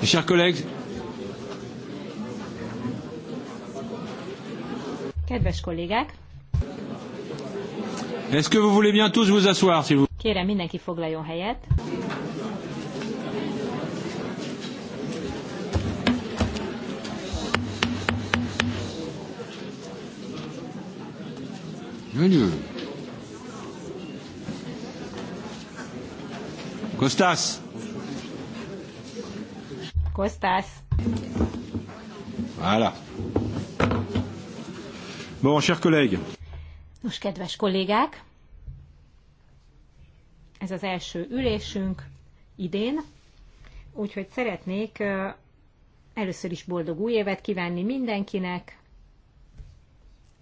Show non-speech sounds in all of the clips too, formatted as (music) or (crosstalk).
Mes Chers collègues. Kedves kollégák. Est-ce que vous voulez bien tous vous asseoir, s'il vous plaît? Kérem, mindenki foglaljon helyet. Jönjön. Kostász! Kostász! Voilà. Bon, chers collègues. Nos, kedves kollégák, ez az első ülésünk idén, úgyhogy szeretnék először is boldog új évet kívánni mindenkinek,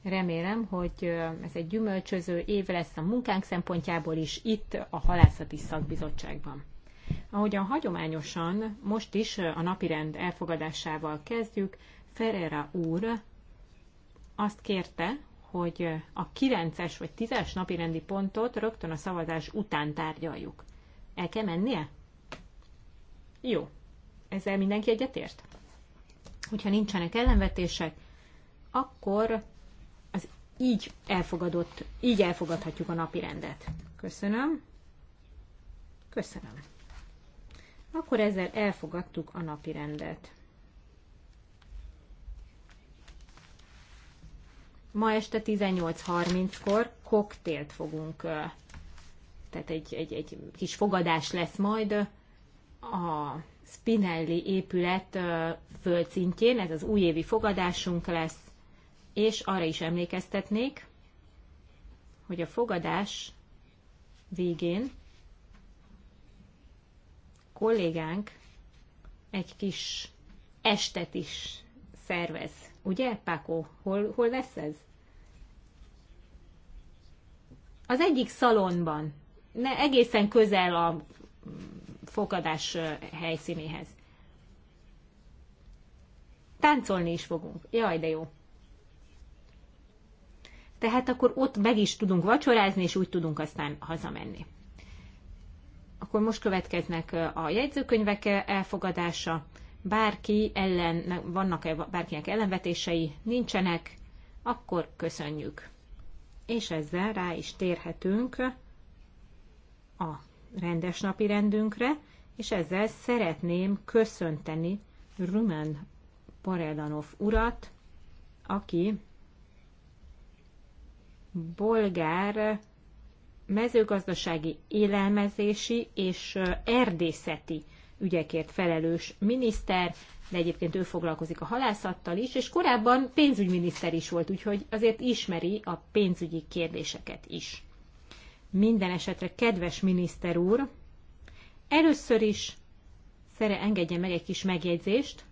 Remélem, hogy ez egy gyümölcsöző év lesz a munkánk szempontjából is itt a Halászati Szakbizottságban. Ahogyan hagyományosan most is a napirend elfogadásával kezdjük, Ferreira úr azt kérte, hogy a 9-es vagy 10-es napirendi pontot rögtön a szavazás után tárgyaljuk. El kell mennie? Jó. Ezzel mindenki egyetért? Hogyha nincsenek ellenvetések, akkor így, elfogadott, így elfogadhatjuk a napi rendet. Köszönöm. Köszönöm. Akkor ezzel elfogadtuk a napi rendet. Ma este 18.30-kor koktélt fogunk, tehát egy, egy, egy kis fogadás lesz majd a Spinelli épület földszintjén, ez az újévi fogadásunk lesz, és arra is emlékeztetnék, hogy a fogadás végén kollégánk egy kis estet is szervez. Ugye, Pákó? Hol, hol lesz ez? Az egyik szalonban, ne, egészen közel a fogadás helyszínéhez. Táncolni is fogunk. Jaj, de jó tehát akkor ott meg is tudunk vacsorázni, és úgy tudunk aztán hazamenni. Akkor most következnek eh, a jegyzőkönyvek eh, elfogadása. Bárki ellen, vannak-e bárkinek ellenvetései, nincsenek, akkor köszönjük. És ezzel rá is térhetünk a rendes napi rendünkre, és ezzel szeretném köszönteni Rumen Paredanov urat, aki bolgár mezőgazdasági élelmezési és erdészeti ügyekért felelős miniszter, de egyébként ő foglalkozik a halászattal is, és korábban pénzügyminiszter is volt, úgyhogy azért ismeri a pénzügyi kérdéseket is. Minden esetre, kedves miniszter úr, először is szere engedje meg egy kis megjegyzést.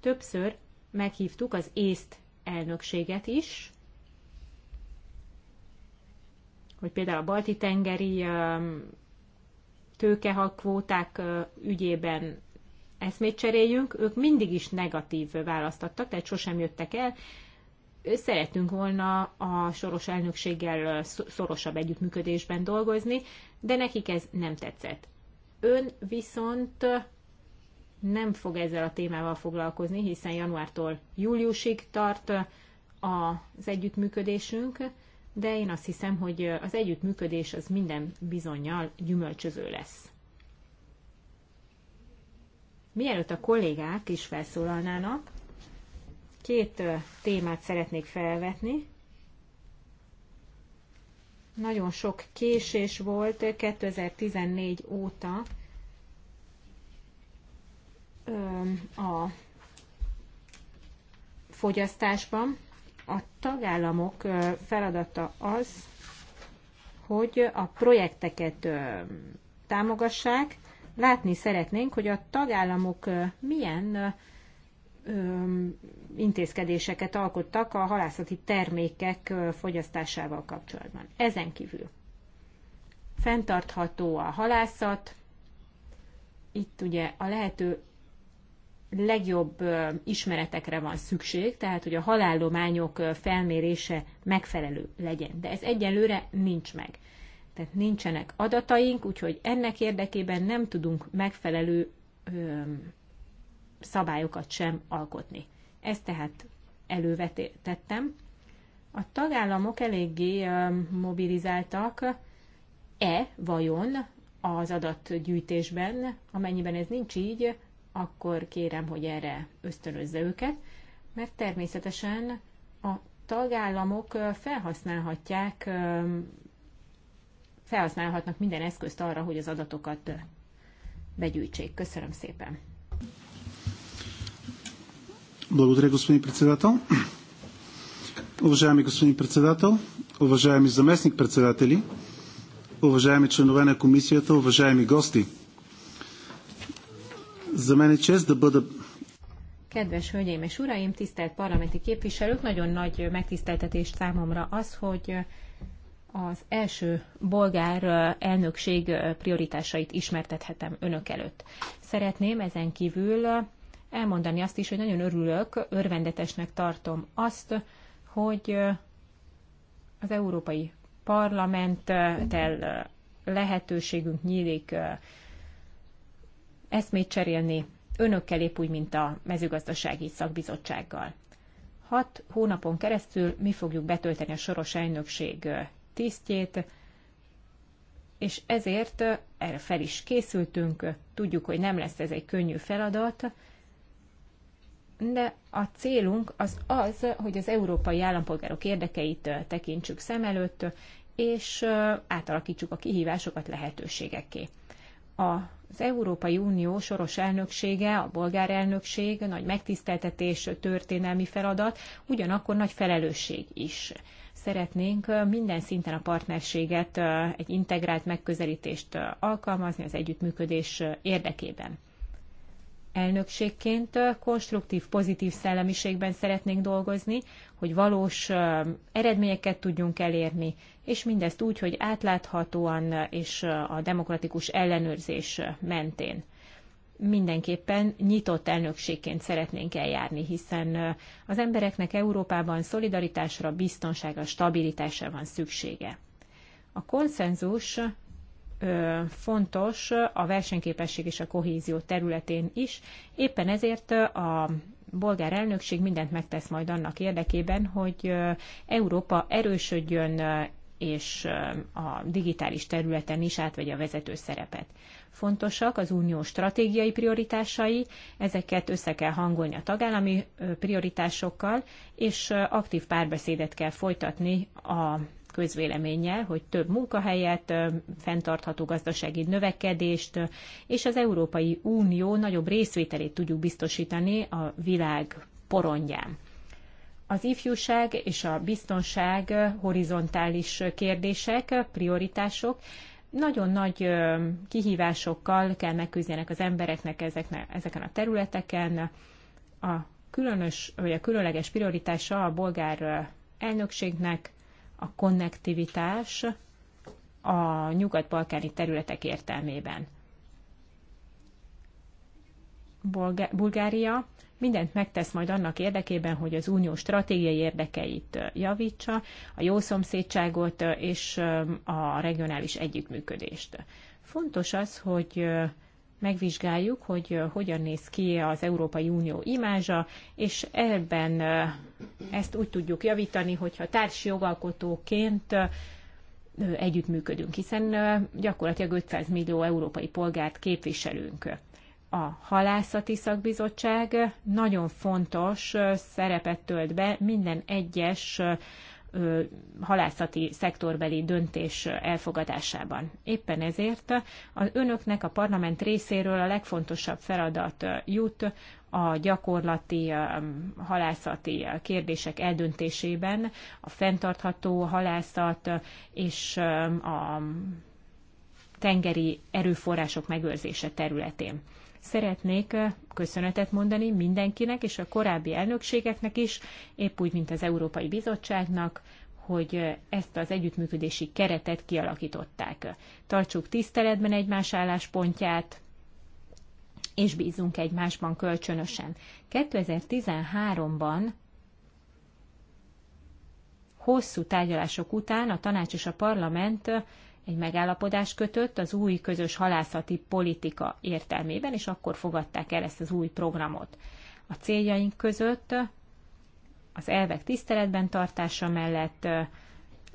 Többször meghívtuk az észt elnökséget is, hogy például a balti tengeri tőkehakvóták ügyében eszmét cseréljünk, ők mindig is negatív választ adtak, tehát sosem jöttek el. Szeretünk volna a soros elnökséggel szorosabb együttműködésben dolgozni, de nekik ez nem tetszett. Ön viszont nem fog ezzel a témával foglalkozni, hiszen januártól júliusig tart az együttműködésünk, de én azt hiszem, hogy az együttműködés az minden bizonyal gyümölcsöző lesz. Mielőtt a kollégák is felszólalnának, két témát szeretnék felvetni. Nagyon sok késés volt 2014 óta a fogyasztásban, a tagállamok feladata az, hogy a projekteket támogassák. Látni szeretnénk, hogy a tagállamok milyen intézkedéseket alkottak a halászati termékek fogyasztásával kapcsolatban. Ezen kívül fenntartható a halászat, itt ugye a lehető legjobb ismeretekre van szükség, tehát hogy a halállományok felmérése megfelelő legyen. De ez egyelőre nincs meg. Tehát nincsenek adataink, úgyhogy ennek érdekében nem tudunk megfelelő szabályokat sem alkotni. Ezt tehát elővetettem. A tagállamok eléggé mobilizáltak. E vajon az adatgyűjtésben, amennyiben ez nincs így, akkor kérem, hogy erre ösztönözze őket, mert természetesen a tagállamok felhasználhatják, felhasználhatnak minden eszközt arra, hogy az adatokat begyűjtsék. Köszönöm szépen. Благодаря, господин председател. Уважаеми господин председател, уважаеми заместник председатели, уважаеми членове на комисията, уважаеми гости – Kedves Hölgyeim és Uraim, tisztelt parlamenti képviselők, nagyon nagy megtiszteltetés számomra az, hogy az első bolgár elnökség prioritásait ismertethetem önök előtt. Szeretném ezen kívül elmondani azt is, hogy nagyon örülök, örvendetesnek tartom azt, hogy az Európai Parlamenttel lehetőségünk nyílik eszmét cserélni önökkel épp úgy, mint a mezőgazdasági szakbizottsággal. Hat hónapon keresztül mi fogjuk betölteni a soros elnökség tisztjét, és ezért erre fel is készültünk, tudjuk, hogy nem lesz ez egy könnyű feladat, de a célunk az az, hogy az európai állampolgárok érdekeit tekintsük szem előtt, és átalakítsuk a kihívásokat lehetőségekké. A az Európai Unió soros elnöksége, a bolgár elnökség nagy megtiszteltetés, történelmi feladat, ugyanakkor nagy felelősség is. Szeretnénk minden szinten a partnerséget, egy integrált megközelítést alkalmazni az együttműködés érdekében elnökségként konstruktív, pozitív szellemiségben szeretnénk dolgozni, hogy valós eredményeket tudjunk elérni, és mindezt úgy, hogy átláthatóan és a demokratikus ellenőrzés mentén. Mindenképpen nyitott elnökségként szeretnénk eljárni, hiszen az embereknek Európában szolidaritásra, biztonságra, stabilitásra van szüksége. A konszenzus fontos a versenyképesség és a kohézió területén is. Éppen ezért a bolgár elnökség mindent megtesz majd annak érdekében, hogy Európa erősödjön és a digitális területen is átvegye a vezető szerepet. Fontosak az unió stratégiai prioritásai, ezeket össze kell hangolni a tagállami prioritásokkal, és aktív párbeszédet kell folytatni a közvéleménnyel, hogy több munkahelyet, fenntartható gazdasági növekedést és az Európai Unió nagyobb részvételét tudjuk biztosítani a világ porondján. Az ifjúság és a biztonság horizontális kérdések, prioritások, nagyon nagy kihívásokkal kell megküzdenek az embereknek ezeknek, ezeken a területeken. A, különös, vagy a különleges prioritása a bolgár elnökségnek a konnektivitás a nyugat-balkáni területek értelmében. Bulgá Bulgária mindent megtesz majd annak érdekében, hogy az unió stratégiai érdekeit javítsa, a jó szomszédságot és a regionális együttműködést. Fontos az, hogy megvizsgáljuk, hogy hogyan néz ki az Európai Unió imázsa, és ebben ezt úgy tudjuk javítani, hogyha társ jogalkotóként együttműködünk, hiszen gyakorlatilag 500 millió európai polgárt képviselünk. A halászati szakbizottság nagyon fontos szerepet tölt be minden egyes halászati szektorbeli döntés elfogadásában. Éppen ezért az önöknek a parlament részéről a legfontosabb feladat jut a gyakorlati um, halászati kérdések eldöntésében, a fenntartható halászat és um, a tengeri erőforrások megőrzése területén. Szeretnék uh, köszönetet mondani mindenkinek és a korábbi elnökségeknek is, épp úgy, mint az Európai Bizottságnak, hogy uh, ezt az együttműködési keretet kialakították. Tartsuk tiszteletben egymás álláspontját, és bízunk egymásban kölcsönösen. 2013-ban hosszú tárgyalások után a tanács és a parlament egy megállapodást kötött az új közös halászati politika értelmében, és akkor fogadták el ezt az új programot. A céljaink között az elvek tiszteletben tartása mellett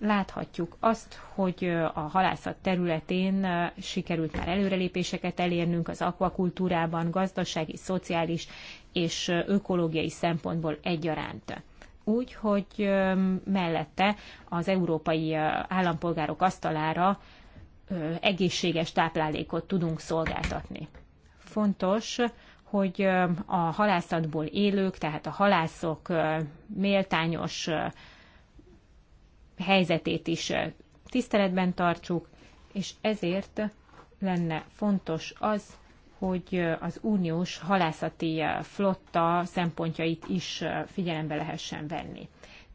láthatjuk azt, hogy a halászat területén sikerült már előrelépéseket elérnünk az akvakultúrában, gazdasági, szociális és ökológiai szempontból egyaránt. Úgy, hogy mellette az európai állampolgárok asztalára egészséges táplálékot tudunk szolgáltatni. Fontos, hogy a halászatból élők, tehát a halászok méltányos helyzetét is tiszteletben tartsuk, és ezért lenne fontos az, hogy az uniós halászati flotta szempontjait is figyelembe lehessen venni.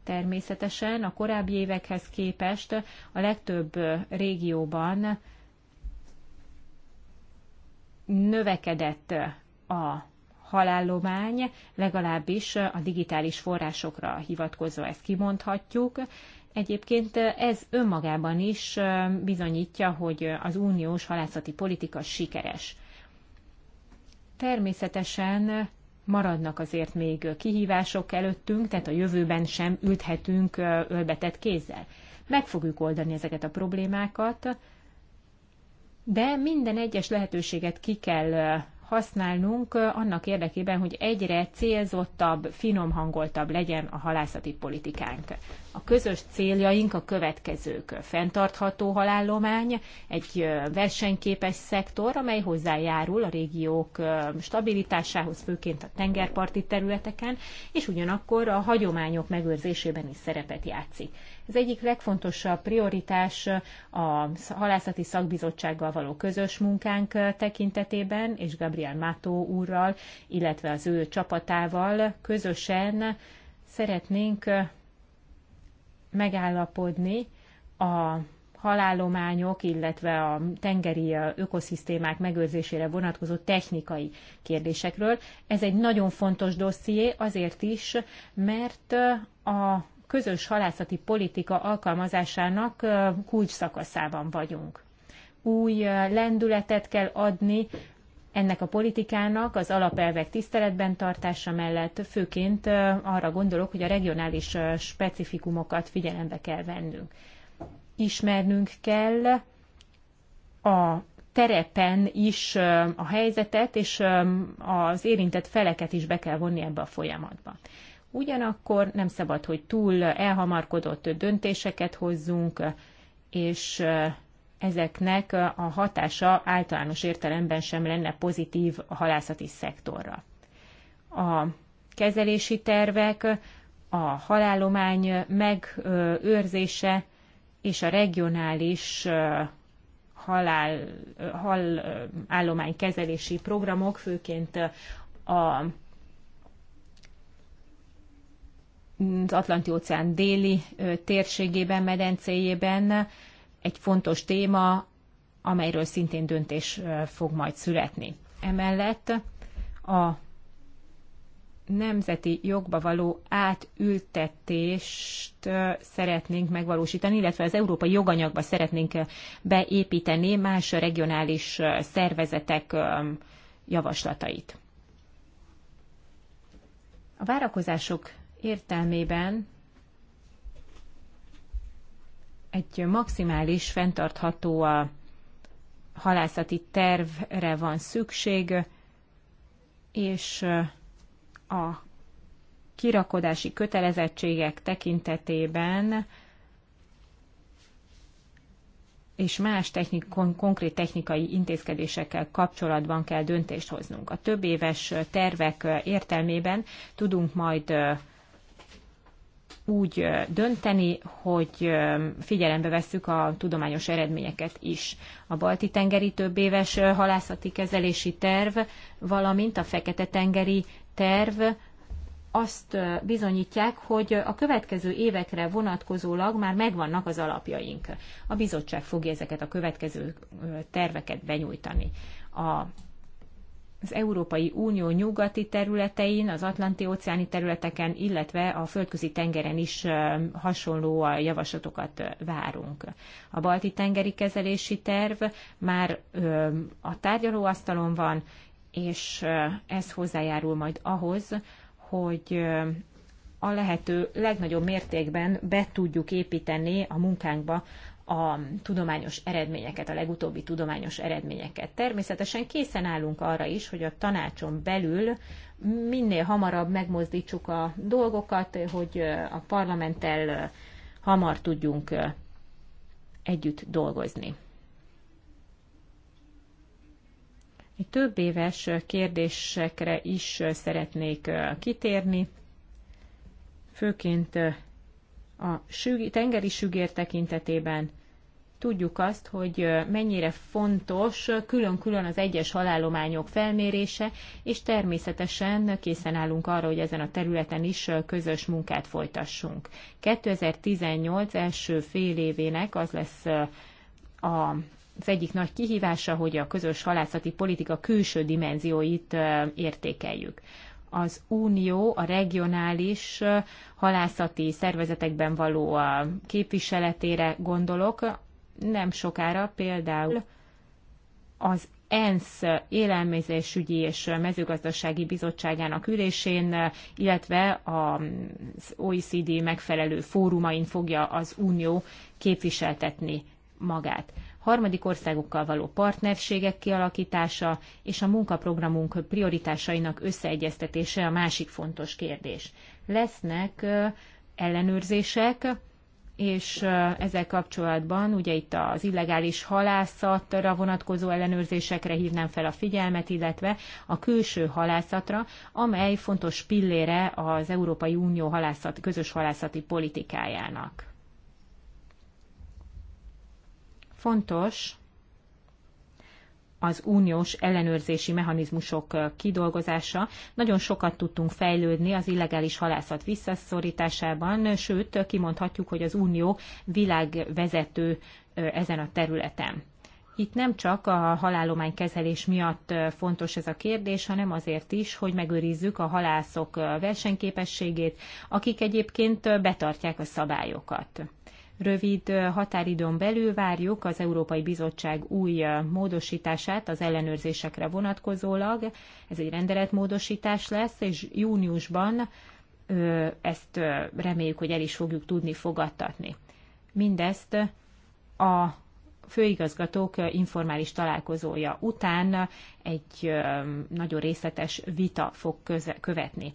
Természetesen a korábbi évekhez képest a legtöbb régióban növekedett a halállomány, legalábbis a digitális forrásokra hivatkozva ezt kimondhatjuk, Egyébként ez önmagában is bizonyítja, hogy az uniós halászati politika sikeres. Természetesen maradnak azért még kihívások előttünk, tehát a jövőben sem ülthetünk ölbetett kézzel. Meg fogjuk oldani ezeket a problémákat, de minden egyes lehetőséget ki kell használnunk annak érdekében, hogy egyre célzottabb, finomhangoltabb legyen a halászati politikánk. A közös céljaink a következők. Fenntartható halállomány, egy versenyképes szektor, amely hozzájárul a régiók stabilitásához, főként a tengerparti területeken, és ugyanakkor a hagyományok megőrzésében is szerepet játszik. Az egyik legfontosabb prioritás a halászati szakbizottsággal való közös munkánk tekintetében, és Gabriel Mátó úrral, illetve az ő csapatával közösen szeretnénk megállapodni a halálományok, illetve a tengeri ökoszisztémák megőrzésére vonatkozó technikai kérdésekről. Ez egy nagyon fontos dosszié, azért is, mert a közös halászati politika alkalmazásának kulcs szakaszában vagyunk. Új lendületet kell adni ennek a politikának az alapelvek tiszteletben tartása mellett főként arra gondolok, hogy a regionális specifikumokat figyelembe kell vennünk. Ismernünk kell a terepen is a helyzetet, és az érintett feleket is be kell vonni ebbe a folyamatba. Ugyanakkor nem szabad, hogy túl elhamarkodott döntéseket hozzunk, és ezeknek a hatása általános értelemben sem lenne pozitív a halászati szektorra. A kezelési tervek, a halálomány megőrzése és a regionális halál, halállomány kezelési programok, főként a az Atlanti-óceán déli térségében, medencéjében egy fontos téma, amelyről szintén döntés fog majd születni. Emellett a nemzeti jogba való átültetést szeretnénk megvalósítani, illetve az európai joganyagba szeretnénk beépíteni más regionális szervezetek javaslatait. A várakozások értelmében egy maximális, fenntartható a halászati tervre van szükség, és a kirakodási kötelezettségek tekintetében és más technik, konkrét technikai intézkedésekkel kapcsolatban kell döntést hoznunk. A több éves tervek értelmében tudunk majd úgy dönteni, hogy figyelembe vesszük a tudományos eredményeket is. A balti tengeri több éves halászati kezelési terv, valamint a fekete tengeri terv azt bizonyítják, hogy a következő évekre vonatkozólag már megvannak az alapjaink. A bizottság fogja ezeket a következő terveket benyújtani. A az Európai Unió nyugati területein, az Atlanti-óceáni területeken, illetve a földközi tengeren is hasonló javaslatokat várunk. A balti tengeri kezelési terv már a tárgyalóasztalon van, és ez hozzájárul majd ahhoz, hogy a lehető legnagyobb mértékben be tudjuk építeni a munkánkba a tudományos eredményeket, a legutóbbi tudományos eredményeket. Természetesen készen állunk arra is, hogy a tanácson belül minél hamarabb megmozdítsuk a dolgokat, hogy a parlamenttel hamar tudjunk együtt dolgozni. Egy több éves kérdésekre is szeretnék kitérni, főként a tengeri sügér tekintetében tudjuk azt, hogy mennyire fontos külön-külön az egyes halálományok felmérése, és természetesen készen állunk arra, hogy ezen a területen is közös munkát folytassunk. 2018 első fél évének az lesz a az egyik nagy kihívása, hogy a közös halászati politika külső dimenzióit értékeljük az Unió a regionális halászati szervezetekben való képviseletére gondolok. Nem sokára például az ENSZ élelmezésügyi és mezőgazdasági bizottságának ülésén, illetve az OECD megfelelő fórumain fogja az Unió képviseltetni magát harmadik országokkal való partnerségek kialakítása és a munkaprogramunk prioritásainak összeegyeztetése a másik fontos kérdés. Lesznek ellenőrzések, és ezzel kapcsolatban ugye itt az illegális halászatra vonatkozó ellenőrzésekre hívnám fel a figyelmet, illetve a külső halászatra, amely fontos pillére az Európai Unió halászat, közös halászati politikájának. Fontos az uniós ellenőrzési mechanizmusok kidolgozása. Nagyon sokat tudtunk fejlődni az illegális halászat visszaszorításában, sőt, kimondhatjuk, hogy az unió világvezető ezen a területen. Itt nem csak a halálománykezelés miatt fontos ez a kérdés, hanem azért is, hogy megőrizzük a halászok versenyképességét, akik egyébként betartják a szabályokat rövid határidőn belül várjuk az Európai Bizottság új módosítását az ellenőrzésekre vonatkozólag. Ez egy rendeletmódosítás lesz, és júniusban ezt reméljük, hogy el is fogjuk tudni fogadtatni. Mindezt a főigazgatók informális találkozója után egy nagyon részletes vita fog követni.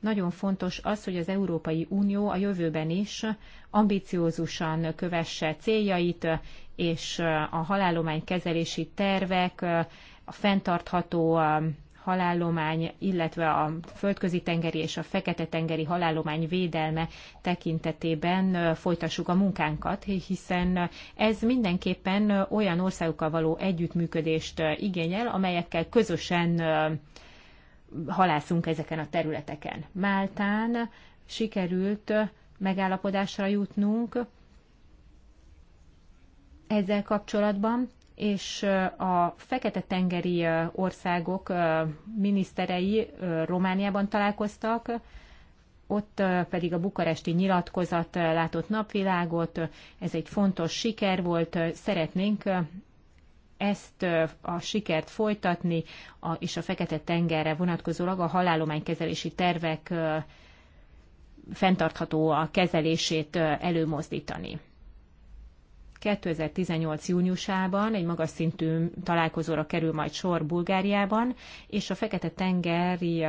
Nagyon fontos az, hogy az Európai Unió a jövőben is ambiciózusan kövesse céljait, és a halálomány kezelési tervek, a fenntartható halállomány, illetve a földközi tengeri és a fekete tengeri halállomány védelme tekintetében folytassuk a munkánkat, hiszen ez mindenképpen olyan országokkal való együttműködést igényel, amelyekkel közösen halászunk ezeken a területeken. Máltán sikerült megállapodásra jutnunk ezzel kapcsolatban, és a fekete-tengeri országok miniszterei Romániában találkoztak, ott pedig a bukaresti nyilatkozat látott napvilágot, ez egy fontos siker volt, szeretnénk ezt a sikert folytatni, a, és a Fekete-tengerre vonatkozólag a halálománykezelési tervek fenntartható a kezelését előmozdítani. 2018. júniusában egy magas szintű találkozóra kerül majd sor Bulgáriában, és a Fekete-tengeri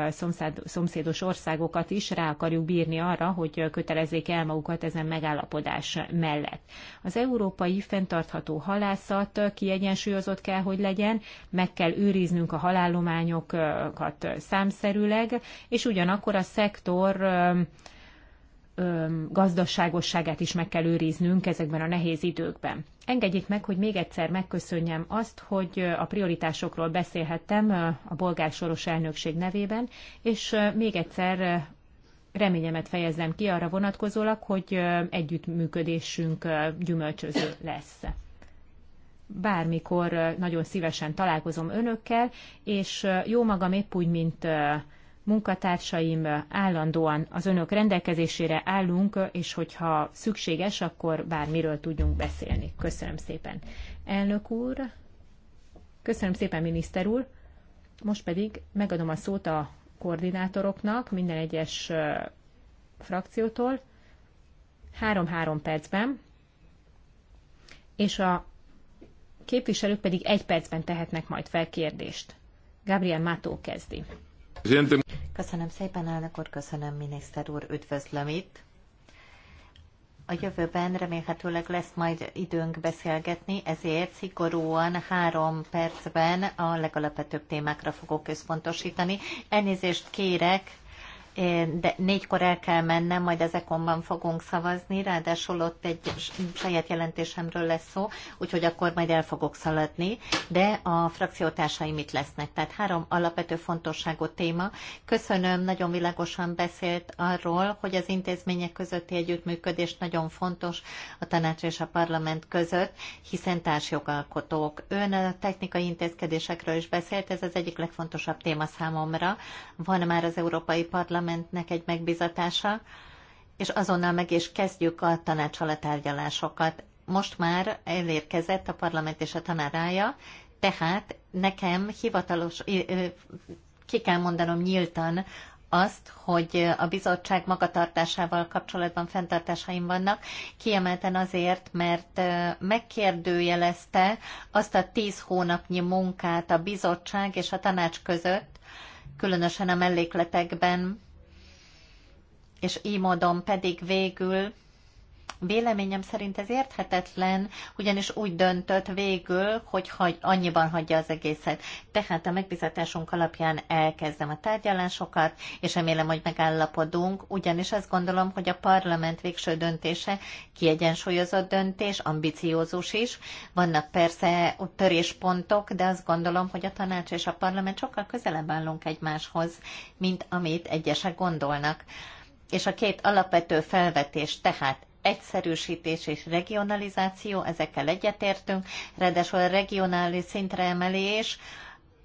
szomszédos országokat is rá akarjuk bírni arra, hogy kötelezzék el magukat ezen megállapodás mellett. Az európai fenntartható halászat kiegyensúlyozott kell, hogy legyen, meg kell őriznünk a halállományokat számszerűleg, és ugyanakkor a szektor gazdaságosságát is meg kell őriznünk ezekben a nehéz időkben. Engedjék meg, hogy még egyszer megköszönjem azt, hogy a prioritásokról beszélhettem a bolgár soros elnökség nevében, és még egyszer reményemet fejezem ki arra vonatkozólag, hogy együttműködésünk gyümölcsöző lesz. Bármikor nagyon szívesen találkozom önökkel, és jó magam épp úgy, mint munkatársaim állandóan az önök rendelkezésére állunk, és hogyha szükséges, akkor bármiről tudjunk beszélni. Köszönöm szépen. Elnök úr, köszönöm szépen, miniszter úr. Most pedig megadom a szót a koordinátoroknak, minden egyes frakciótól, három-három percben, és a képviselők pedig egy percben tehetnek majd fel kérdést. Gabriel Mató kezdi. Köszönöm szépen, elnök úr, köszönöm, miniszter úr, üdvözlöm itt. A jövőben remélhetőleg lesz majd időnk beszélgetni, ezért szigorúan három percben a legalapvetőbb témákra fogok központosítani. Elnézést kérek de négykor el kell mennem, majd ezekonban fogunk szavazni, ráadásul ott egy saját jelentésemről lesz szó, úgyhogy akkor majd el fogok szaladni, de a frakciótársaim mit lesznek. Tehát három alapvető fontosságú téma. Köszönöm, nagyon világosan beszélt arról, hogy az intézmények közötti együttműködés nagyon fontos a tanács és a parlament között, hiszen társjogalkotók. Ön a technikai intézkedésekről is beszélt, ez az egyik legfontosabb téma számomra. Van már az Európai Parlament Parlamentnek egy megbizatása, és azonnal meg is kezdjük a tanácsal a tárgyalásokat. Most már elérkezett a parlament és a tanárája, tehát nekem hivatalos, ki kell mondanom nyíltan azt, hogy a bizottság magatartásával kapcsolatban fenntartásaim vannak, kiemelten azért, mert megkérdőjelezte azt a tíz hónapnyi munkát a bizottság és a tanács között, különösen a mellékletekben, és így módon pedig végül Véleményem szerint ez érthetetlen, ugyanis úgy döntött végül, hogy hagy, annyiban hagyja az egészet. Tehát a megbizatásunk alapján elkezdem a tárgyalásokat, és remélem, hogy megállapodunk, ugyanis azt gondolom, hogy a parlament végső döntése kiegyensúlyozott döntés, ambiciózus is. Vannak persze töréspontok, de azt gondolom, hogy a tanács és a parlament sokkal közelebb állunk egymáshoz, mint amit egyesek gondolnak. És a két alapvető felvetés tehát egyszerűsítés és regionalizáció, ezekkel egyetértünk, ráadásul a regionális szintre emelés,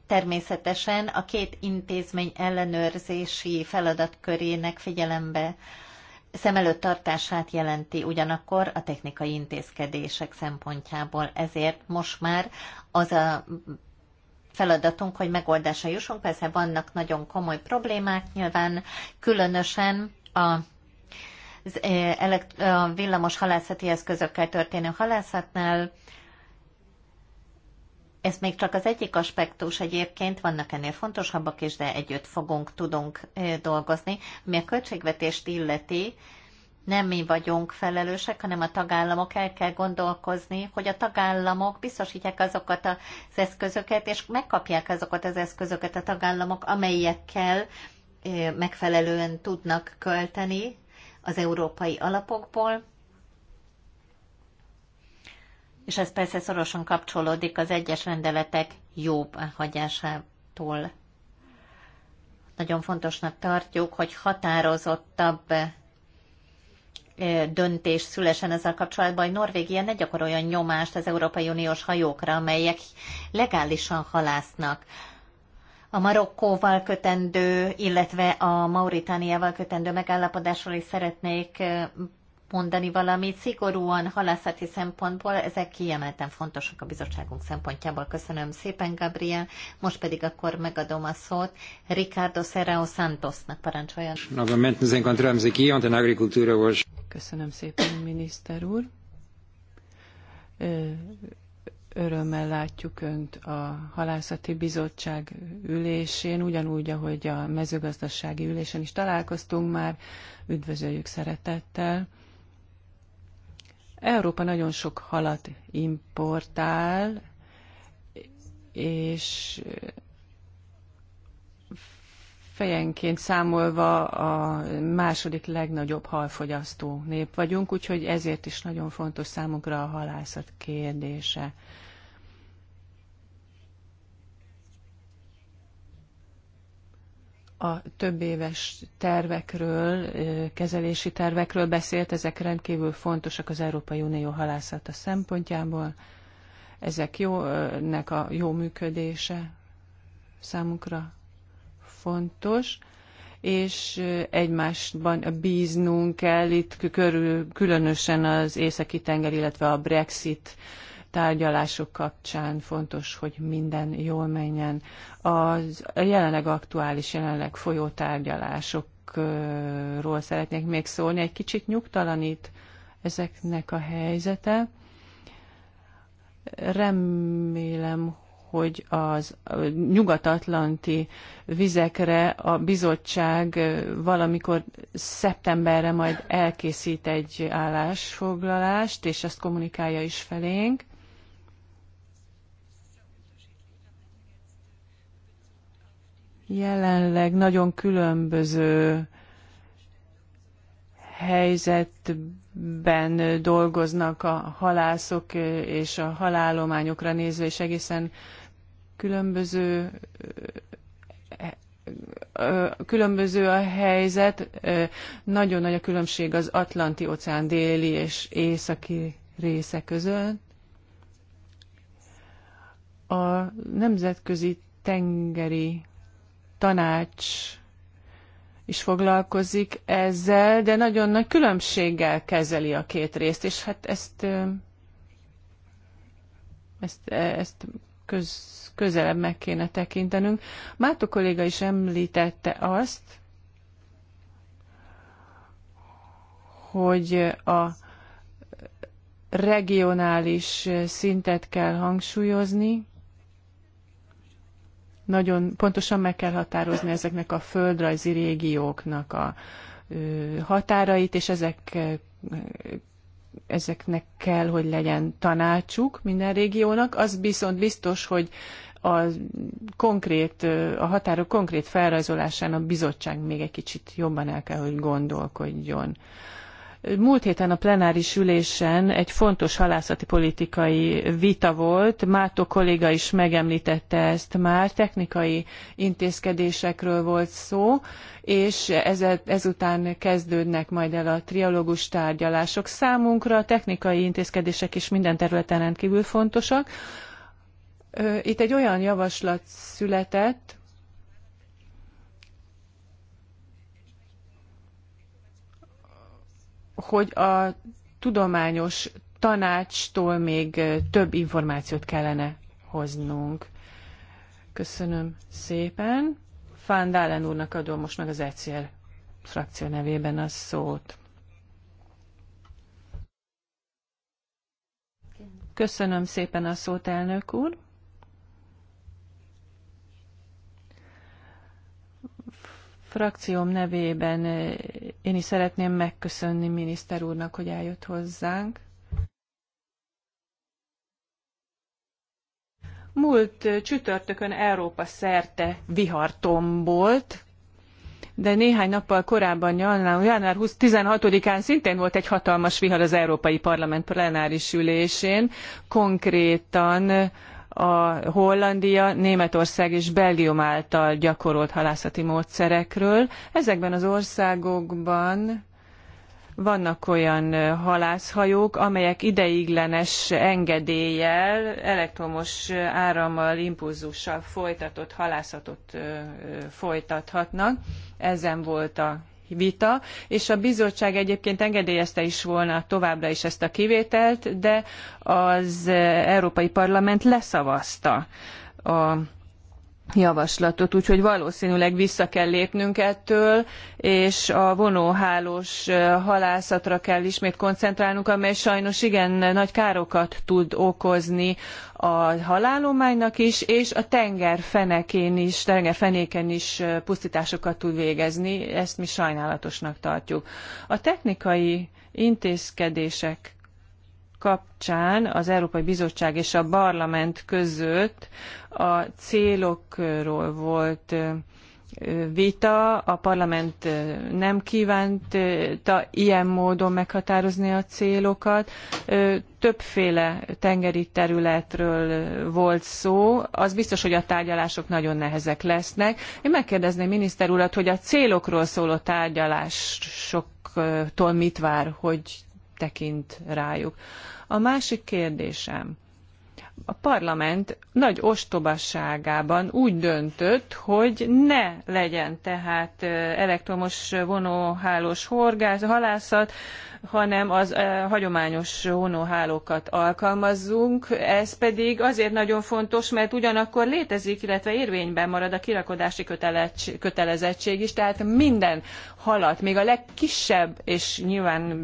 természetesen a két intézmény ellenőrzési feladatkörének figyelembe szem előtt tartását jelenti ugyanakkor a technikai intézkedések szempontjából. Ezért most már az a feladatunk, hogy megoldásra jussunk. Persze vannak nagyon komoly problémák nyilván, különösen a az e, elekt- a villamos halászati eszközökkel történő halászatnál ez még csak az egyik aspektus egyébként, vannak ennél fontosabbak is, de együtt fogunk, tudunk e, dolgozni. Ami a költségvetést illeti, nem mi vagyunk felelősek, hanem a tagállamok el kell gondolkozni, hogy a tagállamok biztosítják azokat az eszközöket, és megkapják azokat az eszközöket a tagállamok, amelyekkel megfelelően tudnak költeni az európai alapokból, és ez persze szorosan kapcsolódik az egyes rendeletek jobb hagyásától. Nagyon fontosnak tartjuk, hogy határozottabb döntés szülesen ezzel kapcsolatban, hogy Norvégia ne gyakoroljon nyomást az Európai Uniós hajókra, amelyek legálisan halásznak a Marokkóval kötendő, illetve a Mauritániával kötendő megállapodásról is szeretnék mondani valamit. Szigorúan halászati szempontból ezek kiemelten fontosak a bizottságunk szempontjából. Köszönöm szépen, Gabriel. Most pedig akkor megadom a szót Ricardo Serrao Santosnak parancsoljon. Köszönöm szépen, miniszter úr örömmel látjuk Önt a Halászati Bizottság ülésén, ugyanúgy, ahogy a mezőgazdasági ülésen is találkoztunk már. Üdvözöljük szeretettel. Európa nagyon sok halat importál, és fejenként számolva a második legnagyobb halfogyasztó nép vagyunk, úgyhogy ezért is nagyon fontos számunkra a halászat kérdése. a több éves tervekről, kezelési tervekről beszélt, ezek rendkívül fontosak az Európai Unió halászata szempontjából. Ezek jó, nek a jó működése számunkra fontos, és egymásban bíznunk kell itt körül, különösen az északi tenger, illetve a Brexit tárgyalások kapcsán fontos, hogy minden jól menjen. Az, a jelenleg aktuális, jelenleg folyó tárgyalásokról szeretnék még szólni. Egy kicsit nyugtalanít ezeknek a helyzete. Remélem, hogy az Nyugatatlanti vizekre a bizottság valamikor szeptemberre majd elkészít egy állásfoglalást, és azt kommunikálja is felénk. jelenleg nagyon különböző helyzetben dolgoznak a halászok és a halálományokra nézve, és egészen különböző különböző a helyzet, nagyon nagy a különbség az Atlanti óceán déli és északi része között. A nemzetközi tengeri tanács is foglalkozik ezzel, de nagyon nagy különbséggel kezeli a két részt, és hát ezt, ezt, e, ezt köz, közelebb meg kéne tekintenünk. Mátó kolléga is említette azt, hogy a regionális szintet kell hangsúlyozni, nagyon pontosan meg kell határozni ezeknek a földrajzi régióknak a határait, és ezek, ezeknek kell, hogy legyen tanácsuk minden régiónak. Az viszont biztos, hogy a, konkrét, a határok konkrét felrajzolásán a bizottság még egy kicsit jobban el kell, hogy gondolkodjon Múlt héten a plenáris ülésen egy fontos halászati politikai vita volt, Mátó kolléga is megemlítette ezt már, technikai intézkedésekről volt szó, és ezután kezdődnek majd el a trialógus tárgyalások. Számunkra a technikai intézkedések is minden területen rendkívül fontosak. Itt egy olyan javaslat született, hogy a tudományos tanácstól még több információt kellene hoznunk. Köszönöm szépen. Fán Dálen úrnak adom most meg az ECR frakció nevében a szót. Köszönöm szépen a szót, elnök úr. frakcióm nevében én is szeretném megköszönni miniszter úrnak, hogy eljött hozzánk. Múlt csütörtökön Európa szerte vihar tombolt, de néhány nappal korábban, január 16-án szintén volt egy hatalmas vihar az Európai Parlament plenáris ülésén, konkrétan a Hollandia, Németország és Belgium által gyakorolt halászati módszerekről. Ezekben az országokban vannak olyan halászhajók, amelyek ideiglenes engedéllyel, elektromos árammal, impulzussal folytatott halászatot folytathatnak. Ezen volt a vita, és a bizottság egyébként engedélyezte is volna továbbra is ezt a kivételt, de az Európai Parlament leszavazta a javaslatot, úgyhogy valószínűleg vissza kell lépnünk ettől, és a vonóhálós halászatra kell ismét koncentrálnunk, amely sajnos igen nagy károkat tud okozni a halálománynak is, és a tengerfenekén is, tengerfenéken is pusztításokat tud végezni, ezt mi sajnálatosnak tartjuk. A technikai intézkedések kapcsán az Európai Bizottság és a Parlament között a célokról volt vita, a parlament nem kívánta ilyen módon meghatározni a célokat. Többféle tengeri területről volt szó, az biztos, hogy a tárgyalások nagyon nehezek lesznek. Én megkérdezném miniszter urat, hogy a célokról szóló tárgyalásoktól mit vár, hogy tekint rájuk. A másik kérdésem, a parlament nagy ostobaságában úgy döntött, hogy ne legyen tehát elektromos vonóhálós horgász, halászat, hanem az e, hagyományos vonóhálókat alkalmazzunk. Ez pedig azért nagyon fontos, mert ugyanakkor létezik, illetve érvényben marad a kirakodási kötelezettség is, tehát minden halat, még a legkisebb és nyilván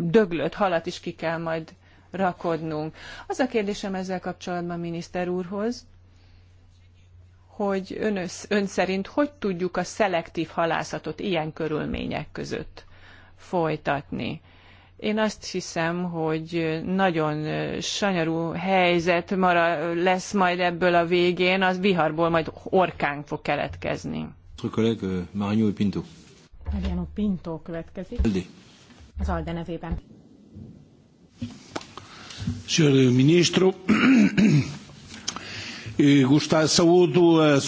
döglött halat is ki kell majd rakodnunk. Az a kérdésem ezzel kapcsolatban miniszter úrhoz, hogy ön, össz, ön szerint hogy tudjuk a szelektív halászatot ilyen körülmények között folytatni? Én azt hiszem, hogy nagyon sanyarú helyzet mara, lesz majd ebből a végén, az viharból majd orkán fog keletkezni. Kollega euh, Pinto. Mariano Pinto következik. Aldi. Az Alde nevében. Senhor Ministro, gostar (coughs) eh, saúdo a... Eh,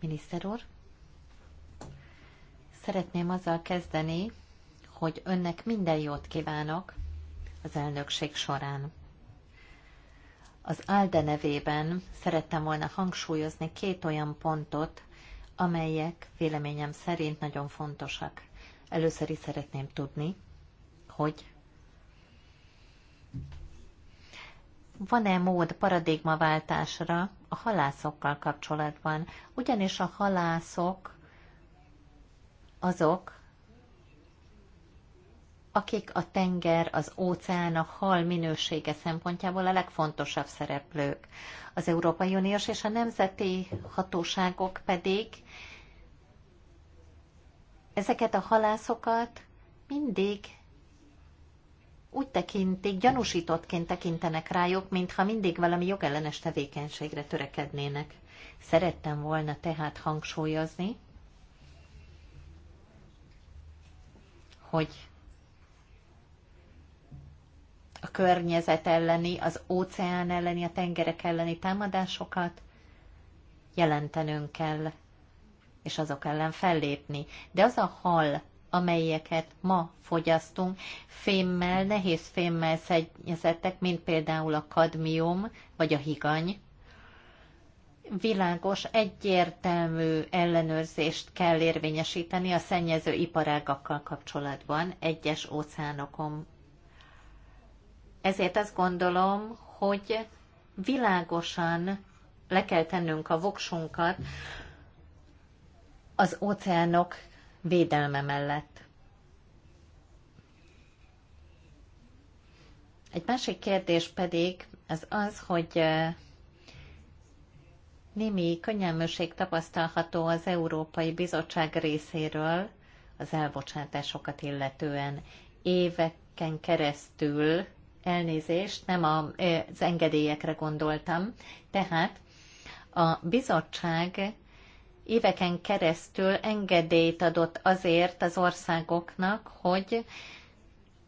Miniszter úr, szeretném azzal kezdeni, hogy önnek minden jót kívánok az elnökség során. Az ALDE nevében szerettem volna hangsúlyozni két olyan pontot, amelyek véleményem szerint nagyon fontosak. Először is szeretném tudni, hogy van-e mód paradigmaváltásra a halászokkal kapcsolatban? Ugyanis a halászok azok, akik a tenger, az óceán, a hal minősége szempontjából a legfontosabb szereplők. Az Európai Uniós és a nemzeti hatóságok pedig ezeket a halászokat mindig úgy tekintik, gyanúsítottként tekintenek rájuk, mintha mindig valami jogellenes tevékenységre törekednének. Szerettem volna tehát hangsúlyozni, hogy a környezet elleni, az óceán elleni, a tengerek elleni támadásokat jelentenünk kell, és azok ellen fellépni. De az a hal, amelyeket ma fogyasztunk, fémmel, nehéz fémmel szennyezettek, mint például a kadmium vagy a higany, világos, egyértelmű ellenőrzést kell érvényesíteni a szennyező iparágakkal kapcsolatban egyes óceánokon. Ezért azt gondolom, hogy világosan le kell tennünk a voksunkat az óceánok védelme mellett. Egy másik kérdés pedig az az, hogy némi könnyelműség tapasztalható az Európai Bizottság részéről az elbocsátásokat illetően. Éveken keresztül elnézést, nem az engedélyekre gondoltam, tehát a bizottság éveken keresztül engedélyt adott azért az országoknak, hogy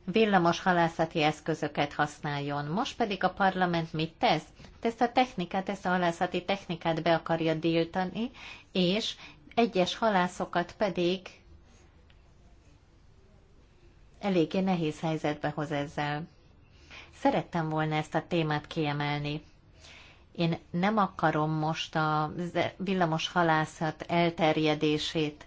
villamos halászati eszközöket használjon. Most pedig a parlament mit tesz? Ezt a technikát, ezt a halászati technikát be akarja díltani, és egyes halászokat pedig eléggé nehéz helyzetbe hoz ezzel. Szerettem volna ezt a témát kiemelni. Én nem akarom most a villamos halászat elterjedését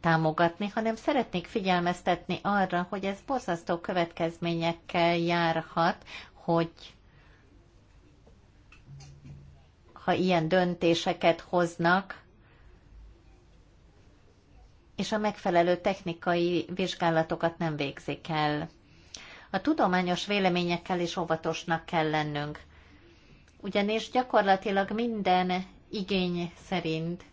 támogatni, hanem szeretnék figyelmeztetni arra, hogy ez borzasztó következményekkel járhat, hogy ha ilyen döntéseket hoznak, és a megfelelő technikai vizsgálatokat nem végzik el. A tudományos véleményekkel is óvatosnak kell lennünk ugyanis gyakorlatilag minden igény szerint,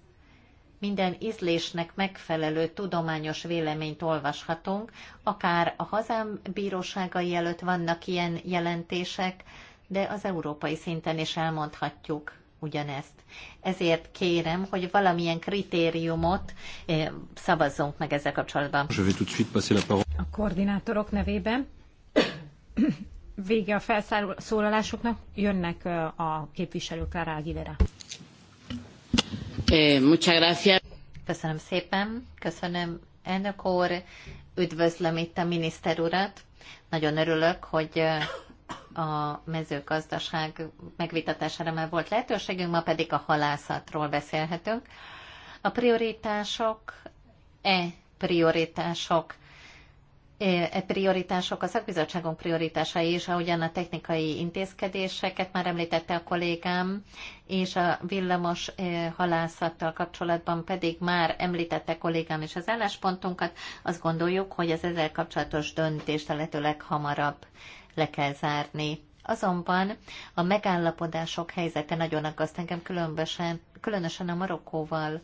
minden ízlésnek megfelelő tudományos véleményt olvashatunk, akár a hazám bíróságai előtt vannak ilyen jelentések, de az európai szinten is elmondhatjuk ugyanezt. Ezért kérem, hogy valamilyen kritériumot eh, szavazzunk meg ezzel kapcsolatban. A koordinátorok nevében vége a felszólalásoknak, jönnek a képviselők Clara Aguilera. Eh, köszönöm szépen, köszönöm elnök úr, üdvözlöm itt a miniszter urat. Nagyon örülök, hogy a mezőgazdaság megvitatására már volt lehetőségünk, ma pedig a halászatról beszélhetünk. A prioritások, e prioritások e prioritások a szakbizottságunk prioritásai is, ahogyan a technikai intézkedéseket már említette a kollégám, és a villamos halászattal kapcsolatban pedig már említette kollégám is az álláspontunkat, azt gondoljuk, hogy az ezzel kapcsolatos döntést a lehető leghamarabb le kell zárni. Azonban a megállapodások helyzete nagyon aggaszt engem különösen, különösen a Marokkóval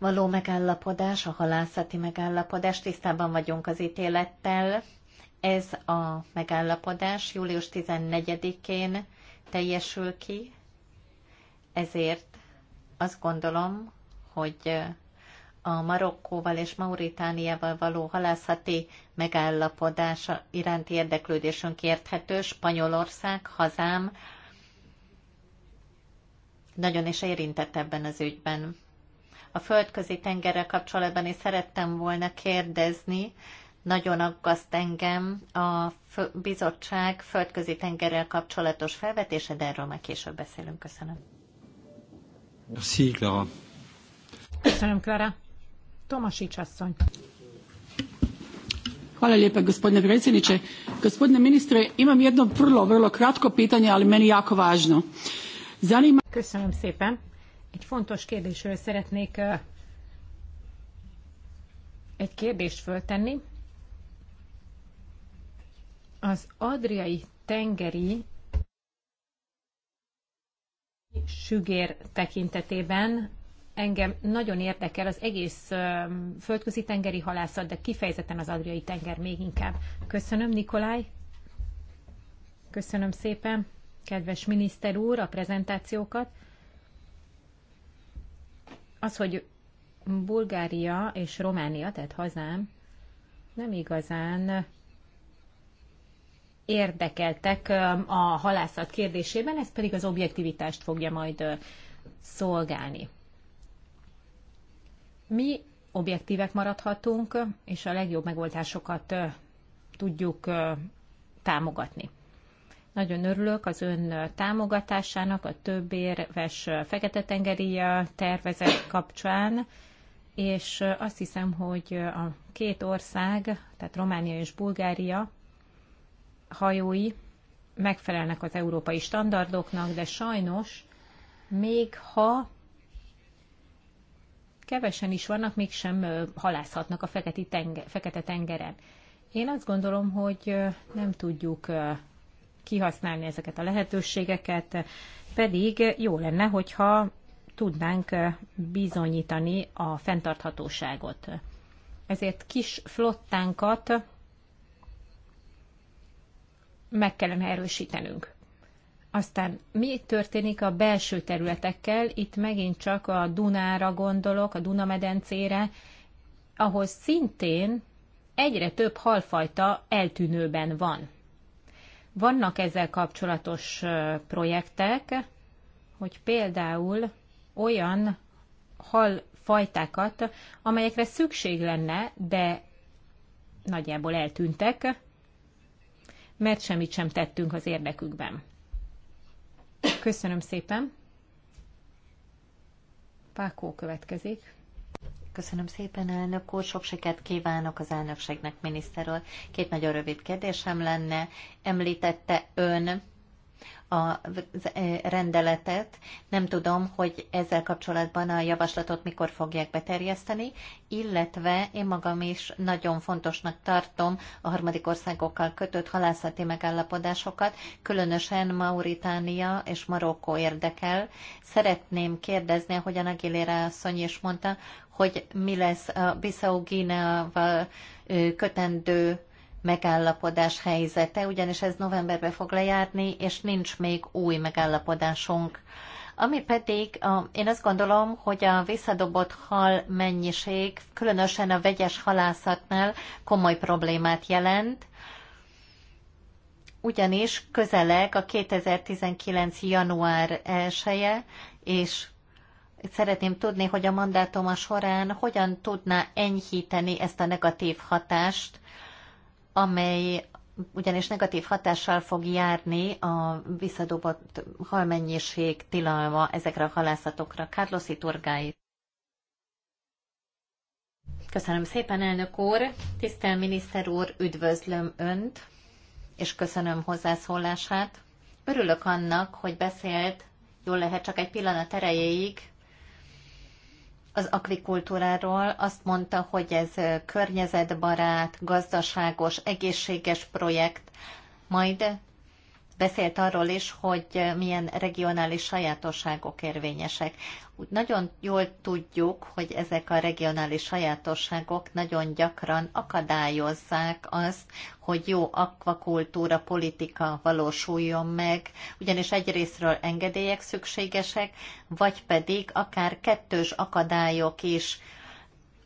való megállapodás, a halászati megállapodás, tisztában vagyunk az ítélettel. Ez a megállapodás július 14-én teljesül ki, ezért azt gondolom, hogy a Marokkóval és Mauritániával való halászati megállapodás iránti érdeklődésünk érthető. Spanyolország, hazám nagyon is érintett ebben az ügyben a földközi tengerrel kapcsolatban is szerettem volna kérdezni, nagyon aggaszt engem a bizottság földközi tengerrel kapcsolatos felvetése, de erről már később beszélünk. Köszönöm. Merci, Clara. Köszönöm, Clara. Tomasics asszony. Hvala lijepa gospodine predsjedniče. Gospodine ministre, imam jedno vrlo, vrlo kratko pitanje, ali meni jako važno. Zanima... Köszönöm szépen. Egy fontos kérdésről szeretnék egy kérdést föltenni. Az adriai tengeri sügér tekintetében engem nagyon érdekel az egész földközi tengeri halászat, de kifejezetten az adriai tenger még inkább. Köszönöm, Nikolaj. Köszönöm szépen, kedves miniszter úr, a prezentációkat az, hogy Bulgária és Románia, tehát hazám, nem igazán érdekeltek a halászat kérdésében, ez pedig az objektivitást fogja majd szolgálni. Mi objektívek maradhatunk, és a legjobb megoldásokat tudjuk támogatni. Nagyon örülök az ön támogatásának a több éves Fekete-tengeri tervezet kapcsán, és azt hiszem, hogy a két ország, tehát Románia és Bulgária hajói megfelelnek az európai standardoknak, de sajnos még ha kevesen is vannak, mégsem halászhatnak a feketi fekete tengeren. Én azt gondolom, hogy nem tudjuk kihasználni ezeket a lehetőségeket, pedig jó lenne, hogyha tudnánk bizonyítani a fenntarthatóságot. Ezért kis flottánkat meg kellene erősítenünk. Aztán mi történik a belső területekkel? Itt megint csak a Dunára gondolok, a Dunamedencére, ahol szintén egyre több halfajta eltűnőben van. Vannak ezzel kapcsolatos projektek, hogy például olyan halfajtákat, amelyekre szükség lenne, de nagyjából eltűntek, mert semmit sem tettünk az érdekükben. Köszönöm szépen! Pákó következik. Köszönöm szépen, elnök úr. Sok sikert kívánok az elnökségnek, miniszter úr. Két nagyon rövid kérdésem lenne. Említette ön a e, rendeletet. Nem tudom, hogy ezzel kapcsolatban a javaslatot mikor fogják beterjeszteni, illetve én magam is nagyon fontosnak tartom a harmadik országokkal kötött halászati megállapodásokat, különösen Mauritánia és Marokkó érdekel. Szeretném kérdezni, ahogyan Aguilera asszony is mondta, hogy mi lesz a Bissau Gíneával kötendő megállapodás helyzete, ugyanis ez novemberben fog lejárni, és nincs még új megállapodásunk. Ami pedig, a, én azt gondolom, hogy a visszadobott hal mennyiség, különösen a vegyes halászatnál komoly problémát jelent, ugyanis közeleg a 2019. január 1 -e, és Szeretném tudni, hogy a mandátuma során hogyan tudná enyhíteni ezt a negatív hatást, amely ugyanis negatív hatással fog járni a visszadobott halmennyiség tilalma ezekre a halászatokra. Carlos Iturgáit. Köszönöm szépen, elnök úr! Tisztel miniszter úr, üdvözlöm Önt, és köszönöm hozzászólását. Örülök annak, hogy beszélt, jól lehet csak egy pillanat erejéig, az akvikultúráról azt mondta, hogy ez környezetbarát, gazdaságos, egészséges projekt, majd beszélt arról is, hogy milyen regionális sajátosságok érvényesek. Úgy nagyon jól tudjuk, hogy ezek a regionális sajátosságok nagyon gyakran akadályozzák azt, hogy jó akvakultúra politika valósuljon meg, ugyanis egyrésztről engedélyek szükségesek, vagy pedig akár kettős akadályok is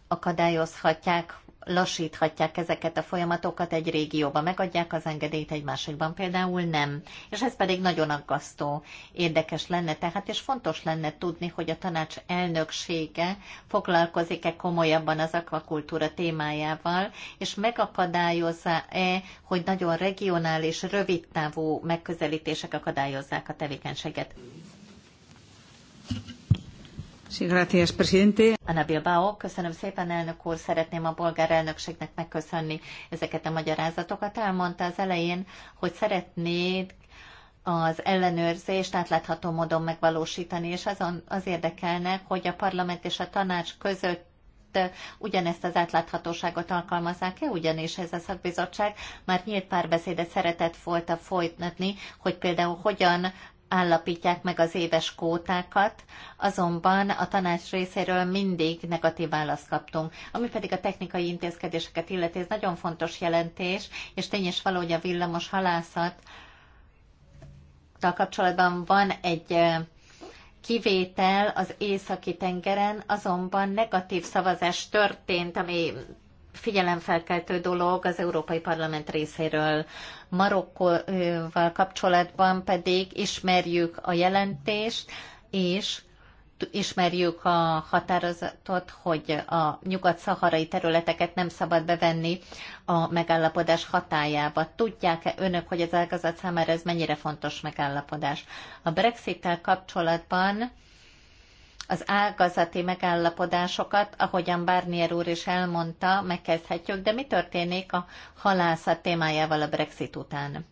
akadályozhatják, lassíthatják ezeket a folyamatokat egy régióban, megadják az engedélyt egy másikban például nem. És ez pedig nagyon aggasztó, érdekes lenne tehát, és fontos lenne tudni, hogy a tanács elnöksége foglalkozik-e komolyabban az akvakultúra témájával, és megakadályozza-e, hogy nagyon regionális, rövidtávú megközelítések akadályozzák a tevékenységet. Anna Bilbao, köszönöm szépen, elnök úr, szeretném a bolgár elnökségnek megköszönni ezeket a magyarázatokat. Elmondta az elején, hogy szeretnéd az ellenőrzést átlátható módon megvalósítani, és azon az érdekelne, hogy a parlament és a tanács között ugyanezt az átláthatóságot alkalmazzák-e, ugyanis ez a szakbizottság már nyílt párbeszédet szeretett folytatni, hogy például hogyan állapítják meg az éves kótákat, azonban a tanács részéről mindig negatív választ kaptunk. Ami pedig a technikai intézkedéseket illeti, ez nagyon fontos jelentés, és tény is való, hogy a villamos halászat kapcsolatban van egy kivétel az északi tengeren, azonban negatív szavazás történt, ami figyelemfelkeltő dolog az Európai Parlament részéről. Marokkóval kapcsolatban pedig ismerjük a jelentést, és ismerjük a határozatot, hogy a nyugat-szaharai területeket nem szabad bevenni a megállapodás hatájába. Tudják-e önök, hogy az ágazat számára ez mennyire fontos megállapodás? A Brexit-tel kapcsolatban az ágazati megállapodásokat, ahogyan Barnier úr is elmondta, megkezdhetjük, de mi történik a halászat témájával a Brexit után?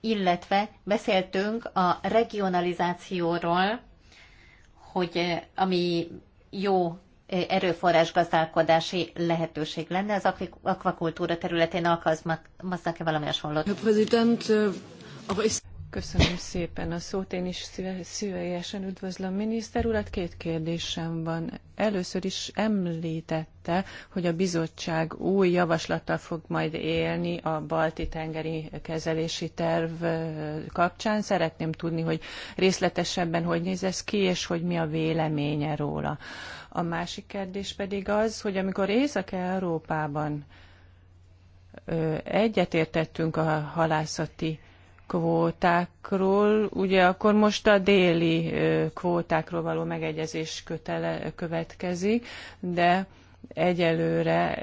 Illetve beszéltünk a regionalizációról, hogy eh, ami jó eh, erőforrás gazdálkodási lehetőség lenne, az akvakultúra területén alkalmaznak-e valami hasonlót? Köszönöm szépen a szót. Én is szívesen üdvözlöm miniszter urat. Két kérdésem van. Először is említette, hogy a bizottság új javaslattal fog majd élni a balti tengeri kezelési terv kapcsán. Szeretném tudni, hogy részletesebben hogy néz ez ki, és hogy mi a véleménye róla. A másik kérdés pedig az, hogy amikor Észak-Európában egyetértettünk a halászati kvótákról, ugye akkor most a déli kvótákról való megegyezés kötele, következik, de egyelőre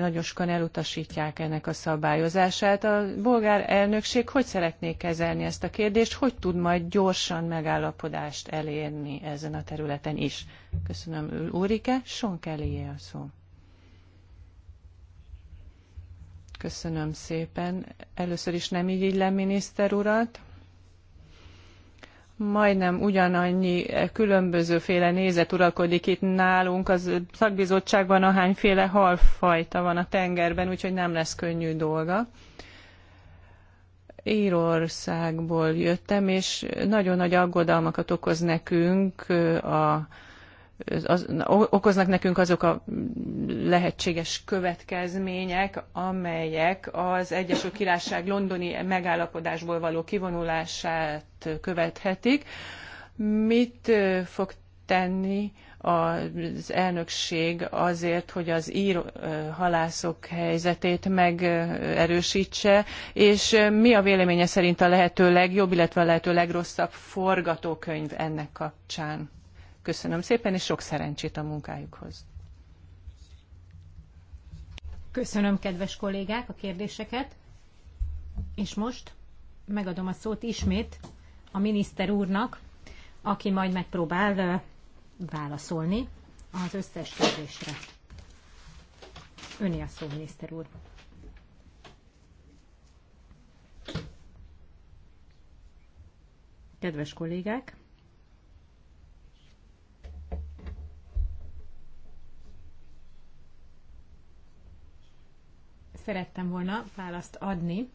nagyon sokan elutasítják ennek a szabályozását. A bolgár elnökség hogy szeretné kezelni ezt a kérdést, hogy tud majd gyorsan megállapodást elérni ezen a területen is? Köszönöm, Úrike, Son a szó. Köszönöm szépen. Először is nem így illem miniszter urat. Majdnem ugyanannyi különbözőféle nézet uralkodik itt nálunk. Az szakbizottságban ahányféle halfajta van a tengerben, úgyhogy nem lesz könnyű dolga. Írországból jöttem, és nagyon nagy aggodalmakat okoz nekünk a az, okoznak nekünk azok a lehetséges következmények, amelyek az Egyesült Királyság londoni megállapodásból való kivonulását követhetik. Mit fog tenni az elnökség azért, hogy az ír halászok helyzetét megerősítse, és mi a véleménye szerint a lehető legjobb, illetve a lehető legrosszabb forgatókönyv ennek kapcsán? Köszönöm szépen, és sok szerencsét a munkájukhoz. Köszönöm, kedves kollégák, a kérdéseket. És most megadom a szót ismét a miniszter úrnak, aki majd megpróbál válaszolni az összes kérdésre. Öné a szó, miniszter úr. Kedves kollégák! szerettem volna választ adni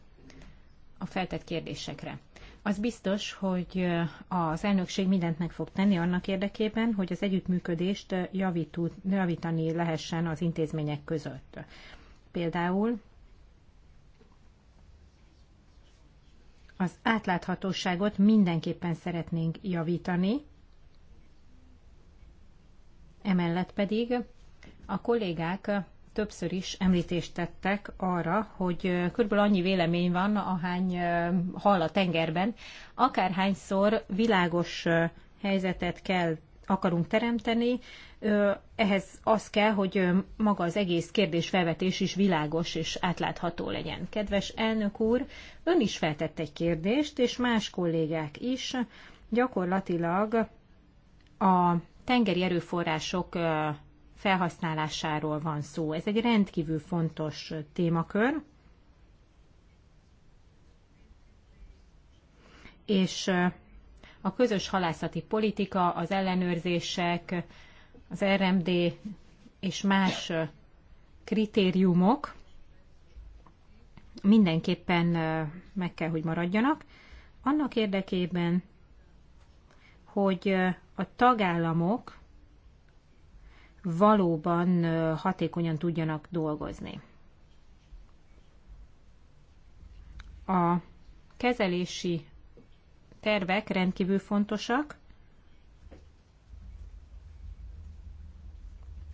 a feltett kérdésekre. Az biztos, hogy az elnökség mindent meg fog tenni annak érdekében, hogy az együttműködést javítani lehessen az intézmények között. Például az átláthatóságot mindenképpen szeretnénk javítani, emellett pedig a kollégák többször is említést tettek arra, hogy körülbelül annyi vélemény van, ahány hal a tengerben. Akárhányszor világos helyzetet kell akarunk teremteni, ehhez az kell, hogy maga az egész kérdésfelvetés is világos és átlátható legyen. Kedves elnök úr, ön is feltett egy kérdést, és más kollégák is gyakorlatilag a tengeri erőforrások felhasználásáról van szó. Ez egy rendkívül fontos témakör. És a közös halászati politika, az ellenőrzések, az RMD és más kritériumok mindenképpen meg kell, hogy maradjanak, annak érdekében, hogy a tagállamok valóban hatékonyan tudjanak dolgozni. A kezelési tervek rendkívül fontosak,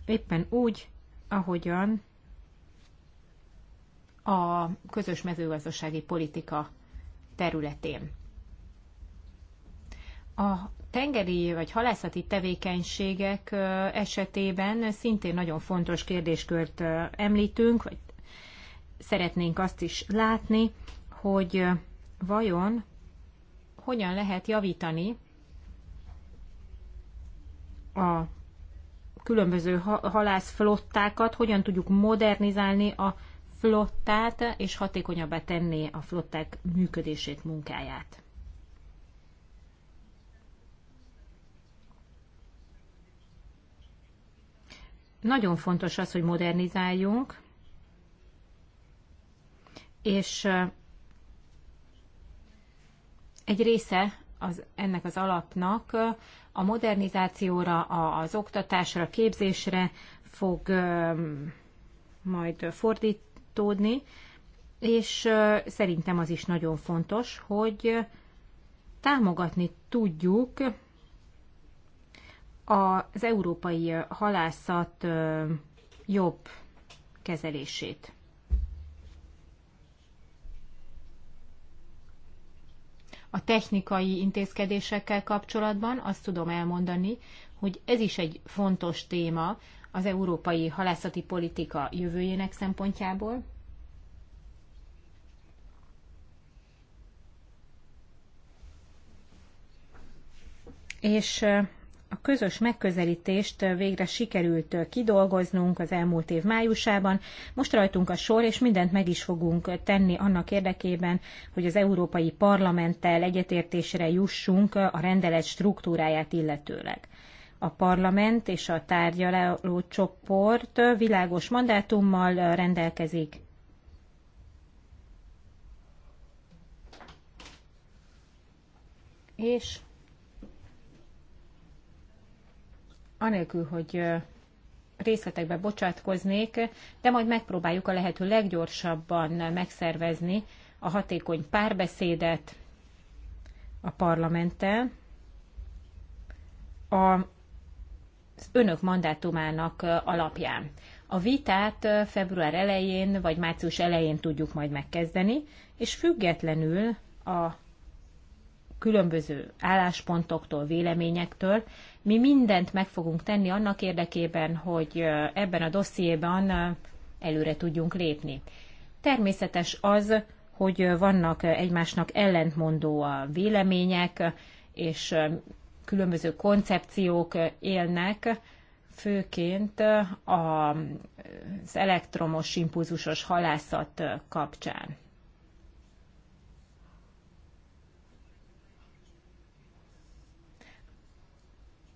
éppen úgy, ahogyan a közös mezőgazdasági politika területén. A tengeri vagy halászati tevékenységek esetében szintén nagyon fontos kérdéskört említünk, vagy szeretnénk azt is látni, hogy vajon hogyan lehet javítani a különböző halászflottákat, hogyan tudjuk modernizálni a flottát, és hatékonyabbá tenni a flották működését, munkáját. nagyon fontos az, hogy modernizáljunk, és egy része az, ennek az alapnak a modernizációra, az oktatásra, képzésre fog majd fordítódni, és szerintem az is nagyon fontos, hogy támogatni tudjuk az európai halászat jobb kezelését. A technikai intézkedésekkel kapcsolatban azt tudom elmondani, hogy ez is egy fontos téma az európai halászati politika jövőjének szempontjából. És a közös megközelítést végre sikerült kidolgoznunk az elmúlt év májusában. Most rajtunk a sor, és mindent meg is fogunk tenni annak érdekében, hogy az Európai Parlamenttel egyetértésre jussunk a rendelet struktúráját illetőleg. A parlament és a tárgyaló csoport világos mandátummal rendelkezik, és anélkül, hogy részletekbe bocsátkoznék, de majd megpróbáljuk a lehető leggyorsabban megszervezni a hatékony párbeszédet a parlamenttel. A az önök mandátumának alapján. A vitát február elején vagy március elején tudjuk majd megkezdeni, és függetlenül a különböző álláspontoktól, véleményektől mi mindent meg fogunk tenni annak érdekében, hogy ebben a dossziéban előre tudjunk lépni. Természetes az, hogy vannak egymásnak ellentmondó vélemények, és különböző koncepciók élnek, főként az elektromos impulzusos halászat kapcsán.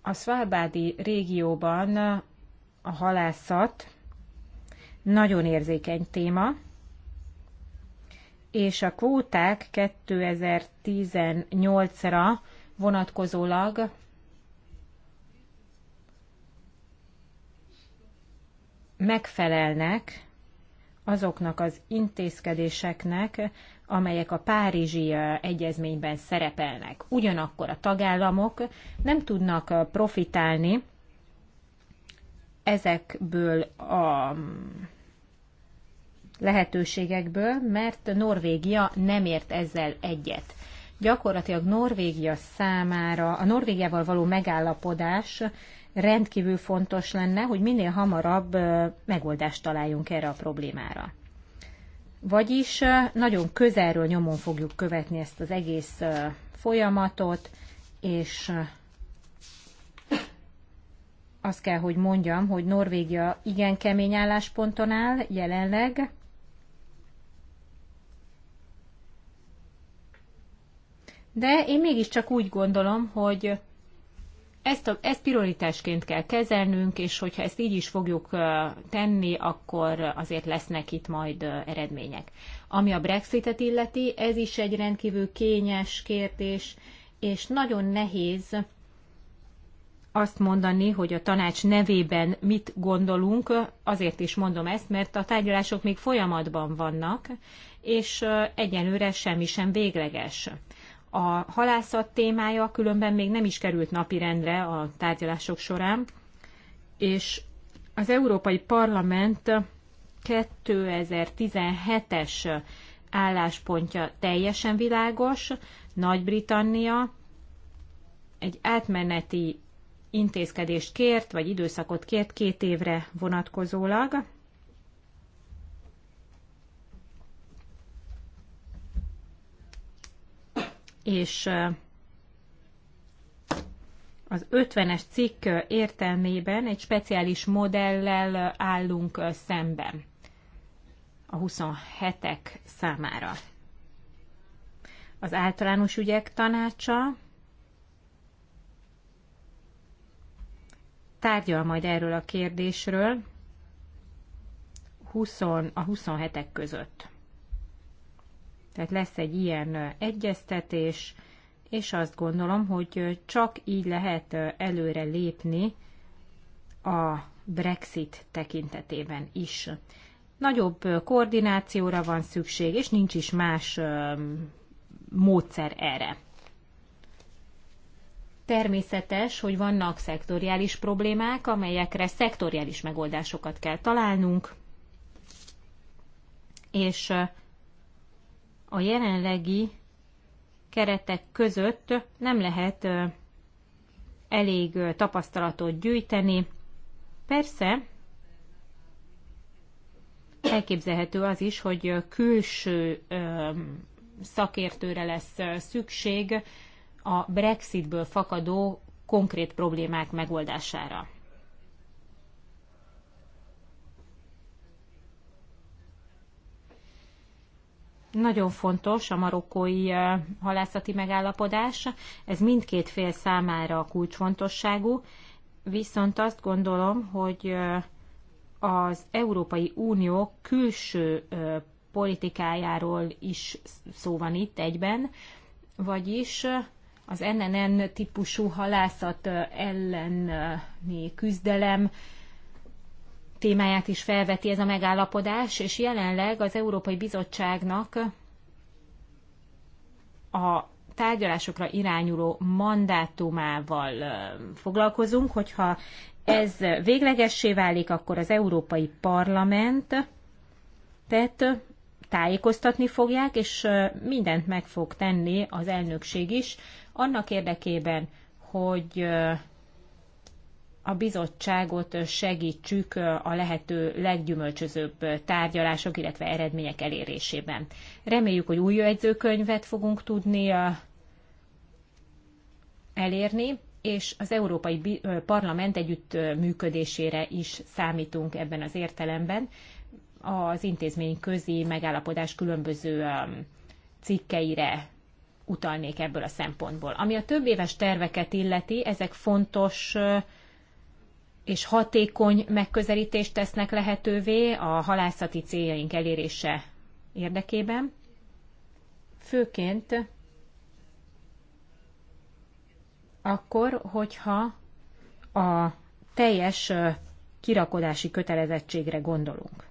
A Svalbádi régióban a halászat nagyon érzékeny téma, és a kvóták 2018-ra vonatkozólag megfelelnek azoknak az intézkedéseknek, amelyek a Párizsi egyezményben szerepelnek. Ugyanakkor a tagállamok nem tudnak profitálni ezekből a mm, lehetőségekből, mert Norvégia nem ért ezzel egyet. Gyakorlatilag Norvégia számára, a Norvégiával való megállapodás rendkívül fontos lenne, hogy minél hamarabb megoldást találjunk erre a problémára. Vagyis nagyon közelről nyomon fogjuk követni ezt az egész folyamatot, és azt kell, hogy mondjam, hogy Norvégia igen kemény állásponton áll jelenleg. De én mégiscsak úgy gondolom, hogy ezt, a, ezt prioritásként kell kezelnünk, és hogyha ezt így is fogjuk tenni, akkor azért lesznek itt majd eredmények. Ami a Brexitet illeti, ez is egy rendkívül kényes kérdés, és nagyon nehéz azt mondani, hogy a tanács nevében mit gondolunk, azért is mondom ezt, mert a tárgyalások még folyamatban vannak, és egyelőre semmi sem végleges a halászat témája különben még nem is került napirendre a tárgyalások során, és az Európai Parlament 2017-es álláspontja teljesen világos. Nagy-Britannia egy átmeneti intézkedést kért, vagy időszakot kért két évre vonatkozólag, és az 50-es cikk értelmében egy speciális modellel állunk szemben a 27-ek számára. Az általános ügyek tanácsa tárgyal majd erről a kérdésről 20, a 27-ek között. Tehát lesz egy ilyen egyeztetés, és azt gondolom, hogy csak így lehet előre lépni a Brexit tekintetében is. Nagyobb koordinációra van szükség, és nincs is más módszer erre. Természetes, hogy vannak szektoriális problémák, amelyekre szektoriális megoldásokat kell találnunk, és a jelenlegi keretek között nem lehet elég tapasztalatot gyűjteni. Persze, elképzelhető az is, hogy külső szakértőre lesz szükség a Brexitből fakadó konkrét problémák megoldására. Nagyon fontos a marokkói halászati megállapodás, ez mindkét fél számára kulcsfontosságú, viszont azt gondolom, hogy az Európai Unió külső politikájáról is szó van itt egyben, vagyis az NNN típusú halászat elleni küzdelem témáját is felveti ez a megállapodás, és jelenleg az Európai Bizottságnak a tárgyalásokra irányuló mandátumával foglalkozunk, hogyha ez véglegessé válik, akkor az Európai Parlament tehát tájékoztatni fogják, és mindent meg fog tenni az elnökség is, annak érdekében, hogy a bizottságot segítsük a lehető leggyümölcsözőbb tárgyalások, illetve eredmények elérésében. Reméljük, hogy új jegyzőkönyvet fogunk tudni elérni, és az Európai Parlament együttműködésére is számítunk ebben az értelemben. Az intézmény közi megállapodás különböző cikkeire utalnék ebből a szempontból. Ami a több éves terveket illeti, ezek fontos és hatékony megközelítést tesznek lehetővé a halászati céljaink elérése érdekében. Főként akkor, hogyha a teljes kirakodási kötelezettségre gondolunk.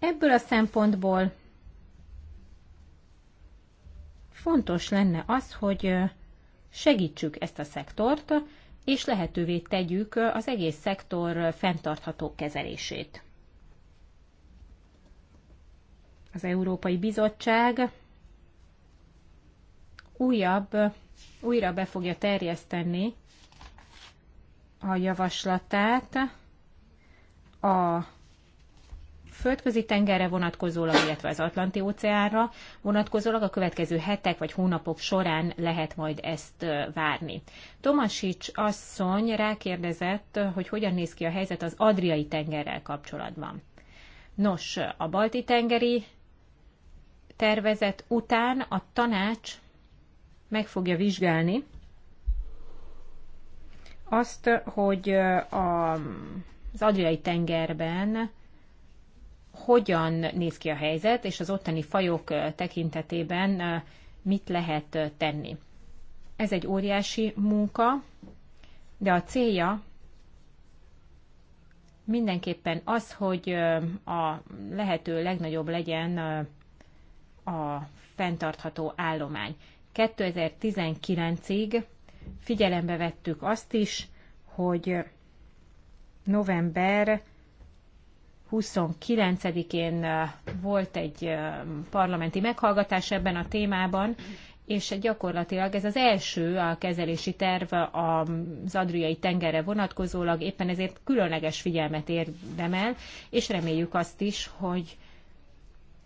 Ebből a szempontból fontos lenne az, hogy segítsük ezt a szektort, és lehetővé tegyük az egész szektor fenntartható kezelését. Az Európai Bizottság újabb, újra be fogja terjeszteni a javaslatát a földközi tengerre vonatkozólag, illetve az Atlanti óceánra vonatkozólag a következő hetek vagy hónapok során lehet majd ezt várni. Tomasics asszony rákérdezett, hogy hogyan néz ki a helyzet az Adriai tengerrel kapcsolatban. Nos, a balti tengeri tervezet után a tanács meg fogja vizsgálni azt, hogy a, az Adriai tengerben hogyan néz ki a helyzet, és az ottani fajok tekintetében mit lehet tenni. Ez egy óriási munka, de a célja mindenképpen az, hogy a lehető legnagyobb legyen a fenntartható állomány. 2019-ig figyelembe vettük azt is, hogy november 29-én volt egy parlamenti meghallgatás ebben a témában, és gyakorlatilag ez az első a kezelési terv az Adriai tengerre vonatkozólag, éppen ezért különleges figyelmet érdemel, és reméljük azt is, hogy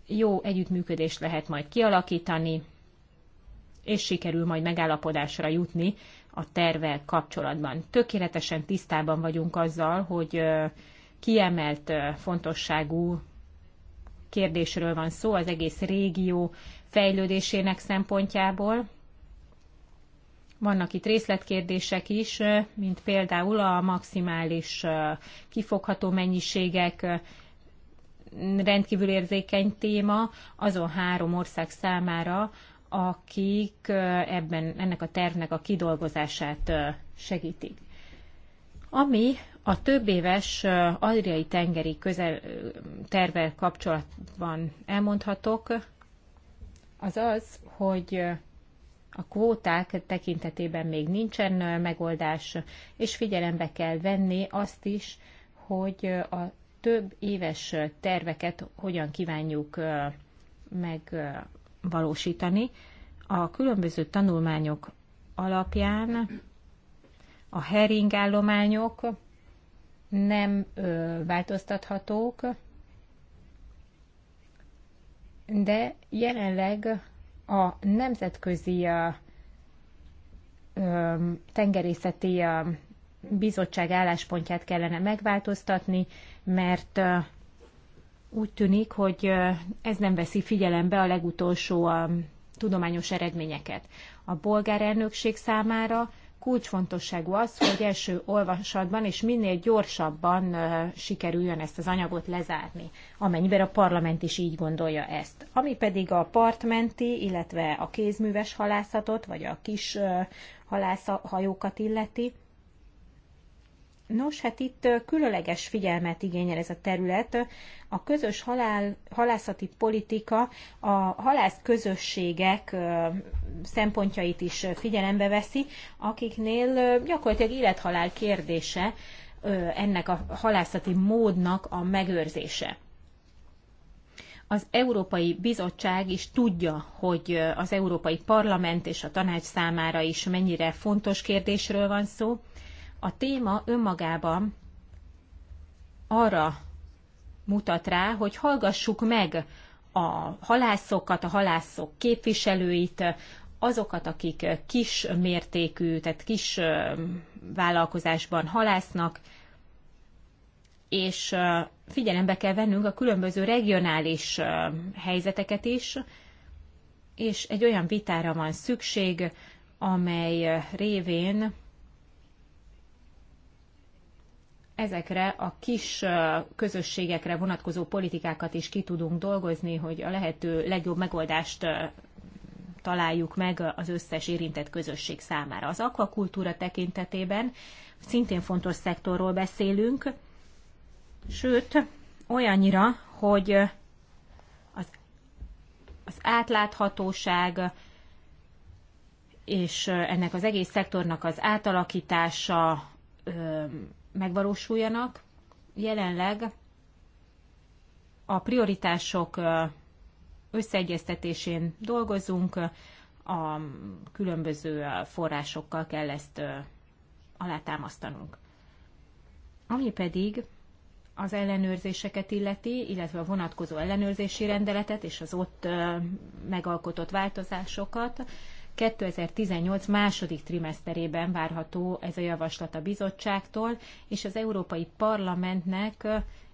jó együttműködést lehet majd kialakítani, és sikerül majd megállapodásra jutni a tervel kapcsolatban. Tökéletesen tisztában vagyunk azzal, hogy kiemelt fontosságú kérdésről van szó az egész régió fejlődésének szempontjából. Vannak itt részletkérdések is, mint például a maximális kifogható mennyiségek, rendkívül érzékeny téma azon három ország számára, akik ebben ennek a tervnek a kidolgozását segítik. Ami a több éves adriai tengeri közel tervel kapcsolatban elmondhatok, az az, hogy a kvóták tekintetében még nincsen megoldás, és figyelembe kell venni azt is, hogy a több éves terveket hogyan kívánjuk megvalósítani. A különböző tanulmányok alapján a heringállományok nem ö, változtathatók, de jelenleg a nemzetközi ö, tengerészeti a bizottság álláspontját kellene megváltoztatni, mert ö, úgy tűnik, hogy ez nem veszi figyelembe a legutolsó a tudományos eredményeket. A bolgár elnökség számára kulcsfontosságú az, hogy első olvasatban és minél gyorsabban sikerüljön ezt az anyagot lezárni, amennyiben a parlament is így gondolja ezt. Ami pedig a partmenti, illetve a kézműves halászatot, vagy a kis halászhajókat illeti, Nos, hát itt különleges figyelmet igényel ez a terület. A közös halál, halászati politika a halász közösségek szempontjait is figyelembe veszi, akiknél gyakorlatilag élethalál kérdése ennek a halászati módnak a megőrzése. Az Európai Bizottság is tudja, hogy az Európai Parlament és a tanács számára is mennyire fontos kérdésről van szó, a téma önmagában arra mutat rá, hogy hallgassuk meg a halászokat, a halászok képviselőit, azokat, akik kis mértékű, tehát kis vállalkozásban halásznak, és figyelembe kell vennünk a különböző regionális helyzeteket is, és egy olyan vitára van szükség, amely révén ezekre a kis közösségekre vonatkozó politikákat is ki tudunk dolgozni, hogy a lehető legjobb megoldást találjuk meg az összes érintett közösség számára. Az akvakultúra tekintetében szintén fontos szektorról beszélünk, sőt, olyannyira, hogy az, az átláthatóság és ennek az egész szektornak az átalakítása megvalósuljanak. Jelenleg a prioritások összeegyeztetésén dolgozunk, a különböző forrásokkal kell ezt alátámasztanunk. Ami pedig az ellenőrzéseket illeti, illetve a vonatkozó ellenőrzési rendeletet és az ott megalkotott változásokat, 2018 második trimeszterében várható ez a javaslat a bizottságtól, és az Európai Parlamentnek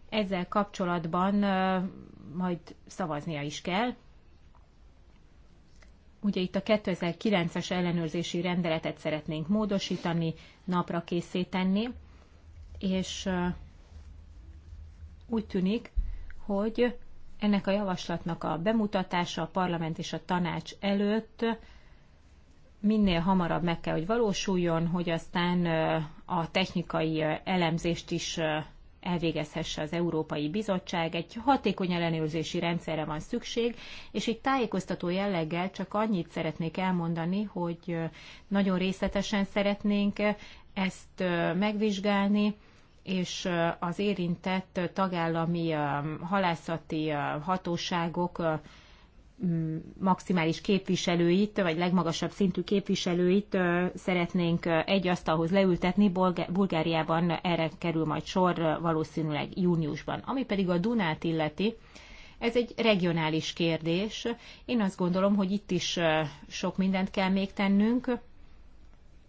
ezzel kapcsolatban majd szavaznia is kell. Ugye itt a 2009-es ellenőrzési rendeletet szeretnénk módosítani, napra készítenni, és úgy tűnik, hogy ennek a javaslatnak a bemutatása a parlament és a tanács előtt minél hamarabb meg kell, hogy valósuljon, hogy aztán a technikai elemzést is elvégezhesse az Európai Bizottság. Egy hatékony ellenőrzési rendszerre van szükség, és itt tájékoztató jelleggel csak annyit szeretnék elmondani, hogy nagyon részletesen szeretnénk ezt megvizsgálni, és az érintett tagállami halászati hatóságok Mm, maximális képviselőit, vagy legmagasabb szintű képviselőit szeretnénk egy asztalhoz leültetni. Bulgáriában erre kerül majd sor valószínűleg júniusban. Ami pedig a Dunát illeti, ez egy regionális kérdés. Én azt gondolom, hogy itt is sok mindent kell még tennünk,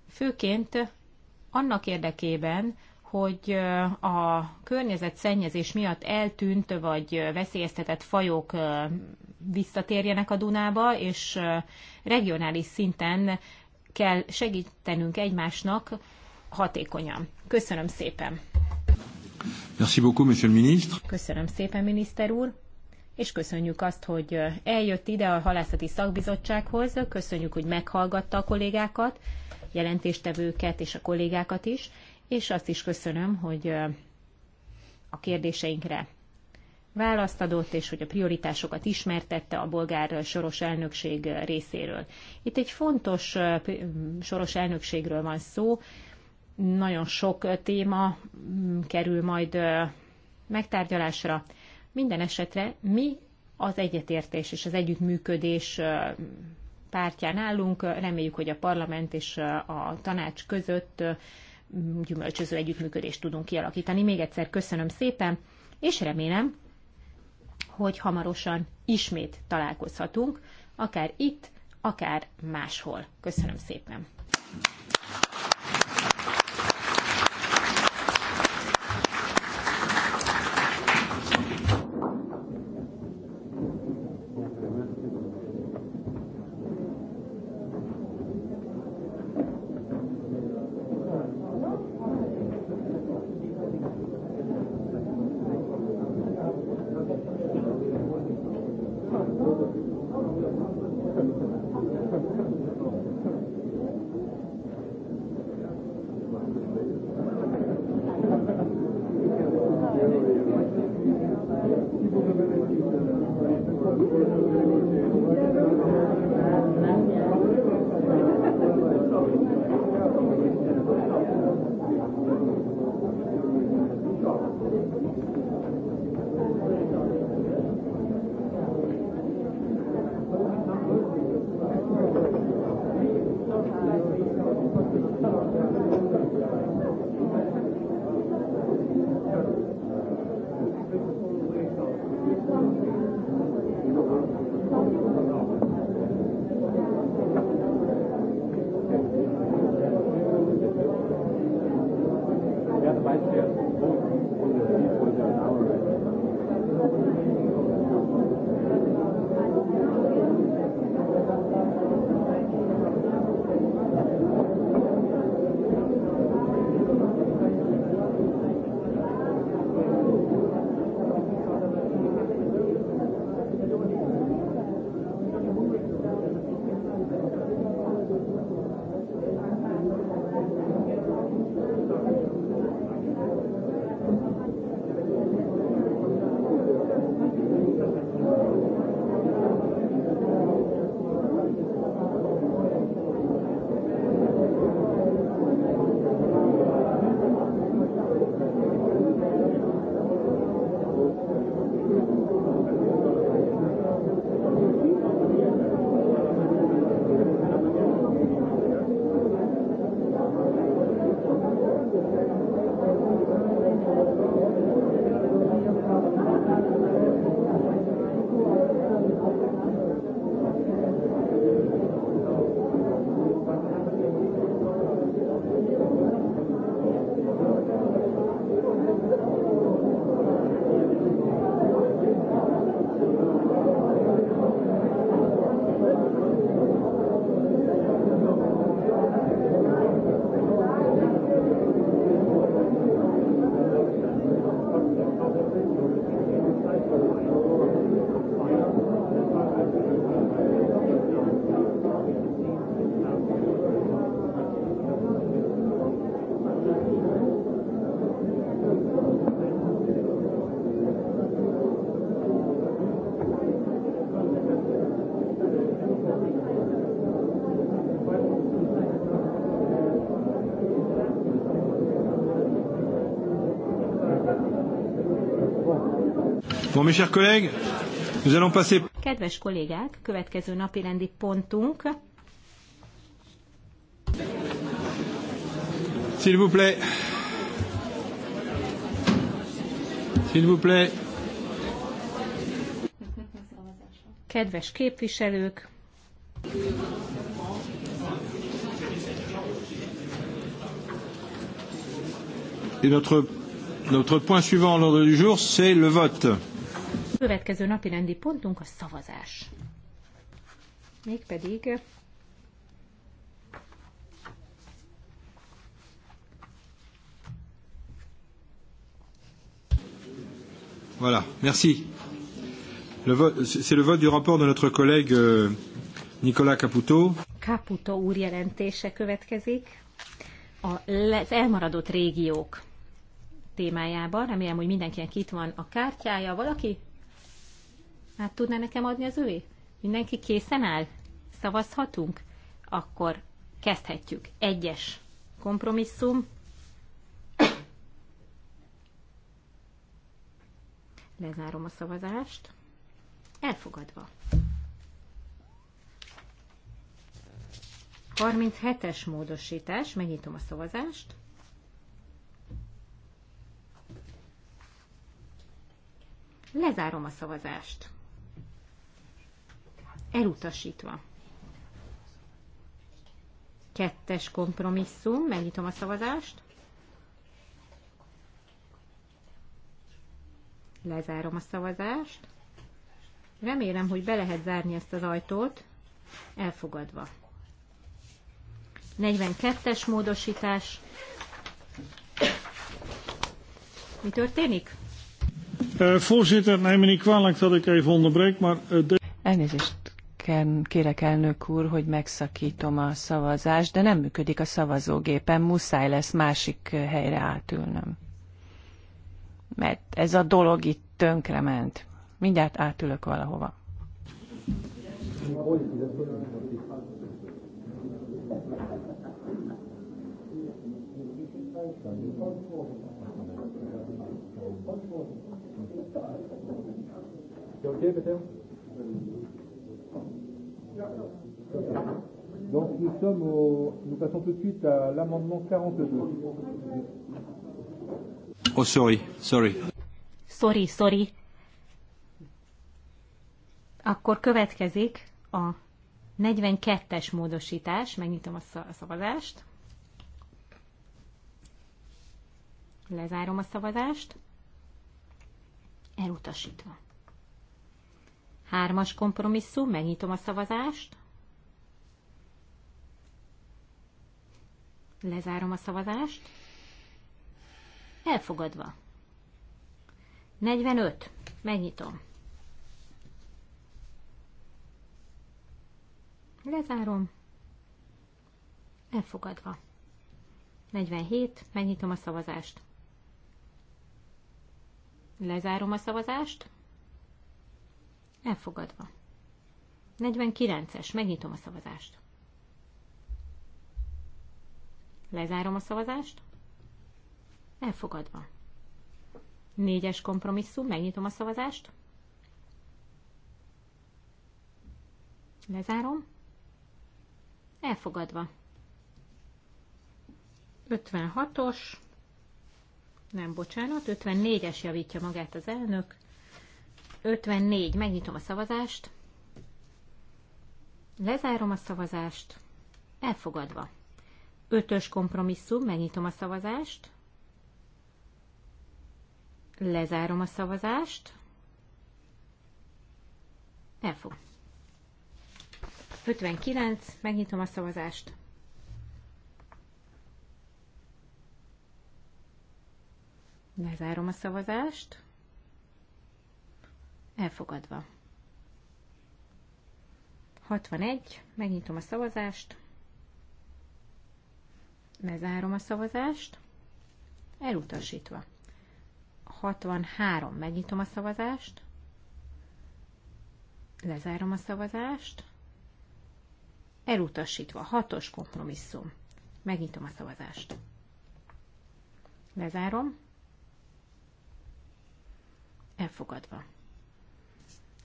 főként annak érdekében, hogy a környezetszennyezés miatt eltűnt vagy veszélyeztetett fajok visszatérjenek a Dunába, és regionális szinten kell segítenünk egymásnak hatékonyan. Köszönöm szépen! Merci beaucoup, monsieur le ministre. Köszönöm szépen, miniszter úr! és köszönjük azt, hogy eljött ide a halászati szakbizottsághoz, köszönjük, hogy meghallgatta a kollégákat, jelentéstevőket és a kollégákat is, és azt is köszönöm, hogy a kérdéseinkre választ adott, és hogy a prioritásokat ismertette a bolgár soros elnökség részéről. Itt egy fontos soros elnökségről van szó, nagyon sok téma mm, kerül majd megtárgyalásra. Minden esetre mi az egyetértés és az együttműködés pártján állunk. Reméljük, hogy a parlament és a tanács között gyümölcsöző együttműködést tudunk kialakítani. Még egyszer köszönöm szépen, és remélem, hogy hamarosan ismét találkozhatunk, akár itt, akár máshol. Köszönöm szépen! Bon, mes chers collègues, nous allons passer... Kedves kollégák, következő napi rendi pontunk. S'il vous plaît. S'il vous plaît. Kedves képviselők, Et notre, notre point suivant à l'ordre du jour, c'est le vote. Következő napi rendi pontunk a szavazás. Mégpedig Voilà, merci. Le vote, C'est le vote du rapport de notre collègue euh, Nicolas Caputo. Caputo úr jelentése következik. a, Az elmaradott régiók témájában. Remélem, hogy mindenkinek itt van a kártyája. Valaki Hát tudná nekem adni az övé? Mindenki készen áll? Szavazhatunk? Akkor kezdhetjük. Egyes kompromisszum. Lezárom a szavazást. Elfogadva. 37-es módosítás, megnyitom a szavazást. Lezárom a szavazást elutasítva. Kettes kompromisszum, megnyitom a szavazást. Lezárom a szavazást. Remélem, hogy be lehet zárni ezt az ajtót. Elfogadva. 42-es módosítás. Mi történik? Eh, voorzitter, neem me niet kwalijk dat ik even onderbreek, maar... Eh, Elnézést, kérem, kérek elnök úr, hogy megszakítom a szavazást, de nem működik a szavazógépen, muszáj lesz másik helyre átülnöm. Mert ez a dolog itt ment. Mindjárt átülök valahova. You okay Donc nous sommes au, nous passons tout de suite à l'amendement 42. Oh sorry, sorry. Sorry, sorry. Akkor következik a 42-es módosítás. Megnyitom a szavazást. Lezárom a szavazást. Elutasítva. Hármas kompromisszum, megnyitom a szavazást. Lezárom a szavazást. Elfogadva. 45. Megnyitom. Lezárom. Elfogadva. 47. Megnyitom a szavazást. Lezárom a szavazást. Elfogadva. 49-es. Megnyitom a szavazást. Lezárom a szavazást. Elfogadva. 4-es kompromisszum. Megnyitom a szavazást. Lezárom. Elfogadva. 56-os. Nem, bocsánat. 54-es javítja magát az elnök. 54. Megnyitom a szavazást. Lezárom a szavazást. Elfogadva. 5-ös kompromisszum. Megnyitom a szavazást. Lezárom a szavazást. Elfog. 59. Megnyitom a szavazást. Lezárom a szavazást. Elfogadva. 61. Megnyitom a szavazást. Lezárom a szavazást. Elutasítva. 63. Megnyitom a szavazást. Lezárom a szavazást. Elutasítva. Hatos kompromisszum. Megnyitom a szavazást. Lezárom. Elfogadva.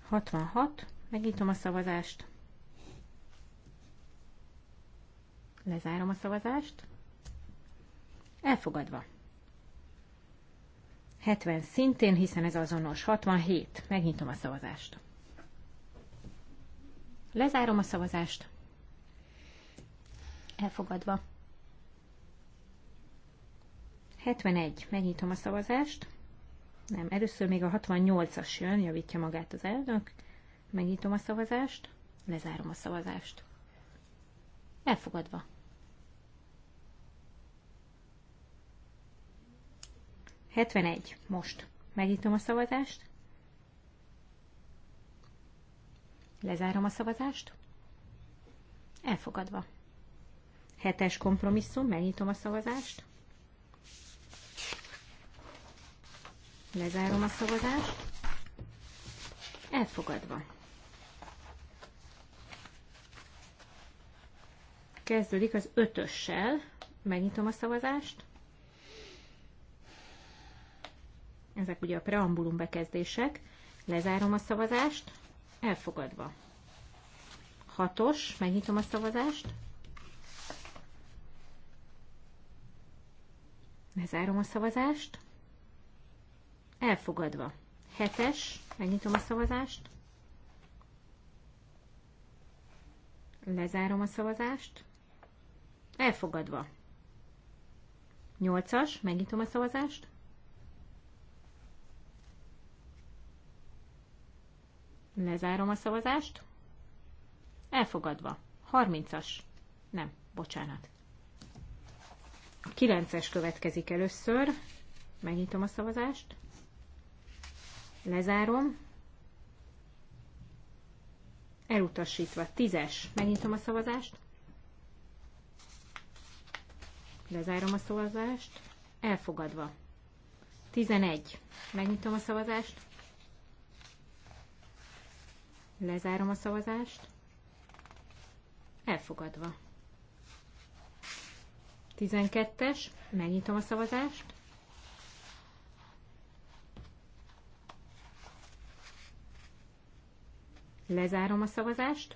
66. Megnyitom a szavazást. Lezárom a szavazást. Elfogadva. 70 szintén, hiszen ez azonos. 67. Megnyitom a szavazást. Lezárom a szavazást. Elfogadva. 71. Megnyitom a szavazást. Nem, először még a 68-as jön, javítja magát az elnök. Megnyitom a szavazást, lezárom a szavazást. Elfogadva. Hetvenegy. Most. Megnyitom a szavazást. Lezárom a szavazást. Elfogadva. Hetes kompromisszum. Megnyitom a szavazást. Lezárom a szavazást. Elfogadva. Kezdődik az ötössel. Megnyitom a szavazást. Ezek ugye a preambulum bekezdések. Lezárom a szavazást. Elfogadva. Hatos. Megnyitom a szavazást. Lezárom a szavazást. Elfogadva. Hetes, megnyitom a szavazást. Lezárom a szavazást. Elfogadva. Nyolcas, megnyitom a szavazást. Lezárom a szavazást. Elfogadva. harmincas Nem, bocsánat. A következik először. Megnyitom a szavazást. Lezárom. Elutasítva. Tízes. Megnyitom a szavazást. Lezárom a szavazást. Elfogadva. 11. Megnyitom a szavazást. Lezárom a szavazást. Elfogadva. 12-es. Megnyitom a szavazást. Lezárom a szavazást.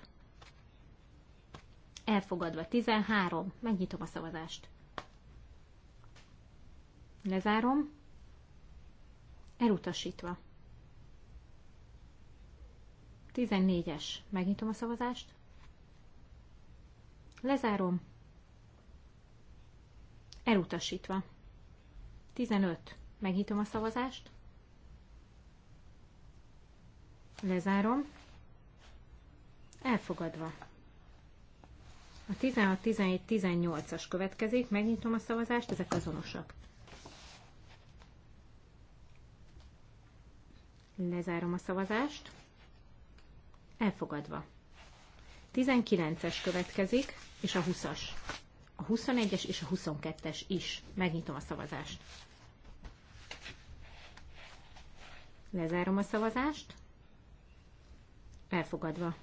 Elfogadva 13. Megnyitom a szavazást. Lezárom. Elutasítva. 14-es. Megnyitom a szavazást. Lezárom. Elutasítva. 15. Megnyitom a szavazást. Lezárom. Elfogadva. A 16, 17, 18-as következik, megnyitom a szavazást, ezek azonosak. Lezárom a szavazást. Elfogadva. 19-es következik, és a 20-as. A 21-es és a 22-es is. Megnyitom a szavazást. Lezárom a szavazást. Elfogadva.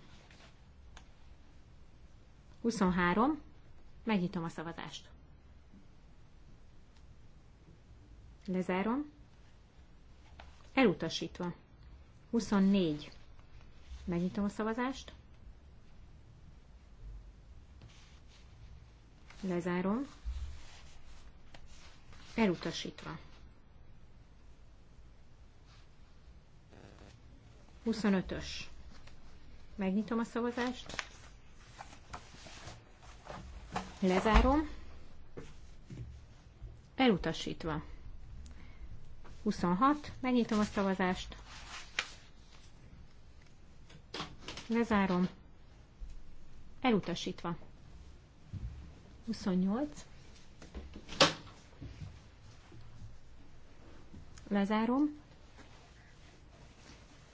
23. Megnyitom a szavazást. Lezárom. Elutasítva. 24. Megnyitom a szavazást. Lezárom. Elutasítva. 25-ös. Megnyitom a szavazást. Lezárom. Elutasítva. 26. Megnyitom a szavazást. Lezárom. Elutasítva. 28. Lezárom.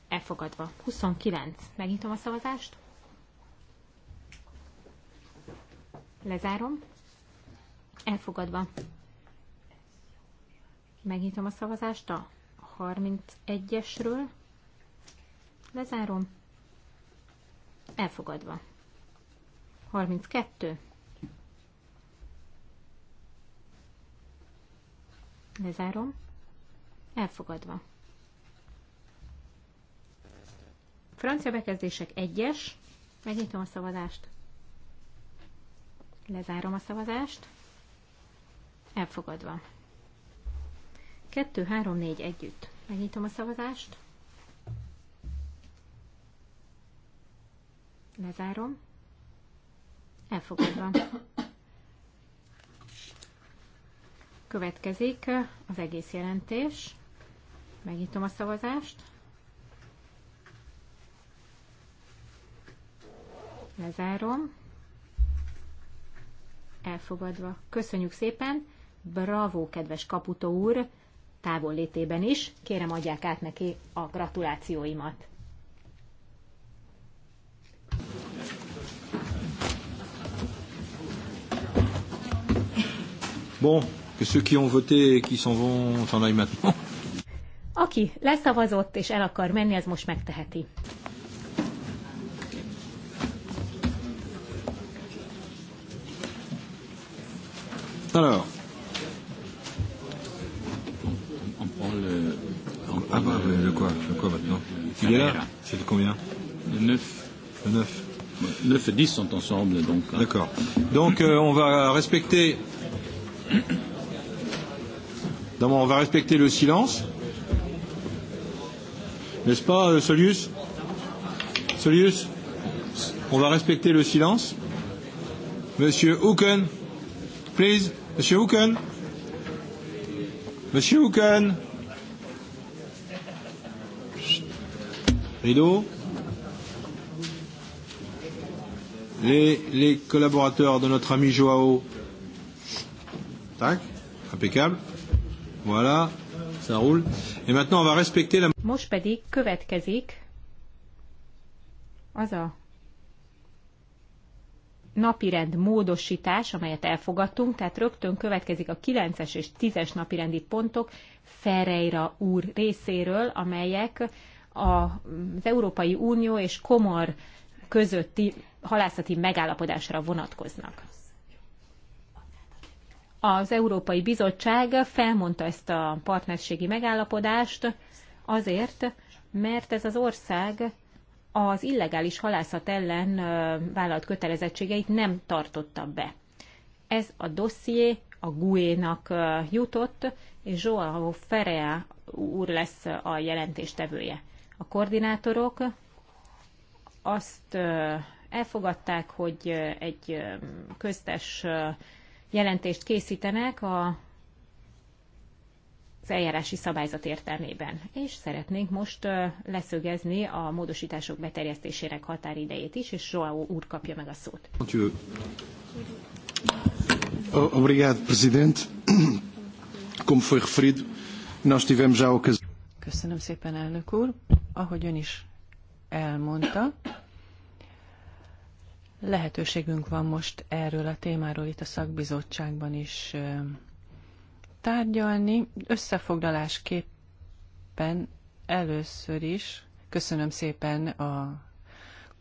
Elfogadva. 29. Megnyitom a szavazást. Lezárom. Elfogadva. Megnyitom a szavazást a 31-esről. Lezárom. Elfogadva. 32. Lezárom. Elfogadva. Francia bekezdések 1-es. Megnyitom a szavazást. Lezárom a szavazást. Elfogadva. 2, 3, 4 együtt. Megnyitom a szavazást. Lezárom. Elfogadva. Következik az egész jelentés. Megnyitom a szavazást. Lezárom elfogadva. Köszönjük szépen, bravo, kedves Kaputó úr, távol létében is. Kérem, adják át neki a gratulációimat. Bon, que ceux qui ont voté et qui s'en vont s'en aillent maintenant. Aki leszavazott és el akar menni, ez most megteheti. Alors. On prend le. On prend ah, bah, le, le quoi Le quoi maintenant Il est là C'est le combien Le 9. Le 9. 9 et 10 sont ensemble, donc. Hein. D'accord. Donc, euh, on va respecter. D'abord, on va respecter le silence. N'est-ce pas, euh, Solius Solius On va respecter le silence. Monsieur Hooken, please. We zoeken. We zoeken. Rideau les, les collaborateurs de notre ami Joao. Tac, impeccable. Voilà, ça roule. Et maintenant, on va respecter la... Most pedig következik az a napirend módosítás, amelyet elfogadtunk, tehát rögtön következik a 9-es és 10-es napirendi pontok Ferreira úr részéről, amelyek az Európai Unió és Komor közötti halászati megállapodásra vonatkoznak. Az Európai Bizottság felmondta ezt a partnerségi megállapodást azért, mert ez az ország az illegális halászat ellen vállalt kötelezettségeit nem tartotta be. Ez a dosszié a GUE-nak jutott, és Joao Ferea úr lesz a jelentéstevője. A koordinátorok azt elfogadták, hogy egy köztes jelentést készítenek a az eljárási szabályzat értelmében. És szeretnénk most leszögezni a módosítások beterjesztésének határidejét is, és Joao úr kapja meg a szót. (clears throat) Köszönöm szépen, elnök úr. Ahogy ön is elmondta, lehetőségünk van most erről a témáról itt a szakbizottságban is tárgyalni. Összefoglalásképpen először is köszönöm szépen a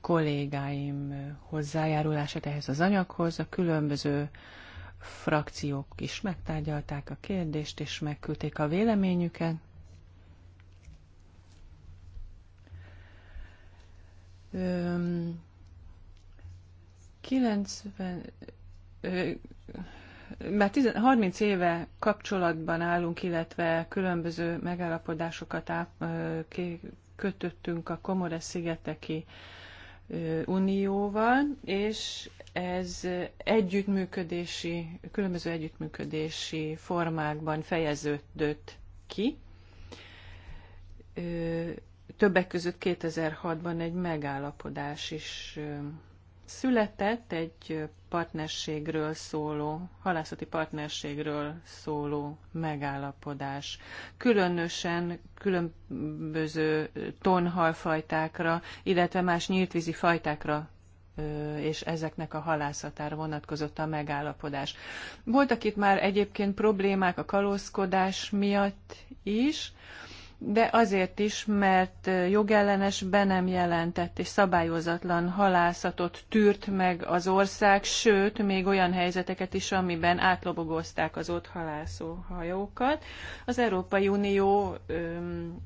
kollégáim hozzájárulását ehhez az anyaghoz. A különböző frakciók is megtárgyalták a kérdést, és megküldték a véleményüket. Öm, 90, ö, már 30 éve kapcsolatban állunk, illetve különböző megállapodásokat áp, kötöttünk a Komores szigeteki unióval, és ez együttműködési, különböző együttműködési formákban fejeződött ki. Többek között 2006-ban egy megállapodás is született egy partnerségről szóló, halászati partnerségről szóló megállapodás. Különösen különböző tonhalfajtákra, illetve más nyíltvízi fajtákra és ezeknek a halászatára vonatkozott a megállapodás. Voltak itt már egyébként problémák a kalózkodás miatt is, de azért is, mert jogellenes, be nem jelentett és szabályozatlan halászatot tűrt meg az ország, sőt, még olyan helyzeteket is, amiben átlobogozták az ott halászó hajókat. Az Európai Unió öm,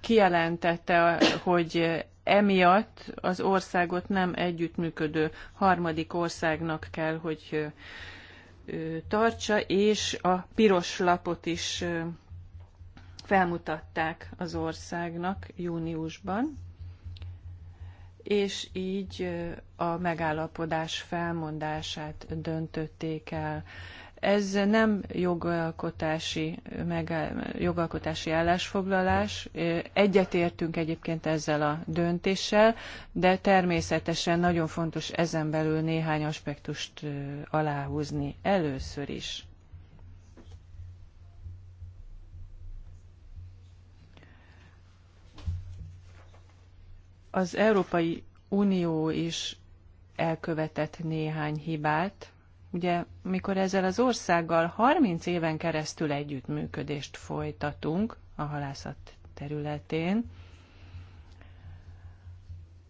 kijelentette, hogy emiatt az országot nem együttműködő harmadik országnak kell, hogy tartsa, és a piros lapot is felmutatták az országnak júniusban, és így a megállapodás felmondását döntötték el. Ez nem jogalkotási, meg, jogalkotási állásfoglalás. Egyetértünk egyébként ezzel a döntéssel, de természetesen nagyon fontos ezen belül néhány aspektust aláhúzni először is. Az Európai Unió is elkövetett néhány hibát, ugye mikor ezzel az országgal 30 éven keresztül együttműködést folytatunk a halászat területén,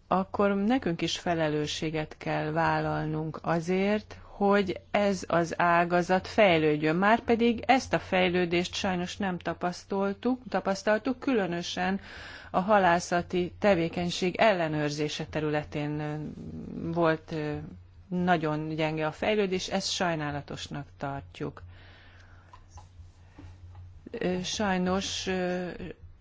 akkor nekünk is felelősséget kell vállalnunk azért, hogy ez az ágazat fejlődjön. Márpedig ezt a fejlődést sajnos nem tapasztaltuk, tapasztaltuk különösen a halászati tevékenység ellenőrzése területén volt nagyon gyenge a fejlődés, ezt sajnálatosnak tartjuk. Sajnos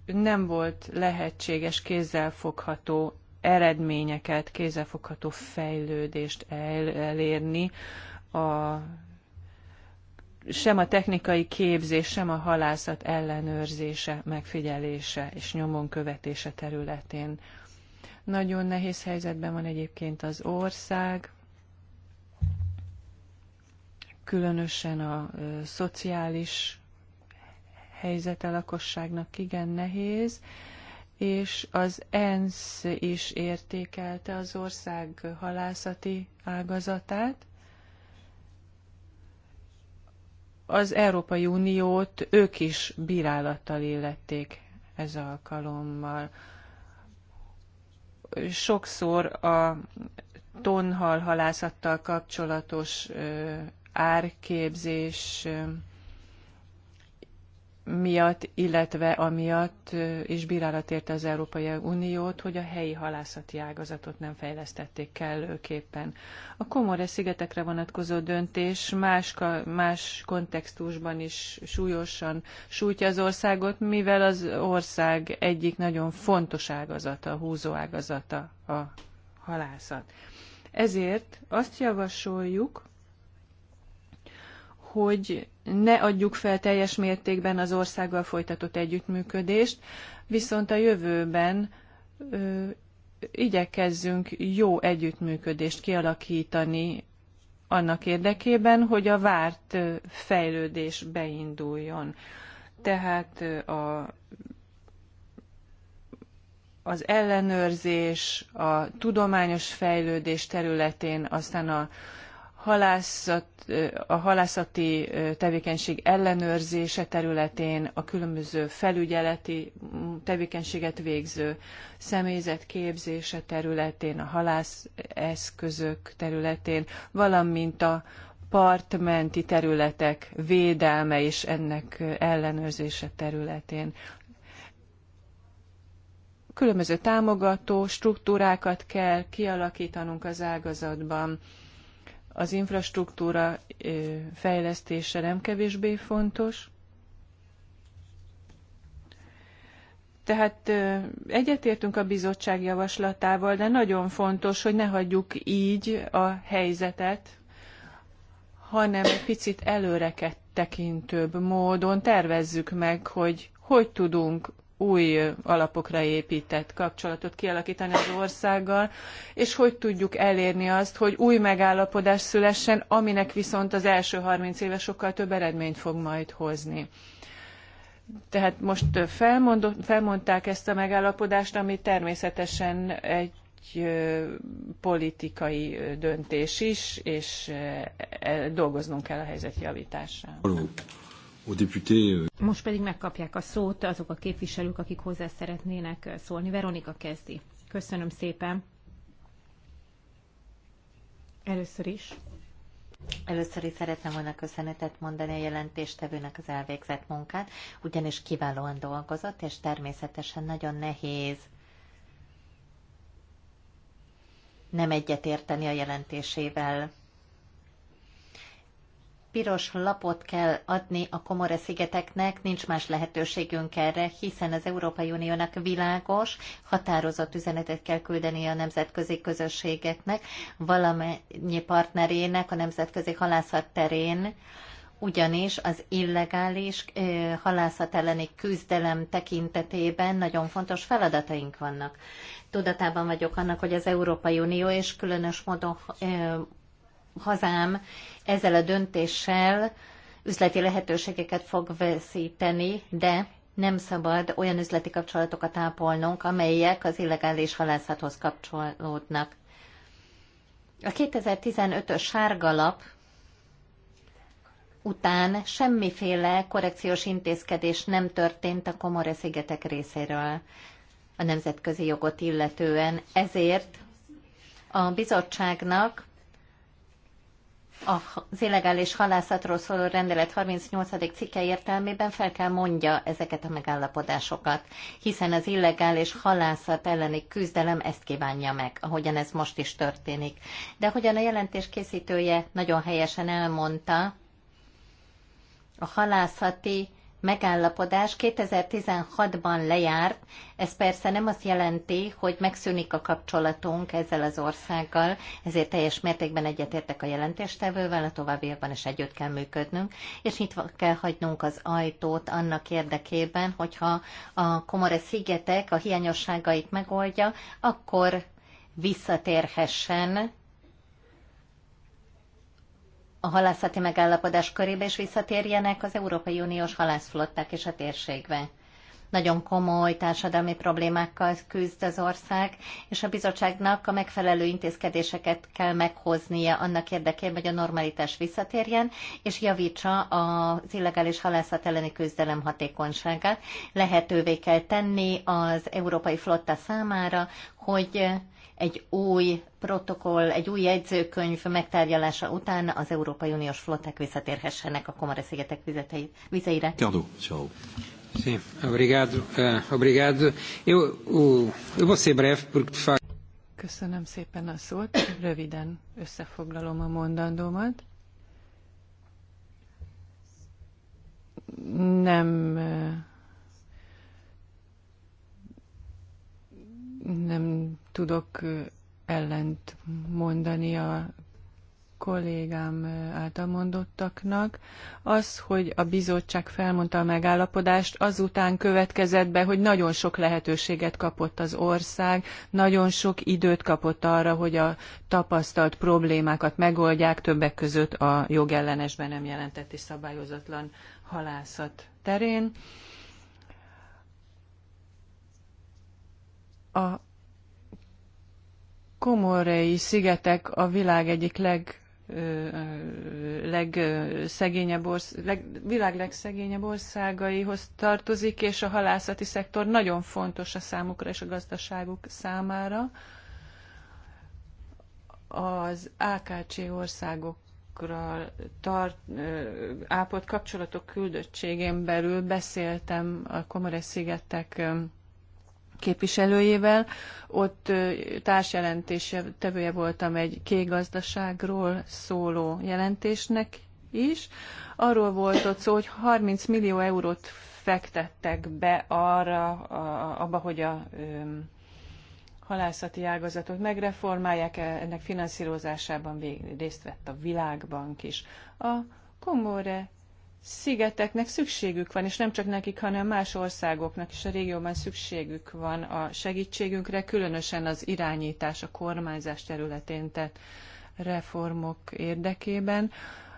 nem volt lehetséges kézzelfogható eredményeket, kézzelfogható fejlődést el, elérni a sem a technikai képzés, sem a halászat ellenőrzése, megfigyelése és nyomon követése területén. Nagyon nehéz helyzetben van egyébként az ország, különösen a szociális helyzete lakosságnak igen nehéz és az ENSZ is értékelte az ország halászati ágazatát. Az Európai Uniót ők is bírálattal illették ez alkalommal. Sokszor a tonhal halászattal kapcsolatos árképzés miatt, illetve amiatt is bírálat érte az Európai Uniót, hogy a helyi halászati ágazatot nem fejlesztették kellőképpen. A Komore szigetekre vonatkozó döntés más, más kontextusban is súlyosan sújtja az országot, mivel az ország egyik nagyon fontos ágazata, húzó ágazata a halászat. Ezért azt javasoljuk, hogy ne adjuk fel teljes mértékben az országgal folytatott együttműködést, viszont a jövőben ö, igyekezzünk jó együttműködést kialakítani annak érdekében, hogy a várt fejlődés beinduljon. Tehát a, az ellenőrzés, a tudományos fejlődés területén, aztán a halászat, a halászati tevékenység ellenőrzése területén a különböző felügyeleti tevékenységet végző személyzet képzése területén, a halászeszközök területén, valamint a partmenti területek védelme és ennek ellenőrzése területén különböző támogató struktúrákat kell kialakítanunk az ágazatban, az infrastruktúra fejlesztése nem kevésbé fontos. Tehát egyetértünk a bizottság javaslatával, de nagyon fontos, hogy ne hagyjuk így a helyzetet, hanem egy picit előreket tekintőbb módon tervezzük meg, hogy hogy tudunk új alapokra épített kapcsolatot kialakítani az országgal, és hogy tudjuk elérni azt, hogy új megállapodás szülessen, aminek viszont az első 30 éve sokkal több eredményt fog majd hozni. Tehát most felmondták ezt a megállapodást, ami természetesen egy politikai döntés is, és e, dolgoznunk kell a helyzet javításán. Euh, Most pedig megkapják a szót azok a képviselők, akik hozzá szeretnének eh, szólni. Veronika kezdi. Köszönöm szépen. Először is. Először is szeretném volna köszönetet mondani a jelentéstevőnek az elvégzett munkát, ugyanis kiválóan dolgozott, és természetesen nagyon nehéz nem egyetérteni a jelentésével piros lapot kell adni a Komore-szigeteknek, nincs más lehetőségünk erre, hiszen az Európai Uniónak világos, határozott üzenetet kell küldeni a nemzetközi közösségeknek, valamennyi partnerének a nemzetközi halászat terén, ugyanis az illegális halászat elleni küzdelem tekintetében nagyon fontos feladataink vannak. Tudatában vagyok annak, hogy az Európai Unió és különös módon hazám ezzel a döntéssel üzleti lehetőségeket fog veszíteni, de nem szabad olyan üzleti kapcsolatokat ápolnunk, amelyek az illegális halászathoz kapcsolódnak. A 2015-ös sárgalap után semmiféle korrekciós intézkedés nem történt a Komore-szigetek részéről a nemzetközi jogot illetően. Ezért a bizottságnak az illegális halászatról szóló rendelet 38. cikke értelmében fel kell mondja ezeket a megállapodásokat, hiszen az illegális halászat elleni küzdelem ezt kívánja meg, ahogyan ez most is történik. De hogyan a jelentés készítője nagyon helyesen elmondta, a halászati megállapodás 2016-ban lejárt, ez persze nem azt jelenti, hogy megszűnik a kapcsolatunk ezzel az országgal, ezért teljes mértékben egyetértek a jelentéstevővel, a továbbiakban is együtt kell működnünk, és nyitva kell hagynunk az ajtót annak érdekében, hogyha a Komore szigetek a hiányosságait megoldja, akkor visszatérhessen a halászati megállapodás körébe, és visszatérjenek az Európai Uniós halászflották és a térségbe. Nagyon komoly társadalmi problémákkal küzd az ország, és a bizottságnak a megfelelő intézkedéseket kell meghoznia annak érdekében, hogy a normalitás visszatérjen, és javítsa az illegális halászat elleni küzdelem hatékonyságát. Lehetővé kell tenni az európai flotta számára, hogy egy új protokoll, egy új jegyzőkönyv megtárgyalása után az Európai Uniós flották visszatérhessenek a komara szigetek vizeire. Tadó, ciao. Sim, obrigado, eh, obrigado. Eu, eu vou ser breve, porque Köszönöm szépen a szót, röviden összefoglalom a mondandómat. Nem eh, nem tudok ellent mondani a kollégám által mondottaknak. Az, hogy a bizottság felmondta a megállapodást, azután következett be, hogy nagyon sok lehetőséget kapott az ország, nagyon sok időt kapott arra, hogy a tapasztalt problémákat megoldják, többek között a jogellenesben nem jelentett és szabályozatlan halászat terén. A Komorei szigetek a világ egyik leg legszegényebb leg, világ legszegényebb országaihoz tartozik, és a halászati szektor nagyon fontos a számukra és a gazdaságuk számára. Az AKC országokra tart, ápolt kapcsolatok küldöttségén belül beszéltem a Komore szigetek képviselőjével. Ott társjelentés tevője voltam egy kék gazdaságról szóló jelentésnek is. Arról volt ott szó, hogy 30 millió eurót fektettek be arra, a, abba, hogy a ö, halászati ágazatot megreformálják, e, ennek finanszírozásában részt vett a világbank is. A Komore szigeteknek szükségük van, és nem csak nekik, hanem más országoknak is a régióban szükségük van a segítségünkre, különösen az irányítás, a kormányzás területén tett reformok érdekében.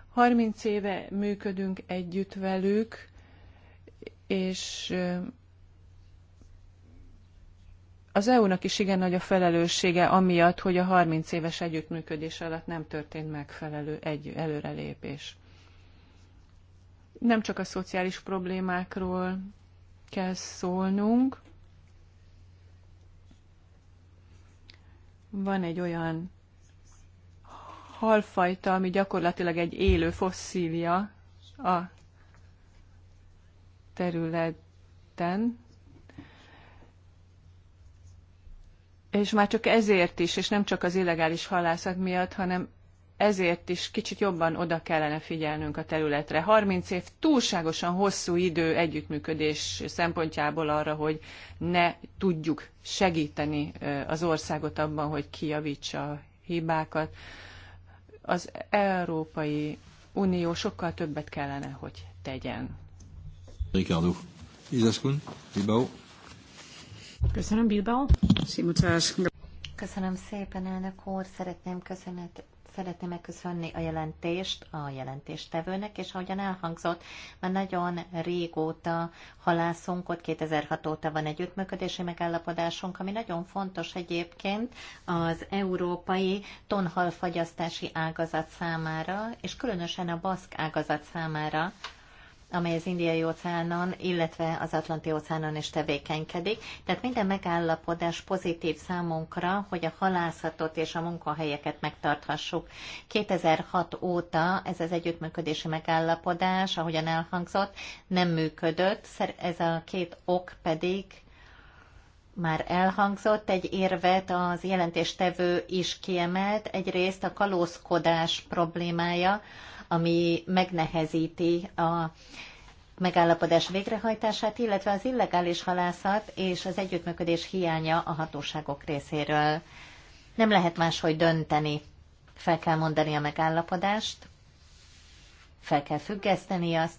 30 éve működünk együtt velük, és az EU-nak is igen nagy a felelőssége amiatt, hogy a 30 éves együttműködés alatt nem történt megfelelő egy előrelépés nem csak a szociális problémákról kell szólnunk. Van egy olyan halfajta, ami gyakorlatilag egy élő fosszília a területen, és már csak ezért is, és nem csak az illegális halászat miatt, hanem ezért is kicsit jobban oda kellene figyelnünk a területre. 30 év túlságosan hosszú idő együttműködés szempontjából arra, hogy ne tudjuk segíteni az országot abban, hogy kijavítsa a hibákat. Az Európai Unió sokkal többet kellene, hogy tegyen. Ricardo. Izaskun, Bilbao. Köszönöm, Bilbao. Köszönöm szépen, elnök úr. Szeretném köszönet Szeretném megköszönni a jelentést a jelentéstevőnek, és ahogyan elhangzott, már nagyon régóta halászunk, ott 2006 óta van egy megállapodásunk, ami nagyon fontos egyébként az európai tonhalfagyasztási ágazat számára, és különösen a baszk ágazat számára, amely az indiai óceánon, illetve az atlanti óceánon is tevékenykedik. Tehát minden megállapodás pozitív számunkra, hogy a halászatot és a munkahelyeket megtarthassuk. 2006 óta ez az együttműködési megállapodás, ahogyan elhangzott, nem működött. Ez a két ok pedig már elhangzott, egy érvet az jelentéstevő is kiemelt, egyrészt a kalózkodás problémája, ami megnehezíti a megállapodás végrehajtását, illetve az illegális halászat és az együttműködés hiánya a hatóságok részéről. Nem lehet máshogy dönteni. Fel kell mondani a megállapodást, fel kell függeszteni azt,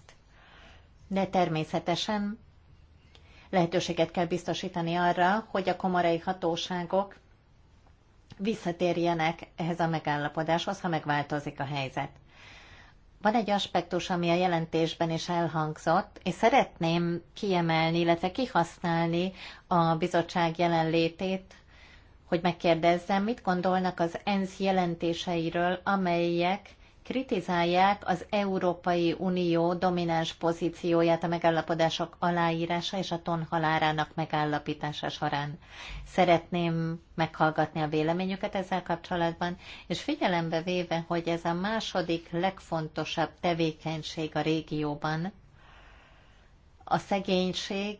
de természetesen lehetőséget kell biztosítani arra, hogy a komorai hatóságok visszatérjenek ehhez a megállapodáshoz, ha megváltozik a helyzet. Van egy aspektus, ami a jelentésben is elhangzott, és szeretném kiemelni, illetve kihasználni a bizottság jelenlétét, hogy megkérdezzem, mit gondolnak az ENSZ jelentéseiről, amelyek kritizálják az Európai Unió domináns pozícióját a megállapodások aláírása és a tonhalárának megállapítása során. Szeretném meghallgatni a véleményüket ezzel kapcsolatban, és figyelembe véve, hogy ez a második legfontosabb tevékenység a régióban, a szegénység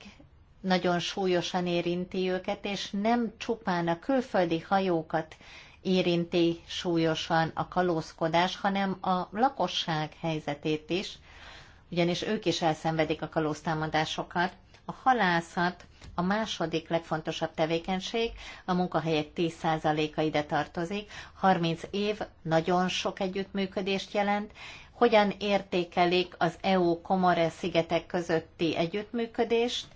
nagyon súlyosan érinti őket, és nem csupán a külföldi hajókat érinti súlyosan a kalózkodás, hanem a lakosság helyzetét is, ugyanis ők is elszenvedik a kalóztámadásokat. A halászat a második legfontosabb tevékenység, a munkahelyek 10%-a ide tartozik, 30 év nagyon sok együttműködést jelent, hogyan értékelik az EU Komore szigetek közötti együttműködést,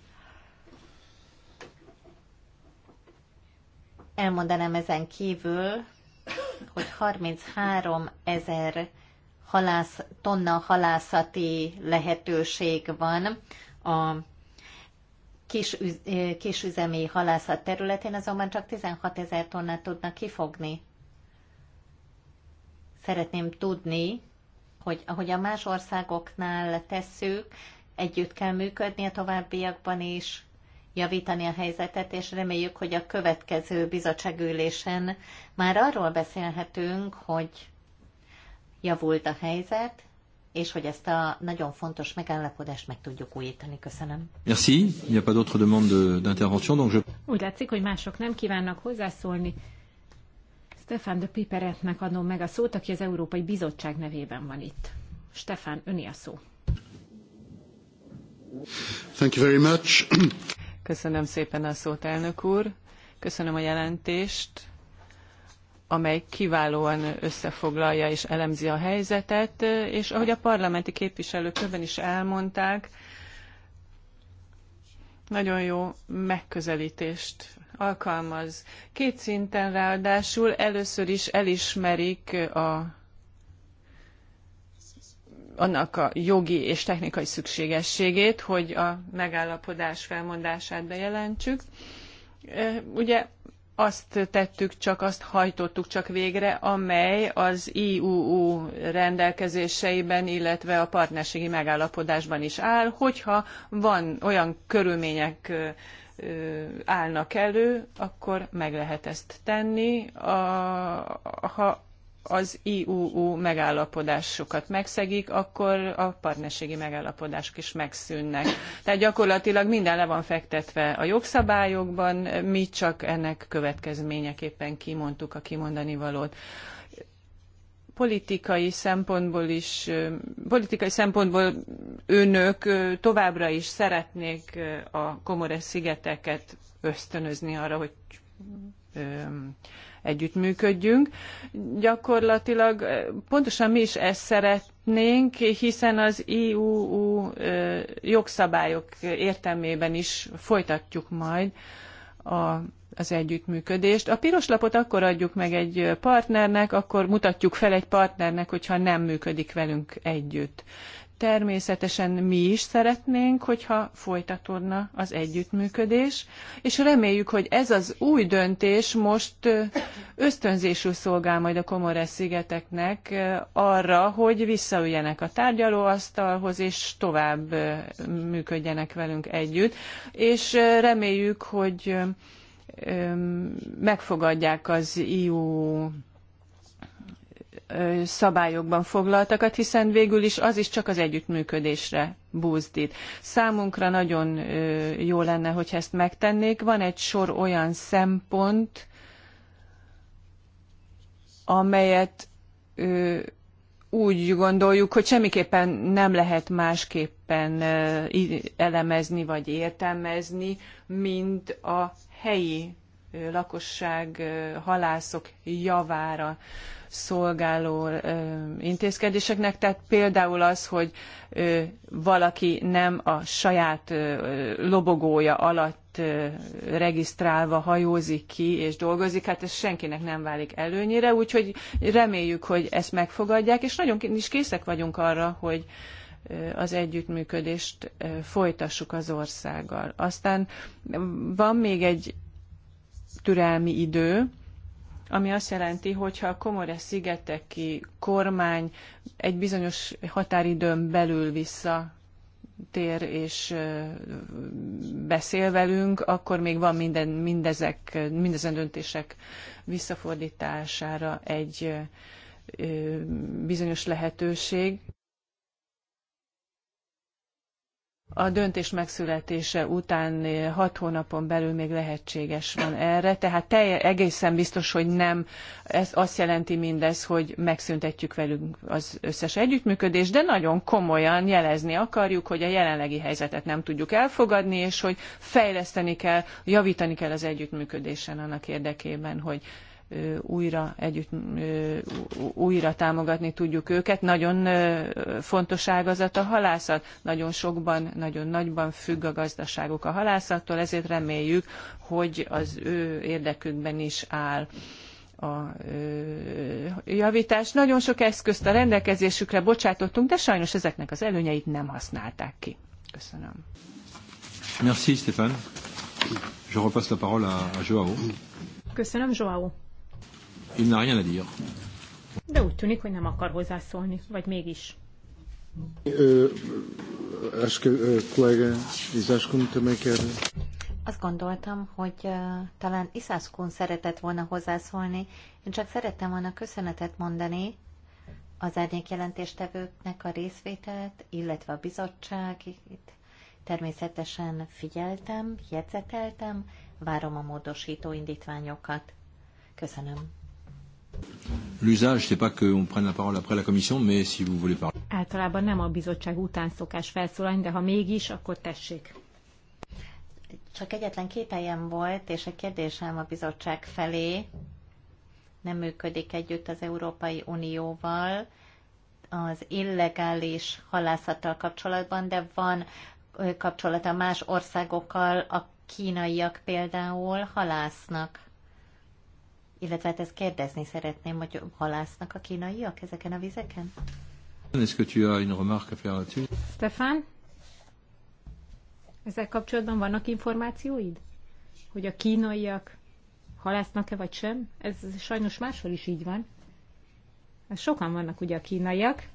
Elmondanám ezen kívül, hogy 33 ezer halász, tonna halászati lehetőség van a kis, kisüzemi halászat területén, azonban csak 16 ezer tonnát tudnak kifogni. Szeretném tudni, hogy ahogy a más országoknál tesszük, együtt kell működni a továbbiakban is, javítani a helyzetet, és reméljük, hogy a következő bizottságülésen már arról beszélhetünk, hogy javult a helyzet, és hogy ezt a nagyon fontos megállapodást meg tudjuk újítani. Köszönöm. Merci. Il n'y a pas d'autre demande d'intervention, donc je... Úgy látszik, hogy mások nem kívánnak hozzászólni. Stefan de Piperetnek adom meg a szót, aki az Európai Bizottság nevében van itt. Stefan, öni a szó. Thank you very much. Köszönöm szépen a szót, elnök úr. Köszönöm a jelentést, amely kiválóan összefoglalja és elemzi a helyzetet, és ahogy a parlamenti képviselők többen is elmondták, nagyon jó megközelítést alkalmaz. Két szinten ráadásul először is elismerik a annak a jogi és technikai szükségességét, hogy a megállapodás felmondását bejelentsük. Ugye azt tettük csak, azt hajtottuk csak végre, amely az IUU rendelkezéseiben, illetve a partnerségi megállapodásban is áll, hogyha van olyan körülmények állnak elő, akkor meg lehet ezt tenni. A, ha az IUU megállapodásokat megszegik, akkor a partnerségi megállapodások is megszűnnek. Tehát gyakorlatilag minden le van fektetve a jogszabályokban, mi csak ennek következményeképpen kimondtuk a kimondani valót politikai szempontból is, politikai szempontból önök továbbra is szeretnék a Komores szigeteket ösztönözni arra, hogy együttműködjünk. Gyakorlatilag pontosan mi is ezt szeretnénk, hiszen az EU jogszabályok értelmében is folytatjuk majd a az együttműködést. A piros lapot akkor adjuk meg egy partnernek, akkor mutatjuk fel egy partnernek, hogyha nem működik velünk együtt. Természetesen mi is szeretnénk, hogyha folytatódna az együttműködés, és reméljük, hogy ez az új döntés most ösztönzésül szolgál majd a Komores szigeteknek arra, hogy visszaüljenek a tárgyalóasztalhoz, és tovább működjenek velünk együtt, és reméljük, hogy megfogadják az EU szabályokban foglaltakat, hiszen végül is az is csak az együttműködésre búzdít. Számunkra nagyon jó lenne, hogy ezt megtennék. Van egy sor olyan szempont, amelyet úgy gondoljuk, hogy semmiképpen nem lehet másképpen elemezni vagy értelmezni, mint a helyi lakosság, halászok javára szolgáló intézkedéseknek. Tehát például az, hogy valaki nem a saját lobogója alatt regisztrálva hajózik ki és dolgozik, hát ez senkinek nem válik előnyire, úgyhogy reméljük, hogy ezt megfogadják, és nagyon is készek vagyunk arra, hogy az együttműködést folytassuk az országgal. Aztán van még egy türelmi idő, ami azt jelenti, hogy ha a Komore szigeteki kormány egy bizonyos határidőn belül vissza tér és beszél velünk, akkor még van minden, mindezek, mindezen döntések visszafordítására egy bizonyos lehetőség. A döntés megszületése után eh, hat hónapon belül még lehetséges van erre, tehát telje, egészen biztos, hogy nem. Ez azt jelenti mindez, hogy megszüntetjük velünk az összes együttműködést, de nagyon komolyan jelezni akarjuk, hogy a jelenlegi helyzetet nem tudjuk elfogadni, és hogy fejleszteni kell, javítani kell az együttműködésen annak érdekében, hogy újra, együtt, újra támogatni tudjuk őket. Nagyon fontos ágazat a halászat, nagyon sokban, nagyon nagyban függ a gazdaságuk a halászattól, ezért reméljük, hogy az ő érdekükben is áll a javítás. Nagyon sok eszközt a rendelkezésükre bocsátottunk, de sajnos ezeknek az előnyeit nem használták ki. Köszönöm. Merci Stéphane. Je repasse la parole à, à Joao. Köszönöm, Joao. De úgy tűnik, hogy nem akar hozzászólni, vagy mégis. a Azt gondoltam, hogy uh, talán Iszászkun szeretett volna hozzászólni. Én csak szerettem volna köszönetet mondani az árnyék jelentéstevőknek a részvételt, illetve a Itt Természetesen figyeltem, jegyzeteltem, várom a módosító indítványokat. Köszönöm. L'usage, c'est pas qu'on prenne la parole après la commission, mais si vous voulez parler. Általában nem a bizottság után szokás felszólalni, de ha mégis, akkor tessék. Csak egyetlen helyen volt, és egy kérdésem a bizottság felé. Nem működik együtt az Európai Unióval az illegális halászattal kapcsolatban, de van kapcsolata más országokkal, a kínaiak például halásznak. Illetve hát ezt kérdezni szeretném, hogy halásznak a kínaiak ezeken a vizeken? Stefan? Ezzel kapcsolatban vannak információid? Hogy a kínaiak halásznak-e vagy sem? Ez sajnos máshol is így van. Ez sokan vannak ugye a kínaiak.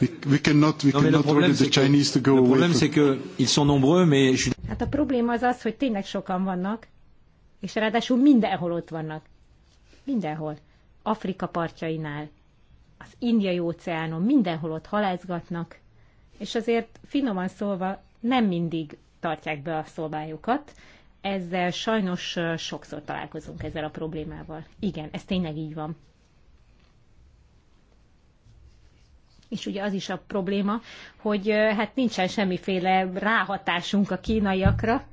We, cannot, we order the Chinese que, to go away. que ils sont nombreux, mais je... Hát a probléma az az, hogy tényleg sokan vannak, és ráadásul mindenhol ott vannak. Mindenhol. Afrika partjainál, az indiai óceánon, mindenhol ott halászgatnak, és azért finoman szólva nem mindig tartják be a szobájukat. Ezzel sajnos sokszor találkozunk ezzel a problémával. Igen, ez tényleg így van. és ugye az is a probléma, hogy hát nincsen semmiféle ráhatásunk a kínaiakra.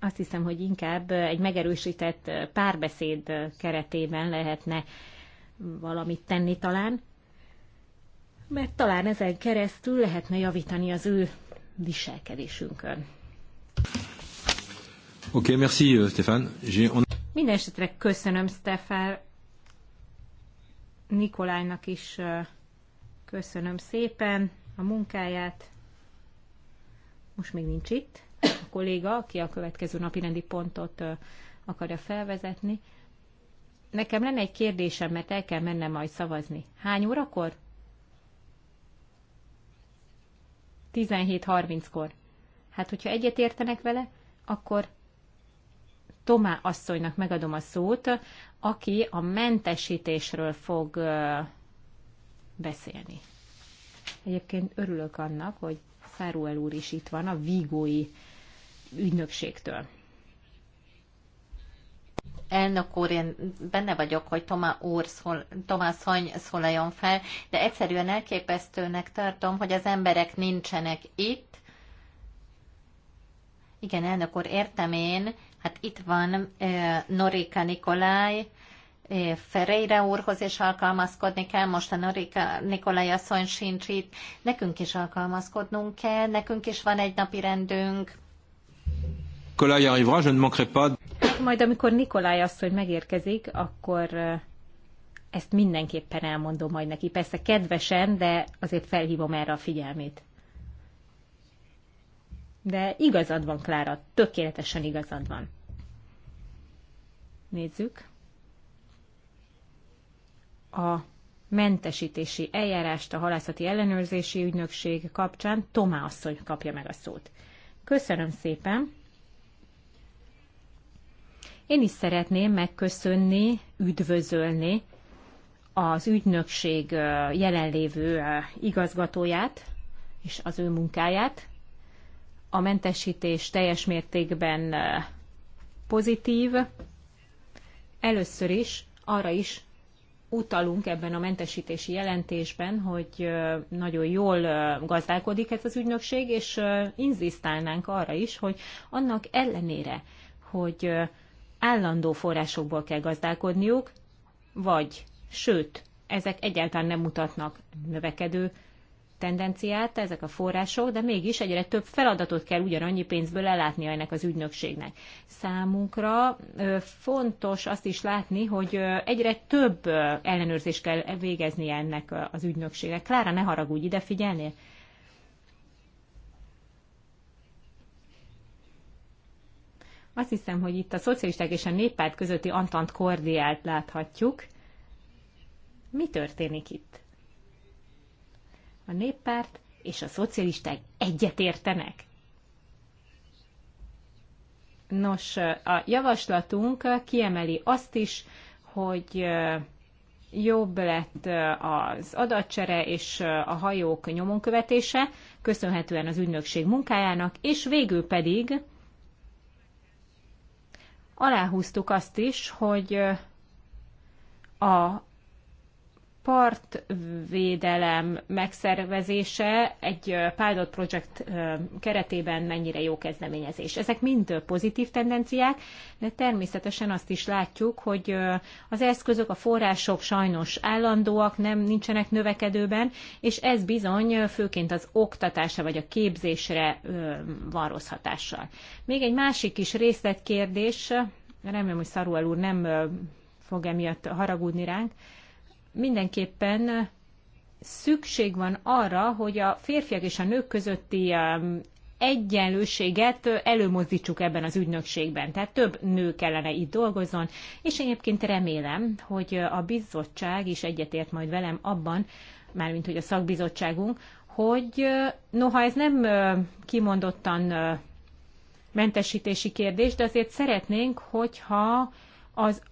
Azt hiszem, hogy inkább egy megerősített párbeszéd keretében lehetne valamit tenni talán, mert talán ezen keresztül lehetne javítani az ő viselkedésünkön. Oké, okay, merci Stefan. Minden esetre köszönöm Stefan Nikolájnak is köszönöm szépen a munkáját. Most még nincs itt a kolléga, aki a következő napi rendi pontot akarja felvezetni. Nekem lenne egy kérdésem, mert el kell mennem majd szavazni. Hány órakor? 17.30-kor. Hát, hogyha egyet értenek vele, akkor Tomá asszonynak megadom a szót, aki a mentesítésről fog beszélni. Egyébként örülök annak, hogy Száruel úr is itt van a Vígói ügynökségtől. Elnök úr, én benne vagyok, hogy Tomá úr szól, Tomás Hany szólaljon fel, de egyszerűen elképesztőnek tartom, hogy az emberek nincsenek itt. Igen, elnök úr, értem én, Hát itt van Norika Nikolaj, Ferreira úrhoz is alkalmazkodni kell, most a Norika Nikolaj asszony sincs itt, nekünk is alkalmazkodnunk kell, nekünk is van egy napi rendünk. Nikolaj arrivera, je ne manquerai pas. Majd amikor Nikolaj asszony megérkezik, akkor ezt mindenképpen elmondom majd neki. Persze kedvesen, de azért felhívom erre a figyelmét. De igazad van, Klára, tökéletesen igazad van. Nézzük. A mentesítési eljárást a halászati ellenőrzési ügynökség kapcsán Tomá asszony kapja meg a szót. Köszönöm szépen! Én is szeretném megköszönni, üdvözölni az ügynökség jelenlévő igazgatóját és az ő munkáját a mentesítés teljes mértékben pozitív. Először is arra is utalunk ebben a mentesítési jelentésben, hogy nagyon jól gazdálkodik ez az ügynökség, és inzisztálnánk arra is, hogy annak ellenére, hogy állandó forrásokból kell gazdálkodniuk, vagy sőt, ezek egyáltalán nem mutatnak növekedő tendenciát ezek a források, de mégis egyre több feladatot kell ugyanannyi pénzből ellátni ennek az ügynökségnek. Számunkra fontos azt is látni, hogy egyre több ellenőrzést kell végezni ennek az ügynökségnek. Klára, ne haragudj, ide figyelnél? Azt hiszem, hogy itt a szocialisták és a néppárt közötti antant kordiált láthatjuk. Mi történik itt? a néppárt és a szocialisták egyetértenek. Nos, a javaslatunk kiemeli azt is, hogy jobb lett az adatcsere és a hajók nyomon követése, köszönhetően az ügynökség munkájának, és végül pedig aláhúztuk azt is, hogy a partvédelem megszervezése egy pilot project keretében mennyire jó kezdeményezés. Ezek mind pozitív tendenciák, de természetesen azt is látjuk, hogy az eszközök, a források sajnos állandóak, nem nincsenek növekedőben, és ez bizony főként az oktatásra vagy a képzésre van rossz hatással. Még egy másik is részletkérdés, remélem, hogy Szaruel úr nem fog emiatt haragudni ránk, mindenképpen szükség van arra, hogy a férfiak és a nők közötti um, egyenlőséget előmozdítsuk ebben az ügynökségben. Tehát több nő kellene itt dolgozzon, és egyébként remélem, hogy a bizottság is egyetért majd velem abban, mármint hogy a szakbizottságunk, hogy noha ez nem kimondottan mentesítési kérdés, de azért szeretnénk, hogyha az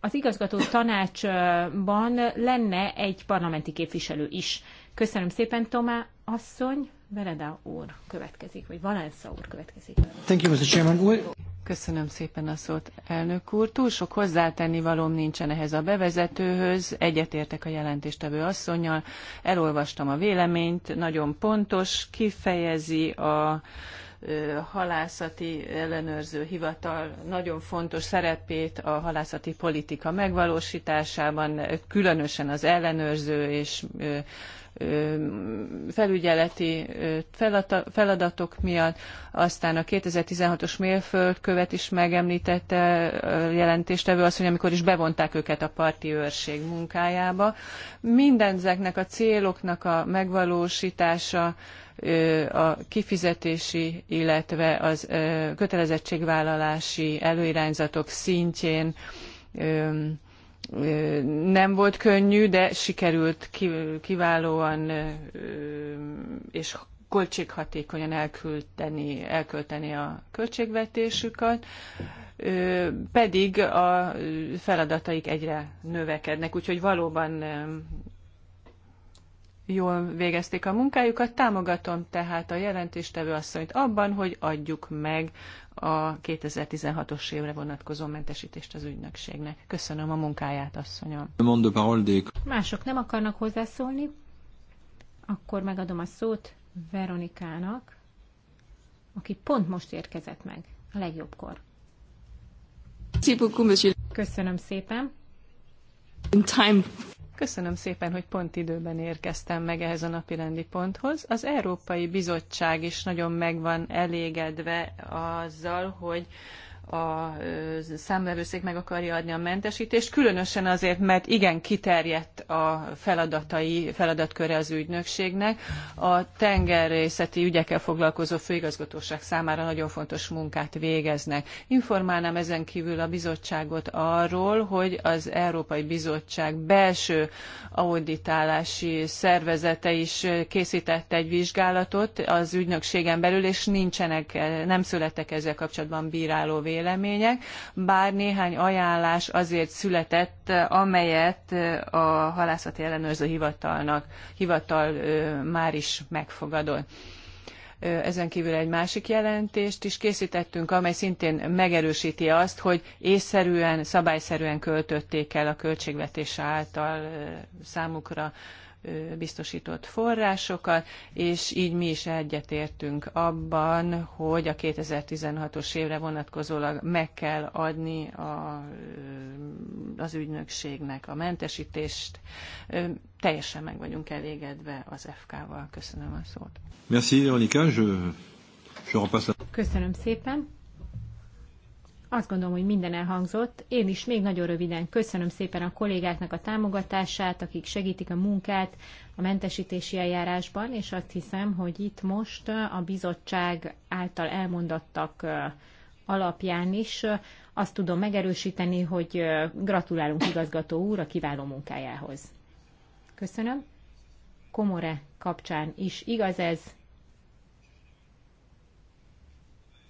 az igazgató tanácsban lenne egy parlamenti képviselő is. Köszönöm szépen, Tomá asszony. Vereda úr következik, vagy Valensza úr következik. Thank you, Mr. Chairman. Köszönöm szépen a szót, elnök úr. Túl sok hozzátenni valóm nincsen ehhez a bevezetőhöz. Egyetértek a jelentéstevő asszonyal. Elolvastam a véleményt, nagyon pontos, kifejezi a halászati ellenőrző hivatal nagyon fontos szerepét a halászati politika megvalósításában, különösen az ellenőrző és felügyeleti feladatok miatt. Aztán a 2016-os mérföldkövet is megemlítette a jelentéstevő azt, hogy amikor is bevonták őket a parti őrség munkájába. Mindezeknek a céloknak a megvalósítása a kifizetési, illetve az kötelezettségvállalási előirányzatok szintjén nem volt könnyű, de sikerült kiválóan és költséghatékonyan elküldeni, elkölteni a költségvetésüket, pedig a feladataik egyre növekednek, úgyhogy valóban jól végezték a munkájukat. Támogatom tehát a jelentéstevő asszonyt abban, hogy adjuk meg a 2016-os évre vonatkozó mentesítést az ügynökségnek. Köszönöm a munkáját, asszonyom. Mások nem akarnak hozzászólni? Akkor megadom a szót Veronikának, aki pont most érkezett meg, a legjobbkor. Köszönöm szépen. In time. Köszönöm szépen, hogy pont időben érkeztem meg ehhez a napirendi ponthoz. Az Európai Bizottság is nagyon megvan elégedve azzal, hogy a számlevőszék meg akarja adni a mentesítést, különösen azért, mert igen kiterjedt a feladatai, feladatköre az ügynökségnek. A tengerészeti ügyekkel foglalkozó főigazgatóság számára nagyon fontos munkát végeznek. Informálnám ezen kívül a bizottságot arról, hogy az Európai Bizottság belső auditálási szervezete is készített egy vizsgálatot az ügynökségen belül, és nincsenek, nem születtek ezzel kapcsolatban bíráló vélemények vélemények, bár néhány ajánlás azért született, amelyet a halászati ellenőrző hivatalnak, hivatal már is megfogadott. Ezen kívül egy másik jelentést is készítettünk, amely szintén megerősíti azt, hogy észszerűen, szabályszerűen költötték el a költségvetés által számukra biztosított forrásokat, és így mi is egyetértünk abban, hogy a 2016-os évre vonatkozólag meg kell adni a, az ügynökségnek a mentesítést. Teljesen meg vagyunk elégedve az FK-val. Köszönöm a szót. Merci, Erika. Je, je repasse... Köszönöm szépen. Azt gondolom, hogy minden elhangzott. Én is még nagyon röviden köszönöm szépen a kollégáknak a támogatását, akik segítik a munkát a mentesítési eljárásban, és azt hiszem, hogy itt most a bizottság által elmondottak alapján is azt tudom megerősíteni, hogy gratulálunk igazgató úr a kiváló munkájához. Köszönöm. Komore kapcsán is igaz ez.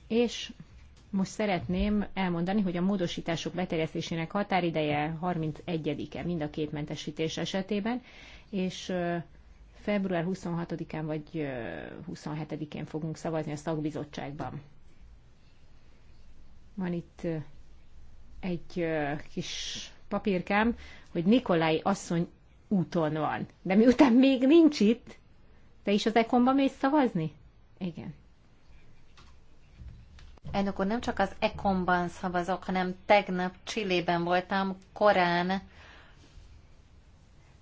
És most szeretném elmondani, hogy a módosítások beterjesztésének határideje 31-e mind a két mentesítés esetében, és február 26-án vagy 27-én fogunk szavazni a szakbizottságban. Van itt egy kis papírkám, hogy Nikolai asszony úton van. De miután még nincs itt, te is az ekonban mész szavazni? Igen. Elnök úr, nem csak az Ekomban szavazok, hanem tegnap Csillében voltam, korán,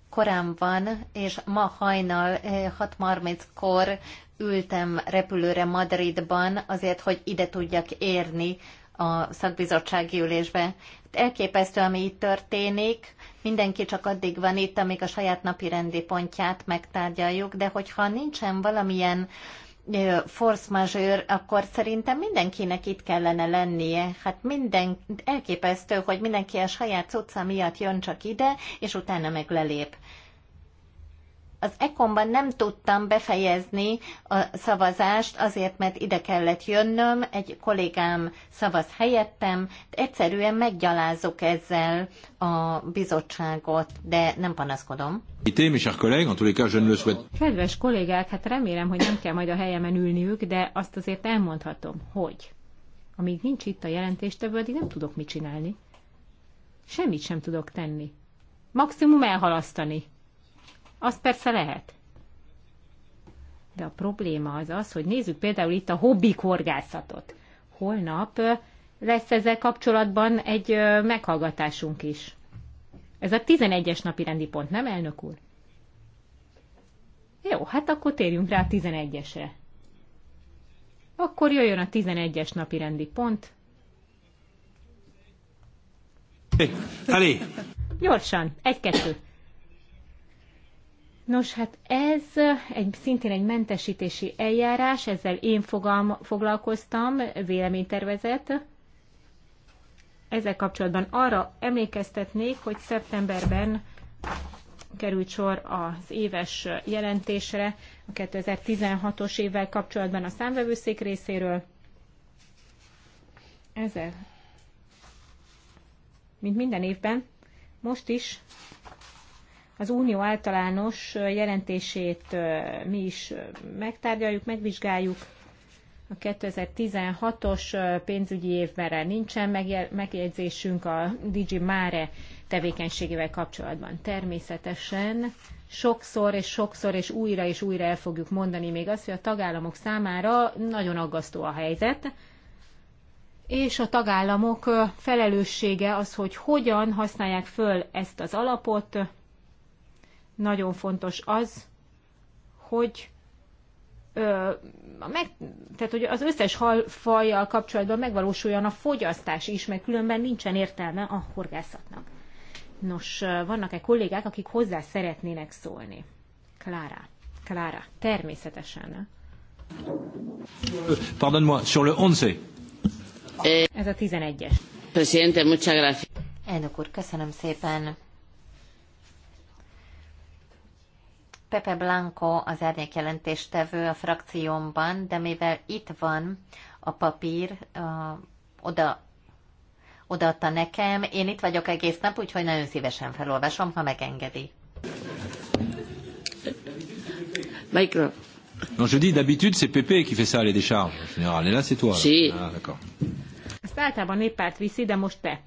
korán van, és ma hajnal 6.30-kor eh, ültem repülőre Madridban azért, hogy ide tudjak érni a szakbizottsági ülésbe. Hát elképesztő, ami itt történik. Mindenki csak addig van itt, amíg a saját napi rendi pontját megtárgyaljuk, de hogyha nincsen valamilyen force majeure, akkor szerintem mindenkinek itt kellene lennie. Hát minden, elképesztő, hogy mindenki a saját cucca miatt jön csak ide, és utána meg lelép az ekonban nem tudtam befejezni a szavazást, azért, mert ide kellett jönnöm, egy kollégám szavaz helyettem, egyszerűen meggyalázok ezzel a bizottságot, de nem panaszkodom. Kedves kollégák, hát remélem, hogy nem kell majd a helyemen ülniük, de azt azért elmondhatom, hogy amíg nincs itt a jelentéstevő, addig nem tudok mit csinálni. Semmit sem tudok tenni. Maximum elhalasztani. Az persze lehet. De a probléma az az, hogy nézzük például itt a hobbi horgászatot. Holnap lesz ezzel kapcsolatban egy meghallgatásunk is. Ez a 11-es napi rendi pont, nem elnök úr? Jó, hát akkor térjünk rá a 11-esre. Akkor jöjjön a 11-es napi rendi pont. Elé! Gyorsan, egy-kettő. Nos, hát ez egy, szintén egy mentesítési eljárás, ezzel én fogalma, foglalkoztam, véleménytervezet. Ezzel kapcsolatban arra emlékeztetnék, hogy szeptemberben került sor az éves jelentésre a 2016-os évvel kapcsolatban a számvevőszék részéről. Ezzel, mint minden évben, most is az Unió általános jelentését mi is megtárgyaljuk, megvizsgáljuk. A 2016-os pénzügyi évben nincsen megjegyzésünk a DG Mare tevékenységével kapcsolatban. Természetesen sokszor és sokszor és újra és újra el fogjuk mondani még azt, hogy a tagállamok számára nagyon aggasztó a helyzet, és a tagállamok felelőssége az, hogy hogyan használják föl ezt az alapot, nagyon fontos az, hogy ö, meg, tehát, hogy az összes hal, fajjal kapcsolatban megvalósuljon a fogyasztás is, mert különben nincsen értelme a horgászatnak. Nos, vannak-e kollégák, akik hozzá szeretnének szólni? Klára. Klára, természetesen. Pardon-moi, sur le 11. Eh, Ez a 11-es. Presidente, muchas gracias. Elnök úr, köszönöm szépen. Pepe Blanco az árnyék jelentéstevő a frakciómban, de mivel itt van a papír, oda odaadta nekem. Én itt vagyok egész nap, úgyhogy nagyon szívesen felolvasom, ha megengedi. Micro. Non, je dis d'habitude c'est Pépé qui fait ça les décharges en général. Et là c'est toi. Si. Ah, d'accord. Ezt általában néppárt viszi, de most te.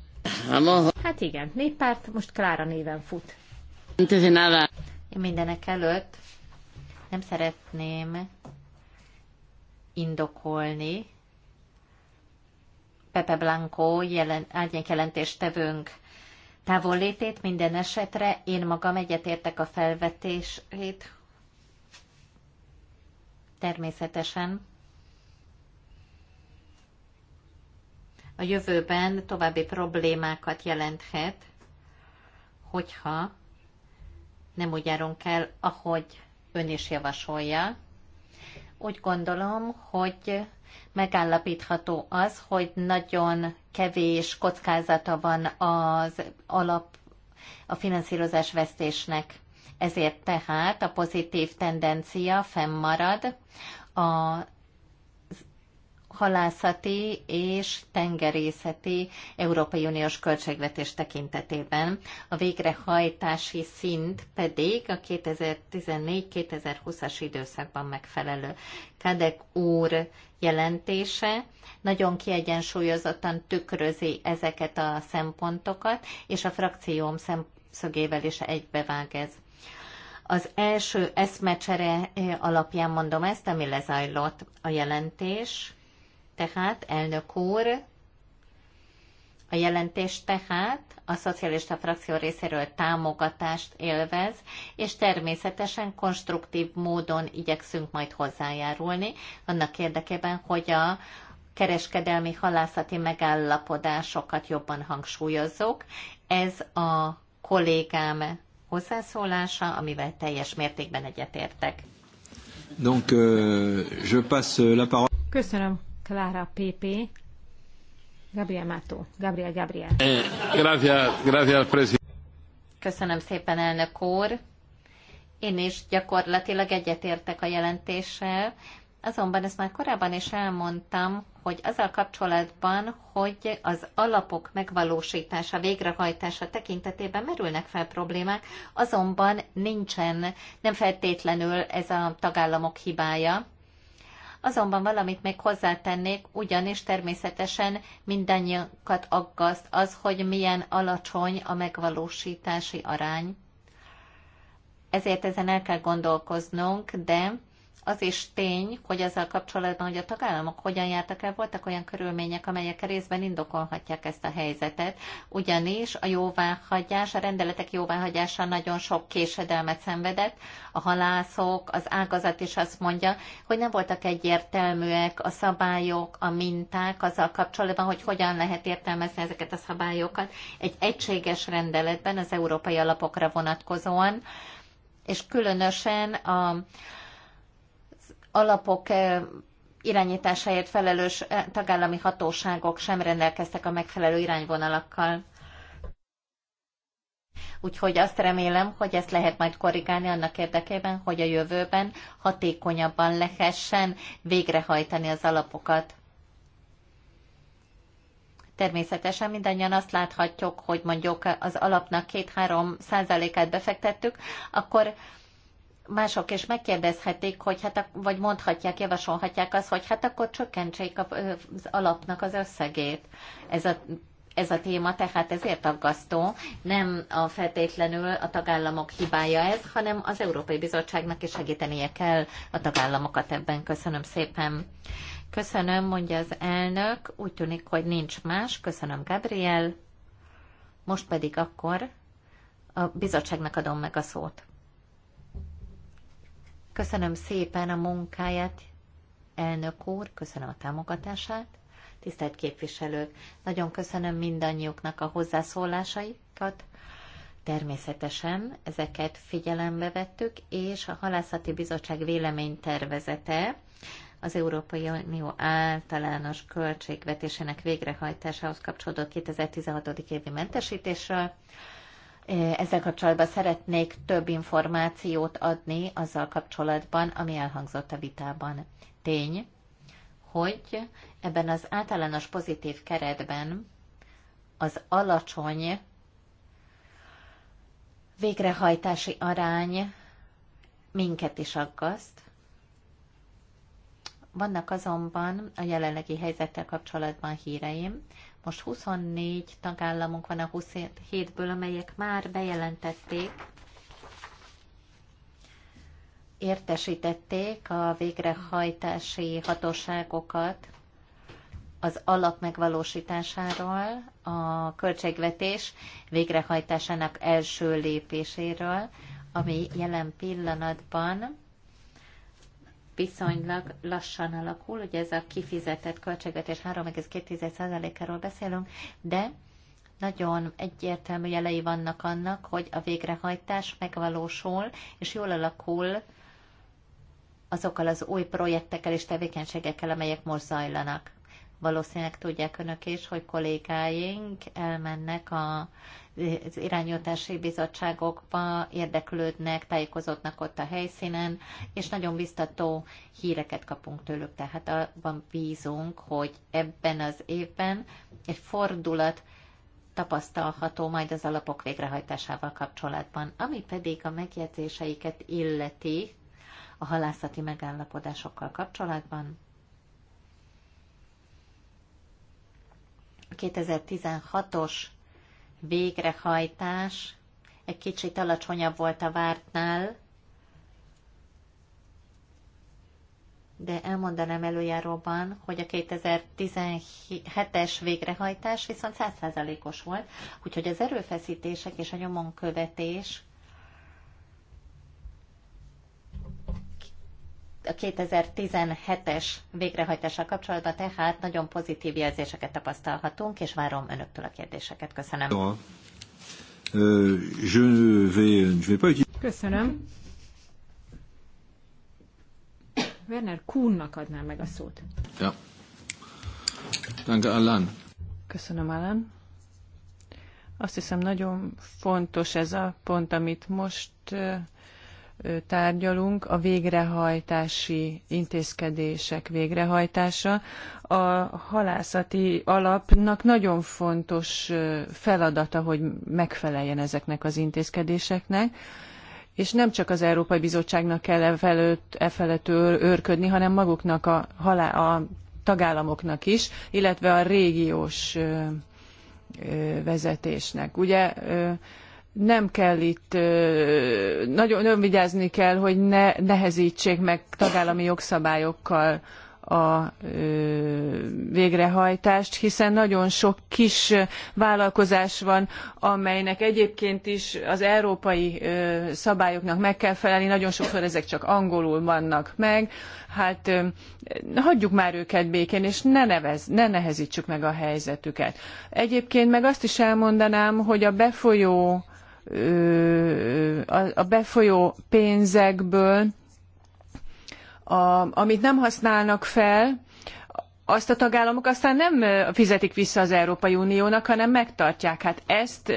Hát igen, néppárt most Klára néven fut. Én mindenek előtt nem szeretném indokolni Pepe Blanco jelen, árnyékjelentéstevőnk távollétét minden esetre. Én magam egyetértek a felvetését. Természetesen a jövőben további problémákat jelenthet, hogyha nem úgy járunk el, ahogy ön is javasolja. Úgy gondolom, hogy megállapítható az, hogy nagyon kevés kockázata van az alap a finanszírozás vesztésnek. Ezért tehát a pozitív tendencia fennmarad, a halászati és tengerészeti Európai Uniós költségvetés tekintetében. A végrehajtási szint pedig a 2014-2020-as időszakban megfelelő. Kadek úr jelentése nagyon kiegyensúlyozottan tükrözi ezeket a szempontokat, és a frakcióm szemszögével is egybevág ez. Az első eszmecsere eh, alapján mondom ezt, ami lezajlott a jelentés tehát, elnök úr, a jelentés tehát a szocialista frakció részéről támogatást élvez, és természetesen konstruktív módon igyekszünk majd hozzájárulni, annak érdekében, hogy a kereskedelmi halászati megállapodásokat jobban hangsúlyozzuk. Ez a kollégám hozzászólása, amivel teljes mértékben egyetértek. Donc, euh, je passe la parole. Köszönöm. Clara PP, Gabriel Mato, Gabriel Gabriel. Eh, gracias, gracias, president. Köszönöm szépen, elnök úr. Én is gyakorlatilag egyetértek a jelentéssel, azonban ezt már korábban is elmondtam, hogy azzal kapcsolatban, hogy az alapok megvalósítása, végrehajtása tekintetében merülnek fel problémák, azonban nincsen, nem feltétlenül ez a tagállamok hibája, Azonban valamit még hozzátennék, ugyanis természetesen mindannyiakat aggaszt az, hogy milyen alacsony a megvalósítási arány. Ezért ezen el kell gondolkoznunk, de az is tény, hogy ezzel kapcsolatban, hogy a tagállamok hogyan jártak el, voltak olyan körülmények, amelyek részben indokolhatják ezt a helyzetet, ugyanis a jóváhagyás, a rendeletek jóváhagyása nagyon sok késedelmet szenvedett, a halászok, az ágazat is azt mondja, hogy nem voltak egyértelműek a szabályok, a minták azzal kapcsolatban, hogy hogyan lehet értelmezni ezeket a szabályokat egy egységes rendeletben az európai alapokra vonatkozóan, és különösen a alapok eh, irányításáért felelős eh, tagállami hatóságok sem rendelkeztek a megfelelő irányvonalakkal. Úgyhogy azt remélem, hogy ezt lehet majd korrigálni annak érdekében, hogy a jövőben hatékonyabban lehessen végrehajtani az alapokat. Természetesen mindannyian azt láthatjuk, hogy mondjuk az alapnak 2-3 százalékát befektettük, akkor mások is megkérdezhetik, hogy hát, vagy mondhatják, javasolhatják azt, hogy hát akkor csökkentsék az alapnak az összegét. Ez a ez a téma, tehát ezért aggasztó. Nem a feltétlenül a tagállamok hibája ez, hanem az Európai Bizottságnak is segítenie kell a tagállamokat ebben. Köszönöm szépen. Köszönöm, mondja az elnök. Úgy tűnik, hogy nincs más. Köszönöm, Gabriel. Most pedig akkor a bizottságnak adom meg a szót. Köszönöm szépen a munkáját, elnök úr, köszönöm a támogatását. Tisztelt képviselők, nagyon köszönöm mindannyiuknak a hozzászólásaikat. Természetesen ezeket figyelembe vettük, és a Halászati Bizottság véleménytervezete az Európai Unió általános költségvetésének végrehajtásához kapcsolódó 2016. évi mentesítésről ezzel kapcsolatban szeretnék több információt adni azzal kapcsolatban, ami elhangzott a vitában. Tény, hogy ebben az általános pozitív keretben az alacsony végrehajtási arány minket is aggaszt. Vannak azonban a jelenlegi helyzettel kapcsolatban híreim, most 24 tagállamunk van a 27-ből, amelyek már bejelentették, értesítették a végrehajtási hatóságokat az alap megvalósításáról, a költségvetés végrehajtásának első lépéséről, ami jelen pillanatban viszonylag lassan alakul, hogy ez a kifizetett költségvetés 3,2%-áról beszélünk, de nagyon egyértelmű jelei vannak annak, hogy a végrehajtás megvalósul, és jól alakul azokkal az új projektekkel és tevékenységekkel, amelyek most zajlanak. Valószínűleg tudják önök is, hogy kollégáink elmennek a irányítási bizottságokba érdeklődnek, tájékozódnak ott a helyszínen, és nagyon biztató híreket kapunk tőlük. Tehát abban bízunk, hogy ebben az évben egy fordulat tapasztalható majd az alapok végrehajtásával kapcsolatban. Ami pedig a megjegyzéseiket illeti a halászati megállapodásokkal kapcsolatban, 2016-os végrehajtás egy kicsit alacsonyabb volt a vártnál, de elmondanám előjáróban, hogy a 2017-es végrehajtás viszont 100%-os volt, úgyhogy az erőfeszítések és a nyomonkövetés a 2017-es végrehajtással kapcsolatban tehát nagyon pozitív jelzéseket tapasztalhatunk, és várom önöktől a kérdéseket. Köszönöm. Köszönöm. Werner Kuhnnak adnám meg a szót. Ja. Danke, Alan. Köszönöm, Alan. Azt hiszem nagyon fontos ez a pont, amit most tárgyalunk, a végrehajtási intézkedések végrehajtása. A halászati alapnak nagyon fontos feladata, hogy megfeleljen ezeknek az intézkedéseknek, és nem csak az Európai Bizottságnak kell e, e felett, őrködni, hanem maguknak a, halá- a tagállamoknak is, illetve a régiós vezetésnek. Ugye nem kell itt, nagyon önvigyázni kell, hogy ne nehezítsék meg tagállami jogszabályokkal a végrehajtást, hiszen nagyon sok kis vállalkozás van, amelynek egyébként is az európai szabályoknak meg kell felelni, nagyon sokszor ezek csak angolul vannak meg. Hát hagyjuk már őket békén, és ne, nevez, ne nehezítsük meg a helyzetüket. Egyébként meg azt is elmondanám, hogy a befolyó a befolyó pénzekből, a, amit nem használnak fel, azt a tagállamok aztán nem fizetik vissza az Európai Uniónak, hanem megtartják. Hát ezt,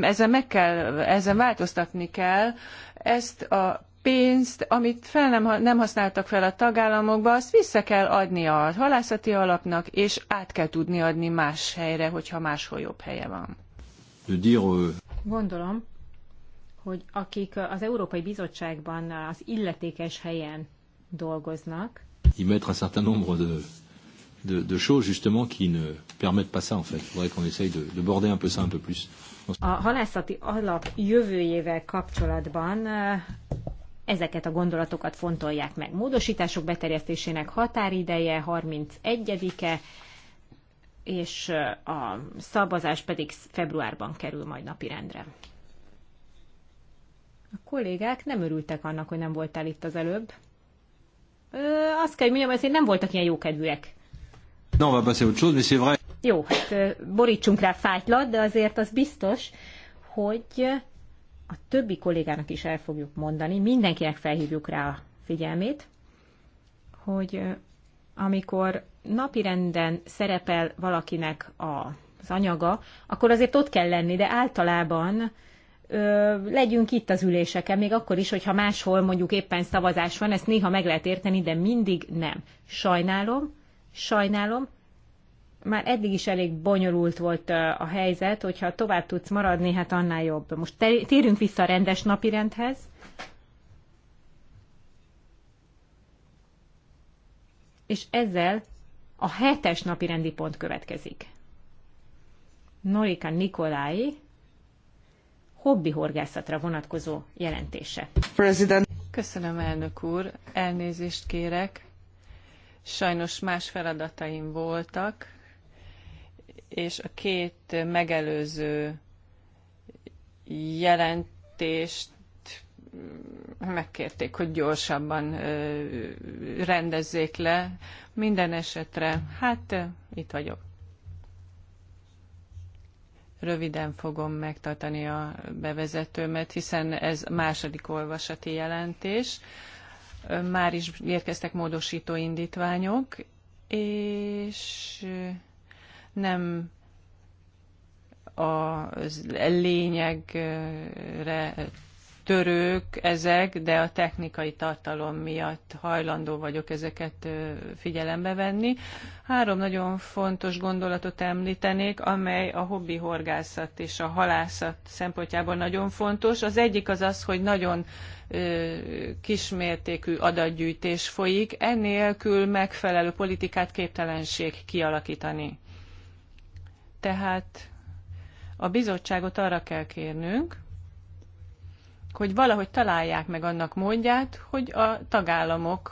ezen meg kell, ezen változtatni kell. Ezt a pénzt, amit fel nem, nem használtak fel a tagállamokba, azt vissza kell adni a halászati alapnak, és át kell tudni adni más helyre, hogyha máshol jobb helye van. Gondolom, hogy akik az Európai Bizottságban az illetékes helyen dolgoznak, Ils mettent un certain nombre de, de, de choses justement qui ne permettent pas ça en fait. Il faudrait qu'on essaye de, de border un peu ça un peu plus. A halászati alap jövőjével kapcsolatban ezeket a gondolatokat fontolják meg. Módosítások beterjesztésének határideje 31-e, és a szabazás pedig februárban kerül majd napirendre. A kollégák nem örültek annak, hogy nem voltál itt az előbb. Ö, azt kell, hogy mondjam, azért nem voltak ilyen jókedvűek. Non, va passer autre chose, mais c'est vrai. Jó, hát borítsunk rá fájtlat, de azért az biztos, hogy a többi kollégának is el fogjuk mondani, mindenkinek felhívjuk rá a figyelmét, hogy amikor napirenden szerepel valakinek az anyaga, akkor azért ott kell lenni, de általában ö, legyünk itt az üléseken, még akkor is, hogyha máshol mondjuk éppen szavazás van, ezt néha meg lehet érteni, de mindig nem. Sajnálom, sajnálom, már eddig is elég bonyolult volt a helyzet, hogyha tovább tudsz maradni, hát annál jobb. Most térjünk vissza a rendes napirendhez. És ezzel a hetes napirendi pont következik. Norika Nikolai hobbi horgászatra vonatkozó jelentése. President. Köszönöm, elnök úr. Elnézést kérek. Sajnos más feladataim voltak, és a két megelőző jelentést megkérték, hogy gyorsabban rendezzék le. Minden esetre, hát itt vagyok. Röviden fogom megtartani a bevezetőmet, hiszen ez második olvasati jelentés. Már is érkeztek módosító indítványok, és nem a lényegre törők ezek, de a technikai tartalom miatt hajlandó vagyok ezeket figyelembe venni. Három nagyon fontos gondolatot említenék, amely a hobbi horgászat és a halászat szempontjából nagyon fontos. Az egyik az az, hogy nagyon kismértékű adatgyűjtés folyik, ennélkül megfelelő politikát képtelenség kialakítani. Tehát a bizottságot arra kell kérnünk, hogy valahogy találják meg annak módját, hogy a tagállamok,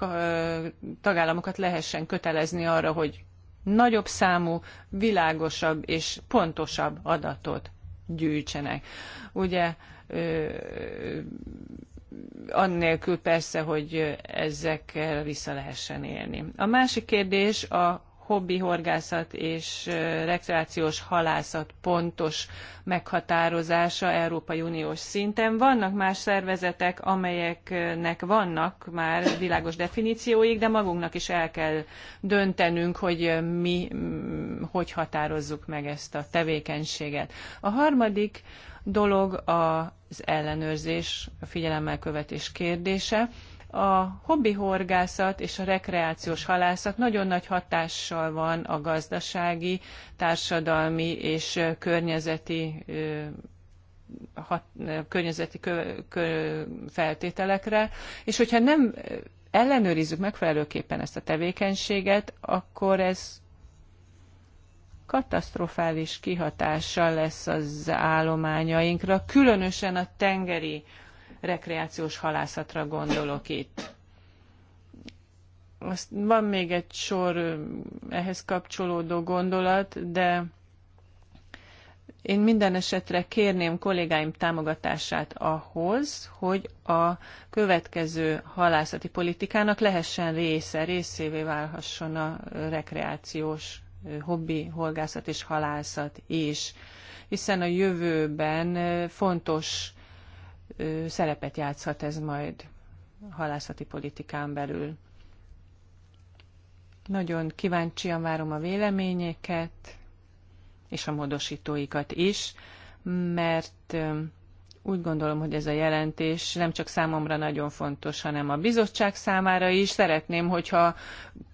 tagállamokat lehessen kötelezni arra, hogy nagyobb számú, világosabb és pontosabb adatot gyűjtsenek. Ugye annélkül persze, hogy ezekkel vissza lehessen élni. A másik kérdés a hobbi horgászat és rekreációs halászat pontos meghatározása Európai Uniós szinten. Vannak más szervezetek, amelyeknek vannak már világos definícióik, de magunknak is el kell döntenünk, hogy mi hogy határozzuk meg ezt a tevékenységet. A harmadik dolog az ellenőrzés, a figyelemmel követés kérdése a hobbi horgászat és a rekreációs halászat nagyon nagy hatással van a gazdasági, társadalmi és környezeti, hat, környezeti kö, kö, feltételekre, és hogyha nem ellenőrizzük megfelelőképpen ezt a tevékenységet, akkor ez katasztrofális kihatással lesz az állományainkra, különösen a tengeri rekreációs halászatra gondolok itt. Azt van még egy sor ehhez kapcsolódó gondolat, de én minden esetre kérném kollégáim támogatását ahhoz, hogy a következő halászati politikának lehessen része, részévé válhasson a rekreációs hobbi, horgászat és halászat is, hiszen a jövőben fontos szerepet játszhat ez majd a halászati politikán belül. Nagyon kíváncsian várom a véleményeket és a módosítóikat is, mert úgy gondolom, hogy ez a jelentés nem csak számomra nagyon fontos, hanem a bizottság számára is. Szeretném, hogyha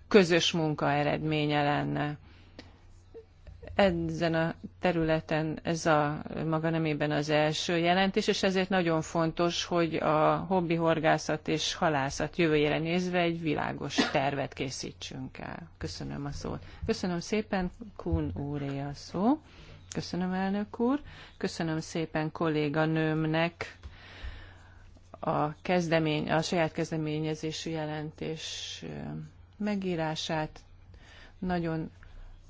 közös munka eredménye lenne ezen a területen ez a maga nemében az első jelentés, és ezért nagyon fontos, hogy a hobbi horgászat és halászat jövőjére nézve egy világos tervet készítsünk el. Köszönöm a szót. Köszönöm szépen, Kun úré a szó. Köszönöm, elnök úr. Köszönöm szépen kolléganőmnek a, kezdemény, a saját kezdeményezésű jelentés megírását. Nagyon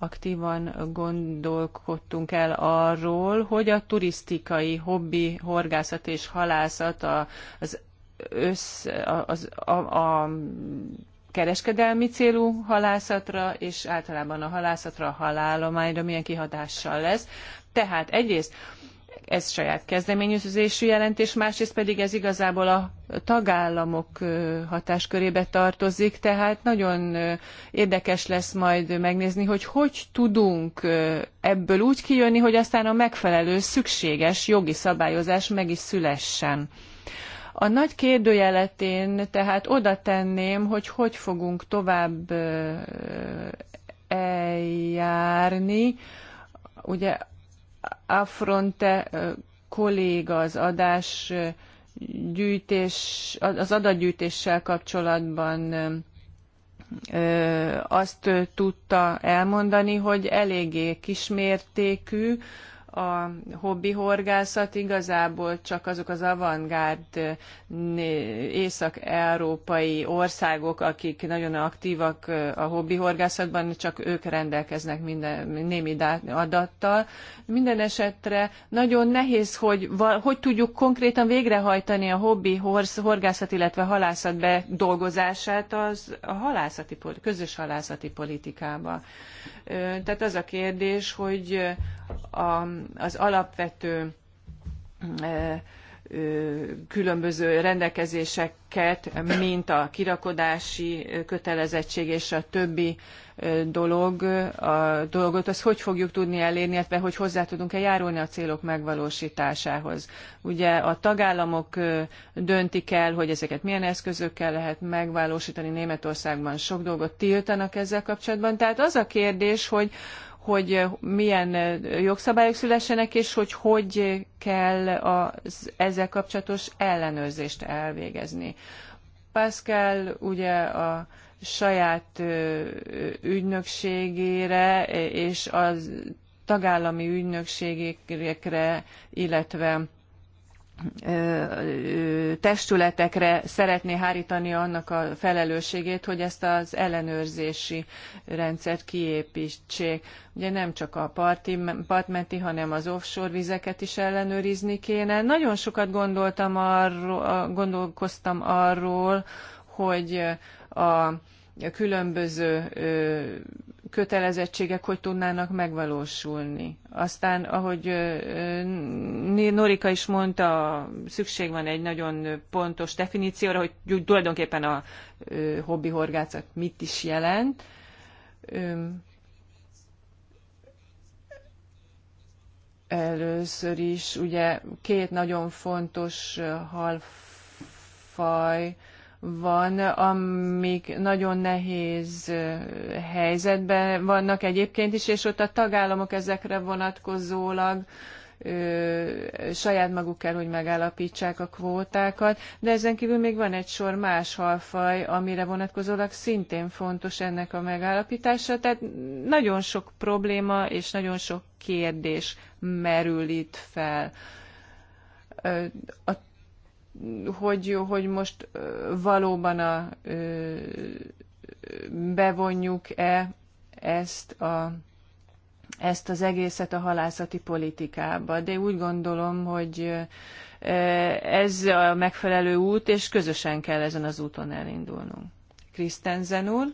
aktívan gondolkodtunk el arról, hogy a turisztikai hobbi, horgászat és halászat az, össz, az a, a kereskedelmi célú halászatra, és általában a halászatra, a halálományra milyen kihatással lesz. Tehát egyrészt ez saját kezdeményezésű jelentés, másrészt pedig ez igazából a tagállamok hatáskörébe tartozik, tehát nagyon érdekes lesz majd megnézni, hogy hogy tudunk ebből úgy kijönni, hogy aztán a megfelelő szükséges jogi szabályozás meg is szülessen. A nagy kérdőjelet én tehát oda tenném, hogy hogy fogunk tovább eljárni. Ugye Affronte kolléga az adás gyűjtés, az adatgyűjtéssel kapcsolatban azt tudta elmondani, hogy eléggé kismértékű a hobbi horgászat igazából csak azok az avantgárd észak-európai országok, akik nagyon aktívak a hobbi horgászatban, csak ők rendelkeznek minden, némi adattal. Minden esetre nagyon nehéz, hogy hogy tudjuk konkrétan végrehajtani a hobbi horgászat, illetve halászat bedolgozását az a halászati, közös halászati politikába. Tehát az a kérdés, hogy az alapvető különböző rendelkezéseket, mint a kirakodási kötelezettség és a többi dolog, a dolgot, az hogy fogjuk tudni elérni, illetve hogy hozzá tudunk-e járulni a célok megvalósításához. Ugye a tagállamok döntik el, hogy ezeket milyen eszközökkel lehet megvalósítani. Németországban sok dolgot tiltanak ezzel kapcsolatban. Tehát az a kérdés, hogy hogy milyen jogszabályok szülessenek, és hogy hogy kell az ezzel kapcsolatos ellenőrzést elvégezni. Pascal ugye a saját ügynökségére és az tagállami ügynökségekre, illetve testületekre szeretné hárítani annak a felelősségét, hogy ezt az ellenőrzési rendszert kiépítsék. Ugye nem csak a partmenti, hanem az offshore vizeket is ellenőrizni kéne. Nagyon sokat gondoltam arról, gondolkoztam arról, hogy a különböző kötelezettségek hogy tudnának megvalósulni. Aztán, ahogy Norika is mondta, szükség van egy nagyon pontos definícióra, hogy tulajdonképpen a hobbi horgászat mit is jelent. Először is ugye két nagyon fontos halfaj, van, amik nagyon nehéz helyzetben vannak egyébként is, és ott a tagállamok ezekre vonatkozólag ö, saját maguk kell, hogy megállapítsák a kvótákat, de ezen kívül még van egy sor más halfaj, amire vonatkozólag szintén fontos ennek a megállapítása, tehát nagyon sok probléma és nagyon sok kérdés merül itt fel. A hogy, hogy most valóban a, bevonjuk-e ezt a ezt az egészet a halászati politikába. De úgy gondolom, hogy ez a megfelelő út, és közösen kell ezen az úton elindulnunk. Krisztenzen úr,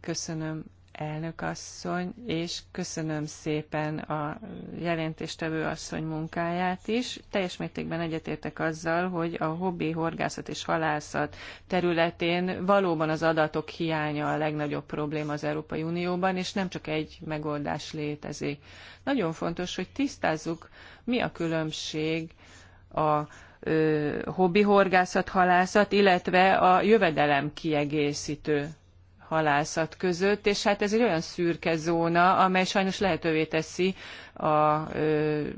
köszönöm elnök asszony, és köszönöm szépen a jelentéstevő asszony munkáját is. Teljes mértékben egyetértek azzal, hogy a hobbi horgászat és halászat területén valóban az adatok hiánya a legnagyobb probléma az Európai Unióban, és nem csak egy megoldás létezik. Nagyon fontos, hogy tisztázzuk, mi a különbség a hobbi horgászat, halászat, illetve a jövedelem kiegészítő halászat között, és hát ez egy olyan szürke zóna, amely sajnos lehetővé teszi a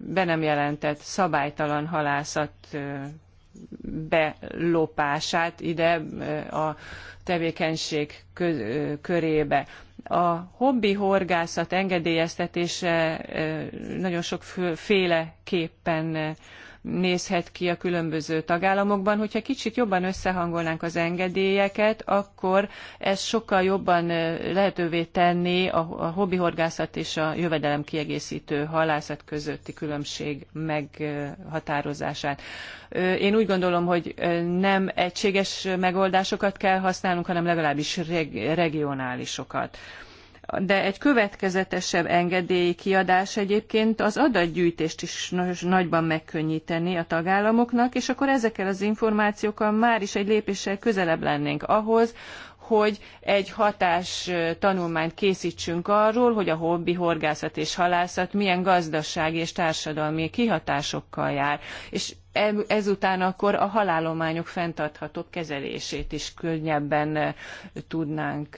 be nem jelentett szabálytalan halászat belopását ide a tevékenység körébe. A hobbi horgászat engedélyeztetése nagyon sokféleképpen nézhet ki a különböző tagállamokban. Hogyha kicsit jobban összehangolnánk az engedélyeket, akkor ez sokkal jobban lehetővé tenni a, a hobbihorgászat és a jövedelem kiegészítő halászat közötti különbség meghatározását. Én úgy gondolom, hogy nem egységes megoldásokat kell használnunk, hanem legalábbis reg regionálisokat de egy következetesebb engedélyi kiadás egyébként az adatgyűjtést is nagyban megkönnyíteni a tagállamoknak, és akkor ezekkel az információkkal már is egy lépéssel közelebb lennénk ahhoz, hogy egy hatás tanulmányt készítsünk arról, hogy a hobbi horgászat és halászat milyen gazdasági és társadalmi kihatásokkal jár, és ezután akkor a halálományok fenntarthatóbb kezelését is könnyebben tudnánk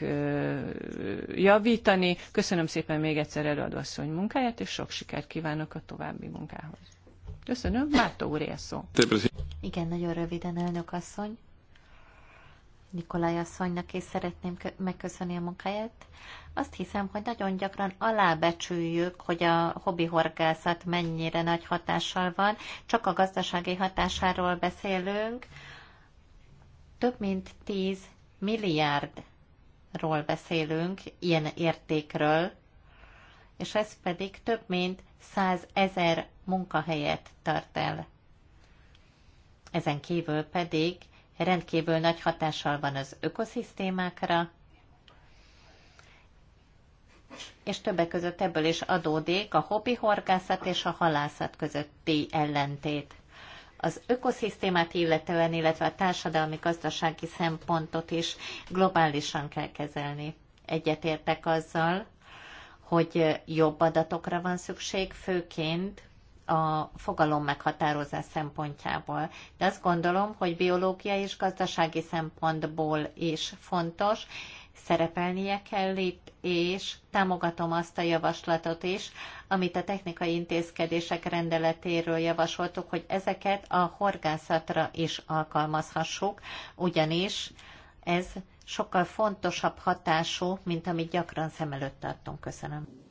javítani. Köszönöm szépen még egyszer előadóasszony munkáját, és sok sikert kívánok a további munkához. Köszönöm, Márta úr szó. Igen, nagyon röviden, elnök asszony. Nikolaj asszonynak, is szeretném megköszönni a munkáját. Azt hiszem, hogy nagyon gyakran alábecsüljük, hogy a hobbi horgászat mennyire nagy hatással van. Csak a gazdasági hatásáról beszélünk. Több mint 10 milliárdról beszélünk, ilyen értékről, és ez pedig több mint 100 ezer munkahelyet tart el. Ezen kívül pedig rendkívül nagy hatással van az ökoszisztémákra, és többek között ebből is adódik a hobbi horgászat és a halászat közötti ellentét. Az ökoszisztémát illetően, illetve a társadalmi gazdasági szempontot is globálisan kell kezelni. Egyetértek azzal, hogy jobb adatokra van szükség, főként a fogalom meghatározás szempontjából. De azt gondolom, hogy biológiai és gazdasági szempontból is fontos, szerepelnie kell itt, és támogatom azt a javaslatot is, amit a technikai intézkedések rendeletéről javasoltuk, hogy ezeket a horgászatra is alkalmazhassuk, ugyanis ez sokkal fontosabb hatású, mint amit gyakran szem előtt tartunk. Köszönöm.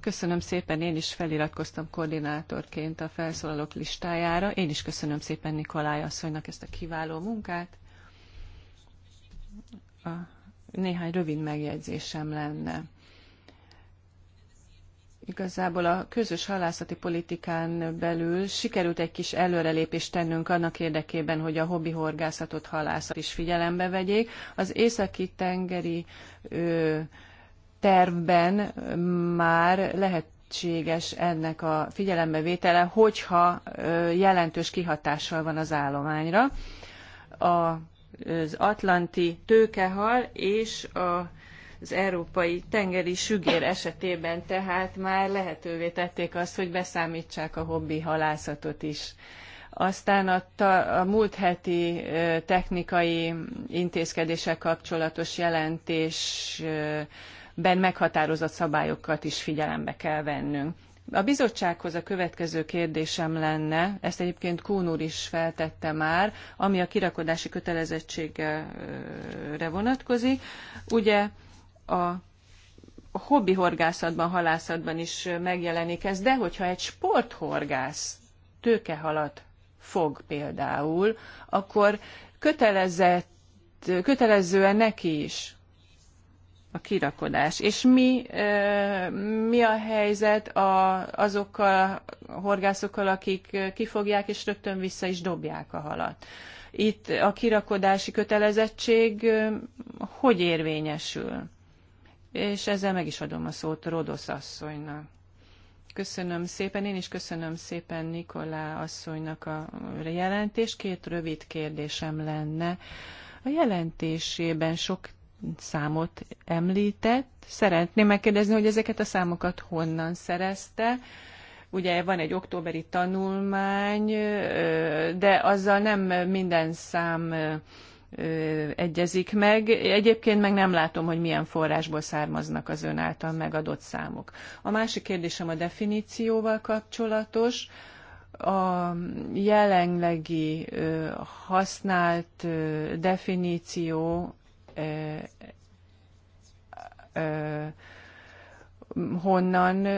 Köszönöm szépen, én is feliratkoztam koordinátorként a felszólalók listájára. Én is köszönöm szépen Nikolaj asszonynak ezt a kiváló munkát. A néhány rövid megjegyzésem lenne. Igazából a közös halászati politikán belül sikerült egy kis előrelépést tennünk annak érdekében, hogy a hobbi horgászatot halászat is figyelembe vegyék. Az északi tengeri ö, tervben már lehetséges ennek a figyelembevétele, hogyha jelentős kihatással van az állományra. Az atlanti tőkehal és a az európai tengeri sügér esetében tehát már lehetővé tették azt, hogy beszámítsák a hobbi halászatot is. Aztán a, ta, a múlt heti technikai intézkedések kapcsolatos jelentés ben meghatározott szabályokat is figyelembe kell vennünk. A bizottsághoz a következő kérdésem lenne, ezt egyébként Kún úr is feltette már, ami a kirakodási kötelezettségre vonatkozik. Ugye a hobbi horgászatban, halászatban is megjelenik ez, de hogyha egy sporthorgász tőkehalat fog például, akkor kötelezett, kötelezően neki is a kirakodás. És mi, mi a helyzet a, azokkal a horgászokkal, akik kifogják és rögtön vissza is dobják a halat? Itt a kirakodási kötelezettség hogy érvényesül? És ezzel meg is adom a szót Rodosz asszonynak. Köszönöm szépen, én is köszönöm szépen Nikolá asszonynak a jelentést. Két rövid kérdésem lenne. A jelentésében sok számot említett. Szeretném megkérdezni, hogy ezeket a számokat honnan szerezte. Ugye van egy októberi tanulmány, de azzal nem minden szám egyezik meg. Egyébként meg nem látom, hogy milyen forrásból származnak az ön által megadott számok. A másik kérdésem a definícióval kapcsolatos a jelenlegi használt definíció honnan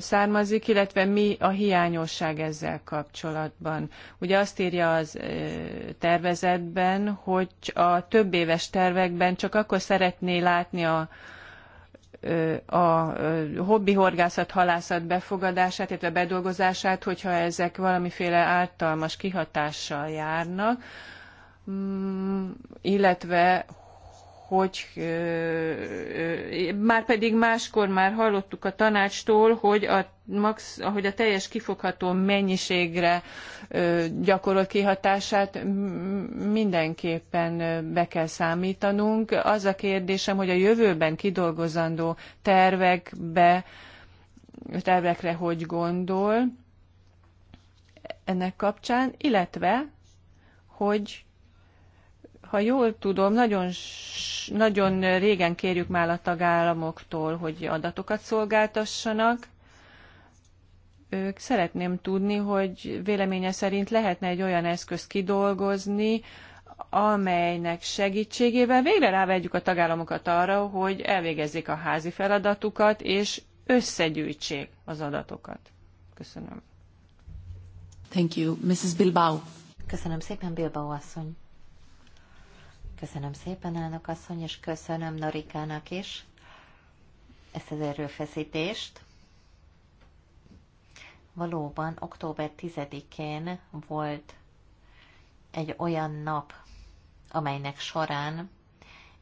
származik, illetve mi a hiányosság ezzel kapcsolatban. Ugye azt írja az tervezetben, hogy a több éves tervekben csak akkor szeretné látni a, a hobbi horgászat, halászat befogadását, illetve bedolgozását, hogyha ezek valamiféle ártalmas kihatással járnak, mm, illetve hogy már pedig máskor már hallottuk a tanácstól, hogy a, max, a teljes kifogható mennyiségre gyakorolt kihatását mindenképpen be kell számítanunk. Az a kérdésem, hogy a jövőben kidolgozandó tervekbe, tervekre hogy gondol ennek kapcsán, illetve hogy ha jól tudom, nagyon, nagyon régen kérjük már a tagállamoktól, hogy adatokat szolgáltassanak. Ők szeretném tudni, hogy véleménye szerint lehetne egy olyan eszközt kidolgozni, amelynek segítségével végre rávegyük a tagállamokat arra, hogy elvégezzék a házi feladatukat, és összegyűjtsék az adatokat. Köszönöm. Thank you. Mrs. Bilbao. Köszönöm szépen, Bilbao asszony. Köszönöm szépen, elnök asszony, és köszönöm Norikának is ezt az erőfeszítést. Valóban október 10-én volt egy olyan nap, amelynek során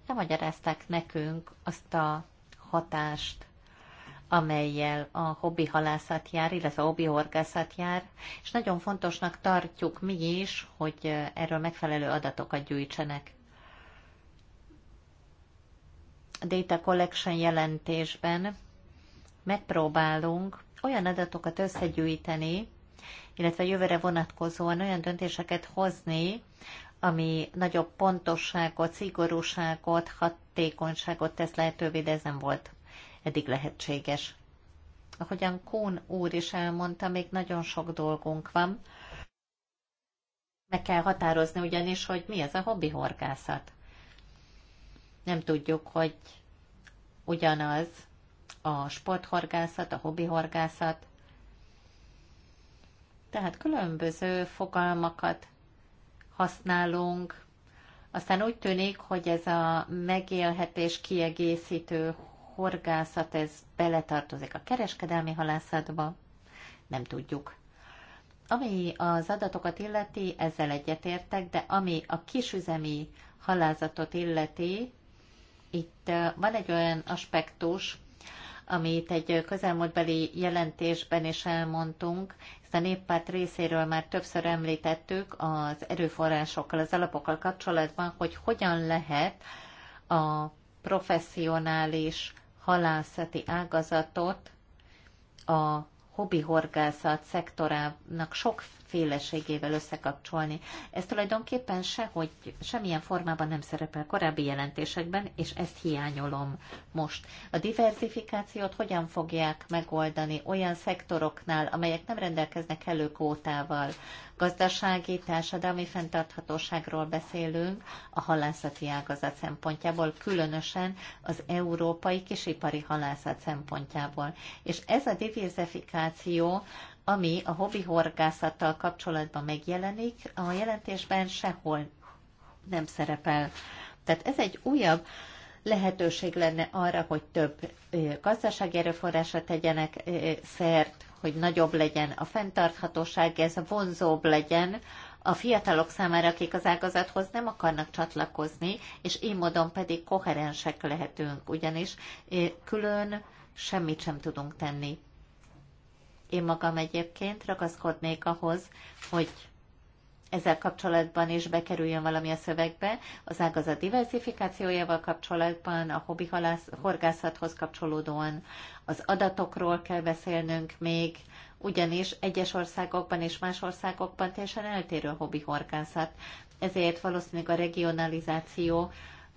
elmagyarázták nekünk azt a hatást, amelyel a hobbi halászat jár, illetve a hobbi horgászat jár, és nagyon fontosnak tartjuk mi is, hogy erről megfelelő adatokat gyűjtsenek data collection jelentésben megpróbálunk olyan adatokat összegyűjteni, illetve jövőre vonatkozóan olyan döntéseket hozni, ami nagyobb pontosságot, szigorúságot, hatékonyságot tesz lehetővé, de ez nem volt eddig lehetséges. Ahogyan Kún úr is elmondta, még nagyon sok dolgunk van. Meg kell határozni ugyanis, hogy mi ez a hobbi horgászat nem tudjuk, hogy ugyanaz a sporthorgászat, a hobbihorgászat, tehát különböző fogalmakat használunk, aztán úgy tűnik, hogy ez a megélhetés kiegészítő horgászat, ez beletartozik a kereskedelmi halászatba, nem tudjuk. Ami az adatokat illeti, ezzel egyetértek, de ami a kisüzemi halászatot illeti, itt van egy olyan aspektus, amit egy közelmúltbeli jelentésben is elmondtunk, ezt a néppárt részéről már többször említettük az erőforrásokkal, az alapokkal kapcsolatban, hogy hogyan lehet a professzionális halászati ágazatot a hobbi horgászat szektorának sok féleségével összekapcsolni. Ez tulajdonképpen sehogy, semmilyen formában nem szerepel korábbi jelentésekben, és ezt hiányolom most. A diversifikációt hogyan fogják megoldani olyan szektoroknál, amelyek nem rendelkeznek előkvótával? Gazdasági, társadalmi fenntarthatóságról beszélünk a halászati ágazat szempontjából, különösen az európai kisipari halászat szempontjából. És ez a diversifikáció ami a hobbi horgászattal kapcsolatban megjelenik, a jelentésben sehol nem szerepel. Tehát ez egy újabb lehetőség lenne arra, hogy több gazdasági erőforrásra tegyenek szert, hogy nagyobb legyen a fenntarthatóság, ez vonzóbb legyen a fiatalok számára, akik az ágazathoz nem akarnak csatlakozni, és így módon pedig koherensek lehetünk, ugyanis külön semmit sem tudunk tenni. Én magam egyébként ragaszkodnék ahhoz, hogy ezzel kapcsolatban is bekerüljön valami a szövegbe, az ágazat diversifikációjával kapcsolatban, a hobbi halász, horgászathoz kapcsolódóan, az adatokról kell beszélnünk még, ugyanis egyes országokban és más országokban teljesen eltérő hobbi horgászat. Ezért valószínűleg a regionalizáció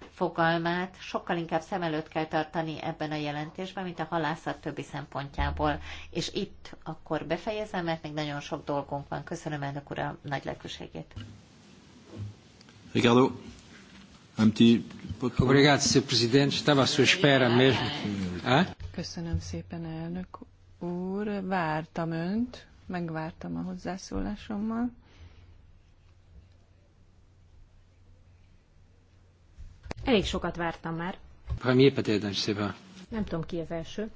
fogalmát sokkal inkább szem előtt kell tartani ebben a jelentésben, mint a halászat többi szempontjából. És itt akkor befejezem, mert még nagyon sok dolgunk van. Köszönöm elnök ura nagy lelkűségét. Ricardo, un petit... Obrigado, senhor Presidente. Estava à sua espera mesmo. Köszönöm szépen, elnök úr. Vártam önt, megvártam a hozzászólásommal. Elég sokat vártam már. Ha mi être Nem tudom, ki az első.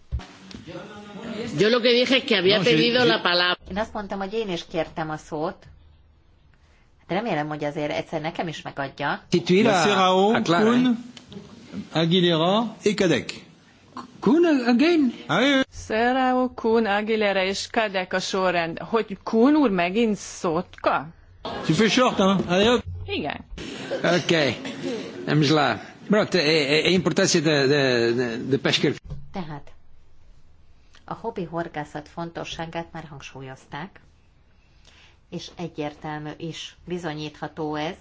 Yo lo que dije es que había pedido la palabra. Én azt mondtam, hogy én is kértem a szót. De hát remélem, hogy azért egyszer nekem is megadja. Tituira, Kun, Aguilera és Kadek. Kun again? Ah, Serrao, Kun, Aguilera és Kadek a sorrend. Hogy Kun úr megint szótka? Tu fais short, hein? Igen. Oké. Okay. Vamos lá. Pronto, é, é a importância da, da, da pesca. Tehát a hobbi horgászat fontosságát már hangsúlyozták, és egyértelmű is bizonyítható ez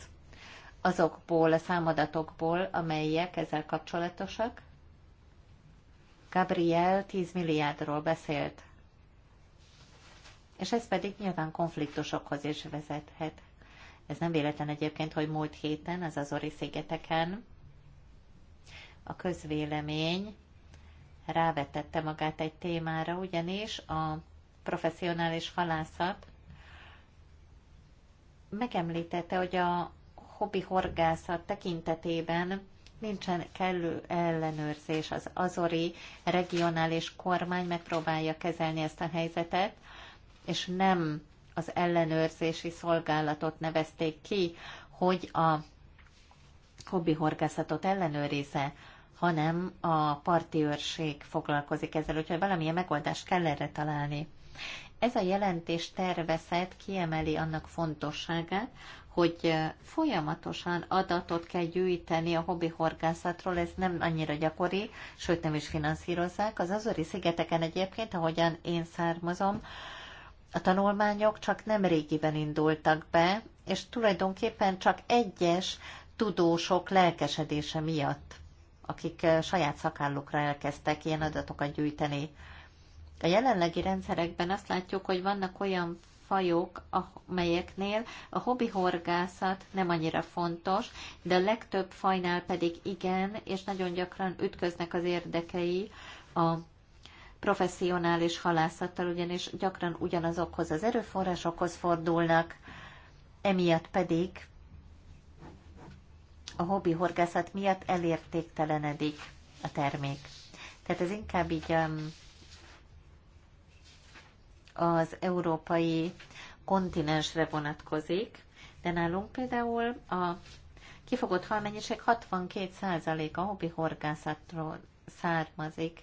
azokból a számadatokból, amelyek ezzel kapcsolatosak. Gabriel 10 milliárdról beszélt, és ez pedig nyilván konfliktusokhoz is vezethet. Ez nem véletlen egyébként, hogy múlt héten az Azori szigeteken a közvélemény rávetette magát egy témára, ugyanis a professzionális halászat megemlítette, hogy a hobbi horgászat tekintetében nincsen kellő ellenőrzés. Az azori regionális kormány megpróbálja kezelni ezt a helyzetet, és nem az ellenőrzési szolgálatot nevezték ki, hogy a hobbi horgászatot ellenőrize, hanem a parti őrség foglalkozik ezzel, úgyhogy valamilyen megoldást kell erre találni. Ez a jelentés tervezet kiemeli annak fontosságát, hogy folyamatosan adatot kell gyűjteni a hobbi horgászatról, ez nem annyira gyakori, sőt nem is finanszírozzák. Az Azori szigeteken egyébként, ahogyan én származom, a tanulmányok csak nem régiben indultak be, és tulajdonképpen csak egyes tudósok lelkesedése miatt, akik eh, saját szakállukra elkezdtek ilyen adatokat gyűjteni. A jelenlegi rendszerekben azt látjuk, hogy vannak olyan fajok, amelyeknél ah, a hobbi horgászat nem annyira fontos, de a legtöbb fajnál pedig igen, és nagyon gyakran ütköznek az érdekei a professzionális halászattal, ugyanis gyakran ugyanazokhoz az erőforrásokhoz fordulnak, emiatt pedig a hobbi horgászat miatt elértéktelenedik a termék. Tehát ez inkább így um, az európai kontinensre vonatkozik, de nálunk például a kifogott halmennyiség 62%-a hobbi horgászatról származik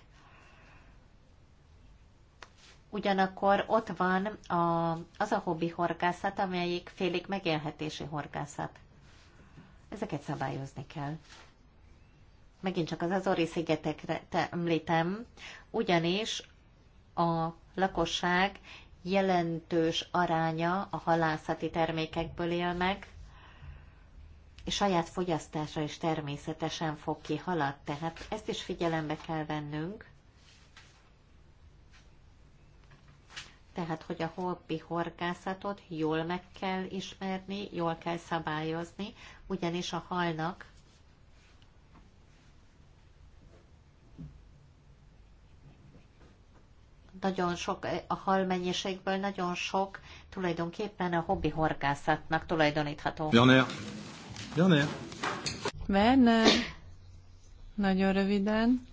ugyanakkor ott van a, az a hobbi horgászat, amelyik félig megélhetési horgászat. Ezeket szabályozni kell. Megint csak az Azori szigetekre te említem, ugyanis a lakosság jelentős aránya a halászati termékekből él meg, és saját fogyasztása is természetesen fog ki halad, tehát ezt is figyelembe kell vennünk, tehát hogy a hobbi horgászatot jól meg kell ismerni, jól kell szabályozni, ugyanis a halnak nagyon sok, a hal mennyiségből nagyon sok tulajdonképpen a hobbi horgászatnak tulajdonítható. Janér. Janér. Werner. Nagyon röviden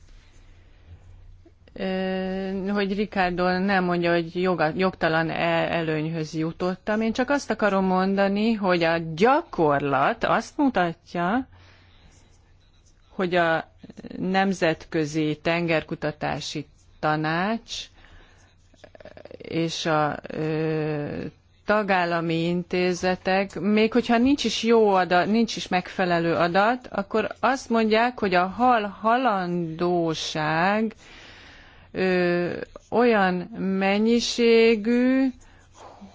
hogy Ricardo nem mondja, hogy joga, jogtalan e, előnyhöz jutottam. Én csak azt akarom mondani, hogy a gyakorlat azt mutatja, hogy a Nemzetközi Tengerkutatási Tanács és a ö, tagállami intézetek, még hogyha nincs is jó adat, nincs is megfelelő adat, akkor azt mondják, hogy a hal halandóság ö, olyan mennyiségű,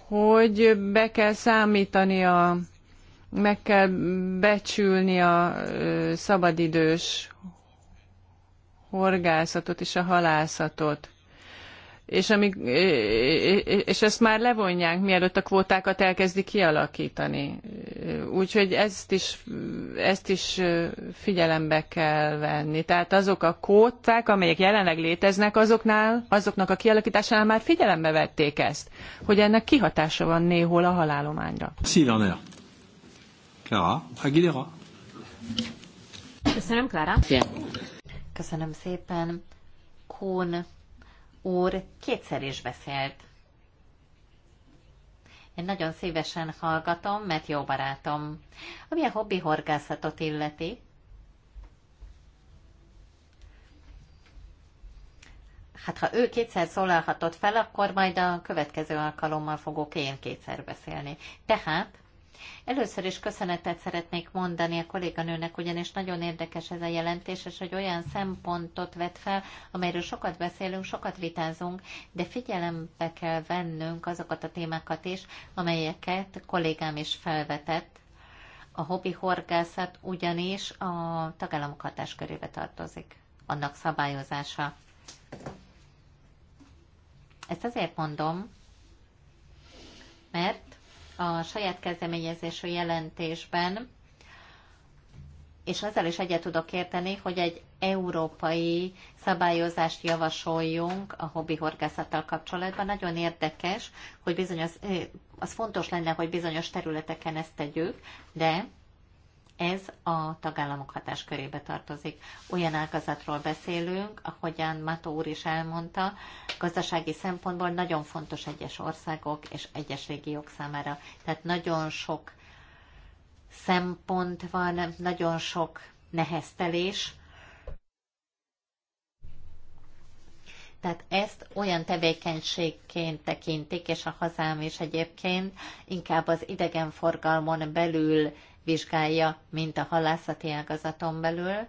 hogy be kell számítani a, meg kell becsülni a ö, szabadidős horgászatot és a halászatot és, amíg, és ezt már levonják, mielőtt a kvótákat elkezdik kialakítani. Úgyhogy ezt is, ezt is figyelembe kell venni. Tehát azok a kvóták, amelyek jelenleg léteznek azoknál, azoknak a kialakításánál már figyelembe vették ezt, hogy ennek kihatása van néhol a halálományra. Szilvana. Clara Aguilera. Köszönöm, Clara. Köszönöm szépen. Kón úr kétszer is beszélt. Én nagyon szívesen hallgatom, mert jó barátom. Ami a hobbi horgászatot illeti, hát ha ő kétszer szólalhatott fel, akkor majd a következő alkalommal fogok én kétszer beszélni. Tehát Először is köszönetet szeretnék mondani a kolléganőnek, ugyanis nagyon érdekes ez a jelentés, és hogy olyan szempontot vet fel, amelyről sokat beszélünk, sokat vitázunk, de figyelembe kell vennünk azokat a témákat is, amelyeket kollégám is felvetett. A hobbi horgászat ugyanis a tagállamok hatáskörébe tartozik, annak szabályozása. Ezt azért mondom, mert a saját kezdeményezésű jelentésben, és azzal is egyet tudok érteni, hogy egy európai szabályozást javasoljunk a hobbi horgászattal kapcsolatban. Nagyon érdekes, hogy bizonyos, az fontos lenne, hogy bizonyos területeken ezt tegyük, de ez a tagállamok hatáskörébe tartozik. Olyan ágazatról beszélünk, ahogyan Mató úr is elmondta, gazdasági szempontból nagyon fontos egyes országok és egyes régiók számára. Tehát nagyon sok szempont van, nagyon sok neheztelés, Tehát ezt olyan tevékenységként tekintik, és a hazám is egyébként inkább az idegenforgalmon belül vizsgálja, mint a halászati ágazaton belül.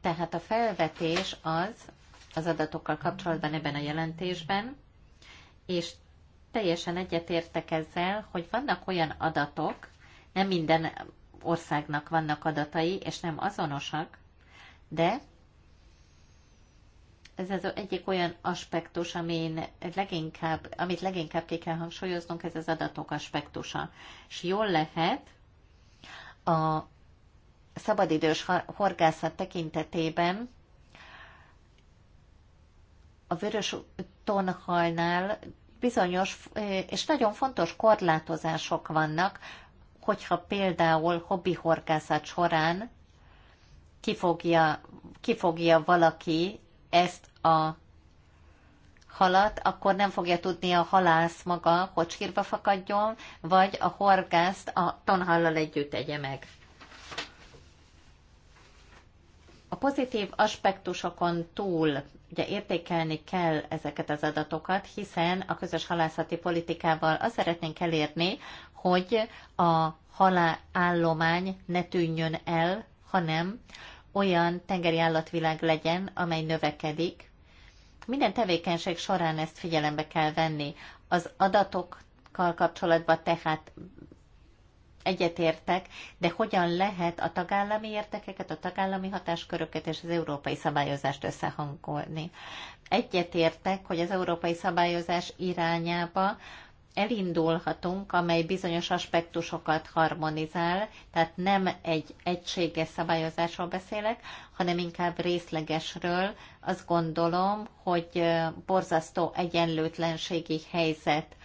Tehát a felvetés az az adatokkal kapcsolatban ebben a jelentésben, és teljesen egyetértek ezzel, hogy vannak olyan adatok, nem minden országnak vannak adatai, és nem azonosak, de ez az egyik olyan aspektus, amin leginkább, amit leginkább ki kell hangsúlyoznunk, ez az adatok aspektusa. És jól lehet a szabadidős horgászat tekintetében a vörös tonhalnál bizonyos és nagyon fontos korlátozások vannak, hogyha például hobbi horgászat során kifogja, kifogja valaki ezt a halat, akkor nem fogja tudni a halász maga, hogy sírba fakadjon, vagy a horgászt a tonhallal együtt tegye meg. A pozitív aspektusokon túl ugye értékelni kell ezeket az adatokat, hiszen a közös halászati politikával azt szeretnénk elérni, hogy a halállomány ne tűnjön el, hanem olyan tengeri állatvilág legyen, amely növekedik. Minden tevékenység során ezt figyelembe kell venni. Az adatokkal kapcsolatban tehát egyetértek, de hogyan lehet a tagállami értekeket, a tagállami hatásköröket és az európai szabályozást összehangolni. Egyetértek, hogy az európai szabályozás irányába elindulhatunk, amely bizonyos aspektusokat harmonizál, tehát nem egy egységes szabályozásról beszélek, hanem inkább részlegesről. Azt gondolom, hogy borzasztó egyenlőtlenségi helyzet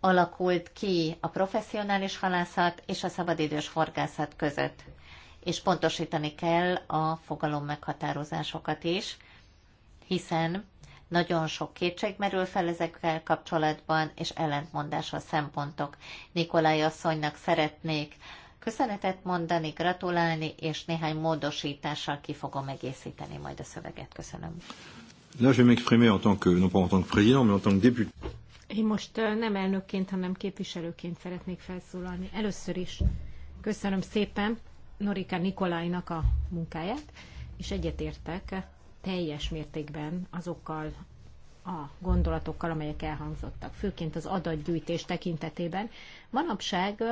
alakult ki a professzionális halászat és a szabadidős horgászat között. És pontosítani kell a fogalom meghatározásokat is, hiszen nagyon sok kétség merül fel ezekkel kapcsolatban, és ellentmondás a szempontok. Nikolaj asszonynak szeretnék köszönetet mondani, gratulálni, és néhány módosítással ki fogom egészíteni majd a szöveget. Köszönöm. je en tant que, non pas en tant que président, mais en tant que député. Én most nem elnökként, hanem képviselőként szeretnék felszólalni. Először is köszönöm szépen Norika Nikolajnak a munkáját, és egyetértek teljes mértékben azokkal a gondolatokkal, amelyek elhangzottak, főként az adatgyűjtés tekintetében. Manapság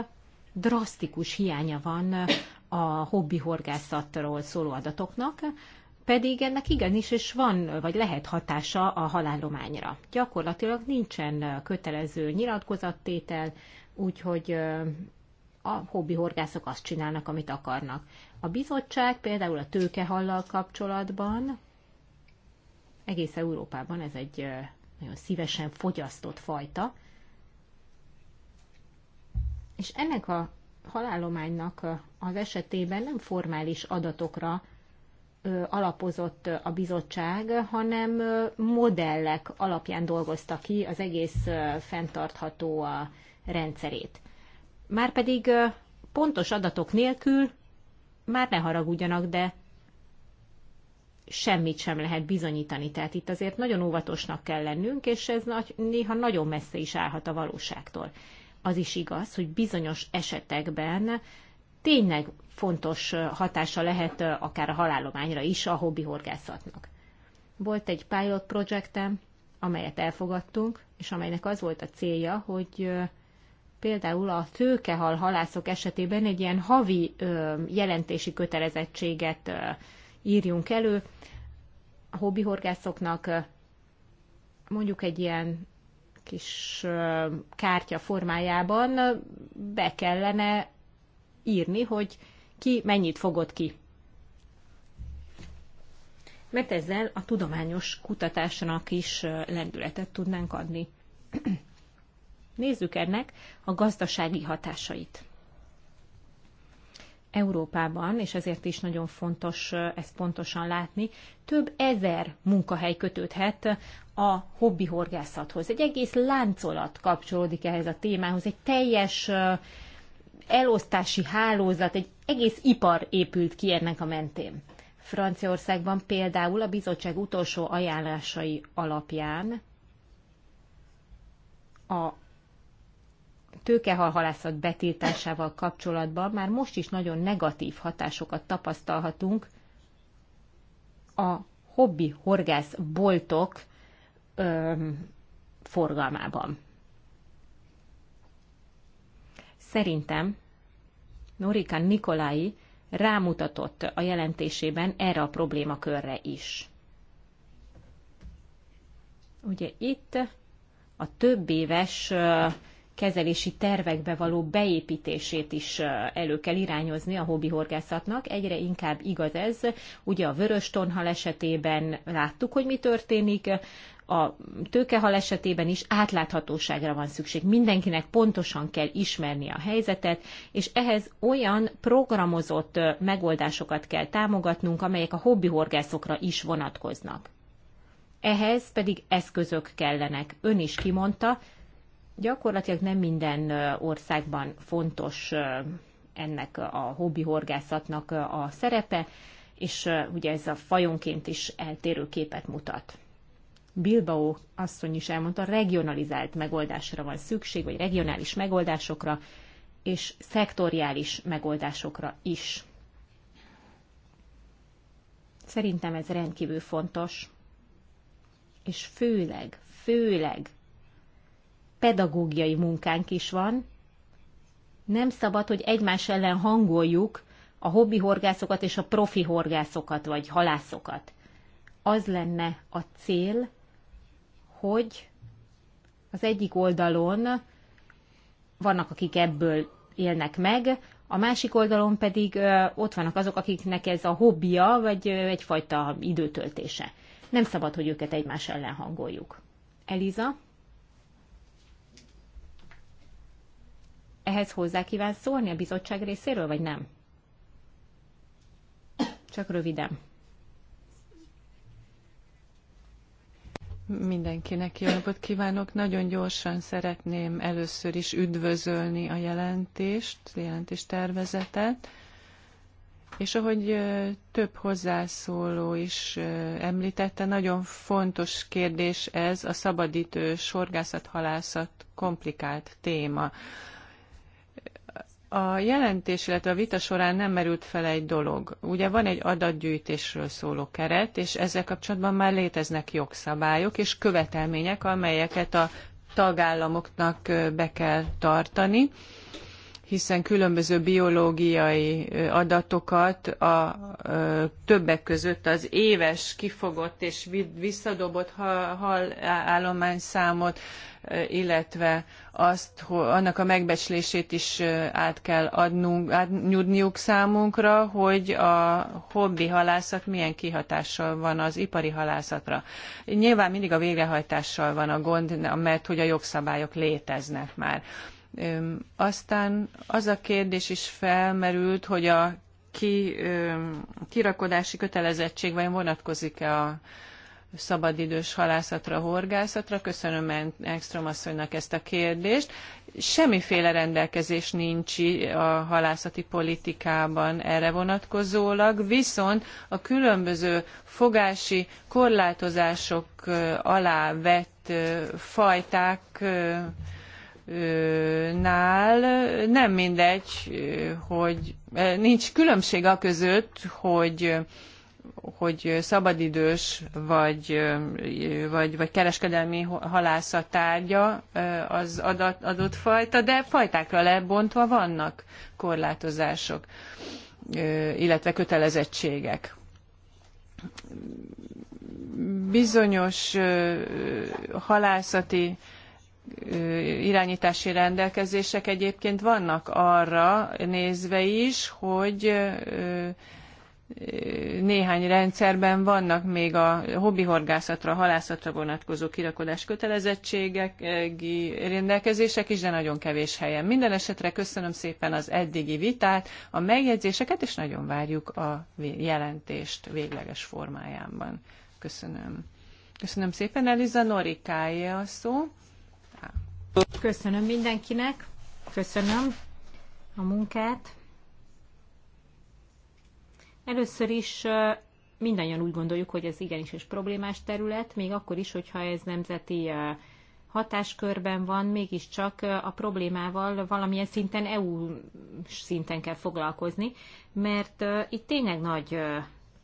drasztikus hiánya van a hobbi horgászatról szóló adatoknak, pedig ennek igenis és van, vagy lehet hatása a halálományra. Gyakorlatilag nincsen kötelező nyilatkozattétel, úgyhogy a hobbi horgászok azt csinálnak, amit akarnak. A bizottság például a tőkehallal kapcsolatban egész Európában ez egy nagyon szívesen fogyasztott fajta. És ennek a halállománynak az esetében nem formális adatokra alapozott a bizottság, hanem modellek alapján dolgozta ki az egész fenntartható rendszerét. Márpedig pontos adatok nélkül, már ne haragudjanak, de semmit sem lehet bizonyítani. Tehát itt azért nagyon óvatosnak kell lennünk, és ez nagy, néha nagyon messze is állhat a valóságtól. Az is igaz, hogy bizonyos esetekben tényleg fontos hatása lehet akár a halálományra is a hobbi horgászatnak. Volt egy pilot projektem, amelyet elfogadtunk, és amelynek az volt a célja, hogy például a tőkehal halászok esetében egy ilyen havi jelentési kötelezettséget írjunk elő, a hobbihorgászoknak mondjuk egy ilyen kis kártya formájában be kellene írni, hogy ki mennyit fogott ki. Mert ezzel a tudományos kutatásnak is lendületet tudnánk adni. (clears throat) Nézzük ennek a gazdasági hatásait. Európában, és ezért is nagyon fontos ezt pontosan látni, több ezer munkahely kötődhet a hobbi horgászathoz. Egy egész láncolat kapcsolódik ehhez a témához, egy teljes elosztási hálózat, egy egész ipar épült ki ennek a mentén. Franciaországban például a bizottság utolsó ajánlásai alapján a tőkehalhalászat betiltásával kapcsolatban már most is nagyon negatív hatásokat tapasztalhatunk a hobbi horgász boltok öm, forgalmában. Szerintem Norika Nikolai rámutatott a jelentésében erre a problémakörre is. Ugye itt a több éves kezelési tervekbe való beépítését is elő kell irányozni a hobbihorgászatnak. Egyre inkább igaz ez. Ugye a vörös tonhal esetében láttuk, hogy mi történik, a tőkehal esetében is átláthatóságra van szükség. Mindenkinek pontosan kell ismerni a helyzetet, és ehhez olyan programozott megoldásokat kell támogatnunk, amelyek a hobbihorgászokra is vonatkoznak. Ehhez pedig eszközök kellenek. Ön is kimondta, Gyakorlatilag nem minden országban fontos ennek a hobbi horgászatnak a szerepe, és ugye ez a fajonként is eltérő képet mutat. Bilbao asszony is elmondta, regionalizált megoldásra van szükség, vagy regionális megoldásokra, és szektoriális megoldásokra is. Szerintem ez rendkívül fontos, és főleg, főleg pedagógiai munkánk is van. Nem szabad, hogy egymás ellen hangoljuk a hobbi horgászokat és a profi horgászokat, vagy halászokat. Az lenne a cél, hogy az egyik oldalon vannak, akik ebből élnek meg, a másik oldalon pedig ott vannak azok, akiknek ez a hobbija, vagy egyfajta időtöltése. Nem szabad, hogy őket egymás ellen hangoljuk. Eliza? Ehhez hozzá kíván szólni a bizottság részéről, vagy nem? Csak röviden. Mindenkinek jó napot kívánok. Nagyon gyorsan szeretném először is üdvözölni a jelentést, a tervezetet. És ahogy több hozzászóló is említette, nagyon fontos kérdés ez, a szabadítő sorgászat-halászat komplikált téma. A jelentés, illetve a vita során nem merült fel egy dolog. Ugye van egy adatgyűjtésről szóló keret, és ezzel kapcsolatban már léteznek jogszabályok és követelmények, amelyeket a tagállamoknak be kell tartani hiszen különböző biológiai adatokat a, többek között az éves kifogott és visszadobott hal állományszámot, illetve azt, annak a megbecslését is át kell adnunk, átnyúdniuk számunkra, hogy a hobbi halászat milyen kihatással van az ipari halászatra. Nyilván mindig a végrehajtással van a gond, mert hogy a jogszabályok léteznek már. Aztán az a kérdés is felmerült, hogy a ki, kirakodási kötelezettség vajon vonatkozik-e a szabadidős halászatra, horgászatra. Köszönöm Engström asszonynak ezt a kérdést. Semmiféle rendelkezés nincs a halászati politikában erre vonatkozólag, viszont a különböző fogási korlátozások alá vett fajták nál nem mindegy, hogy eh, nincs különbség a között, hogy hogy szabadidős vagy, eh, vagy, vagy kereskedelmi halászatárgya eh, az adat, adott fajta, de fajtákra lebontva vannak korlátozások, illetve kötelezettségek. Bizonyos halászati irányítási rendelkezések egyébként vannak arra nézve is, hogy néhány rendszerben vannak még a hobbihorgászatra, halászatra vonatkozó kirakodás kötelezettségek, rendelkezések is, de nagyon kevés helyen. Minden esetre köszönöm szépen az eddigi vitát, a megjegyzéseket, és nagyon várjuk a jelentést végleges formájában. Köszönöm. Köszönöm szépen, Eliza Norikája a szó. Köszönöm mindenkinek, köszönöm a munkát. Először is mindannyian úgy gondoljuk, hogy ez igenis is problémás terület, még akkor is, hogyha ez nemzeti hatáskörben van, mégiscsak a problémával valamilyen szinten EU szinten kell foglalkozni, mert itt tényleg nagy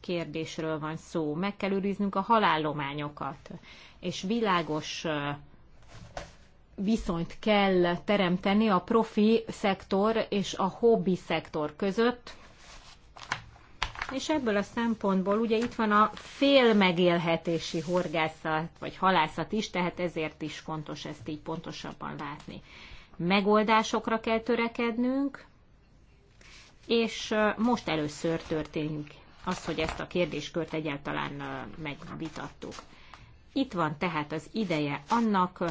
kérdésről van szó. Meg kell őriznünk a halállományokat, és világos viszonyt kell teremteni a profi szektor és a hobbi szektor között. És ebből a szempontból ugye itt van a fél megélhetési horgászat vagy halászat is, tehát ezért is fontos ezt így pontosabban látni. Megoldásokra kell törekednünk, és most először történik az, hogy ezt a kérdéskört egyáltalán megvitattuk. Itt van tehát az ideje annak,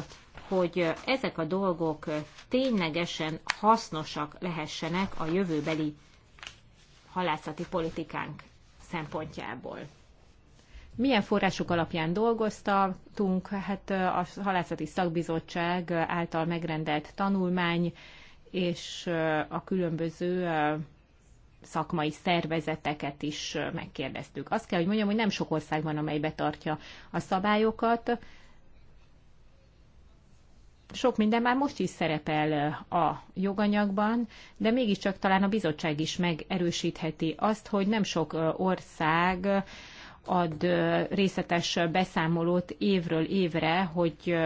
hogy ezek a dolgok ténylegesen hasznosak lehessenek a jövőbeli halászati politikánk szempontjából. Milyen források alapján dolgoztunk? Hát a Halászati Szakbizottság által megrendelt tanulmány és a különböző szakmai szervezeteket is megkérdeztük. Azt kell, hogy mondjam, hogy nem sok ország van, amely betartja a szabályokat. Sok minden már most is szerepel a joganyagban, de mégiscsak talán a bizottság is megerősítheti azt, hogy nem sok ország ad részletes beszámolót évről évre, hogy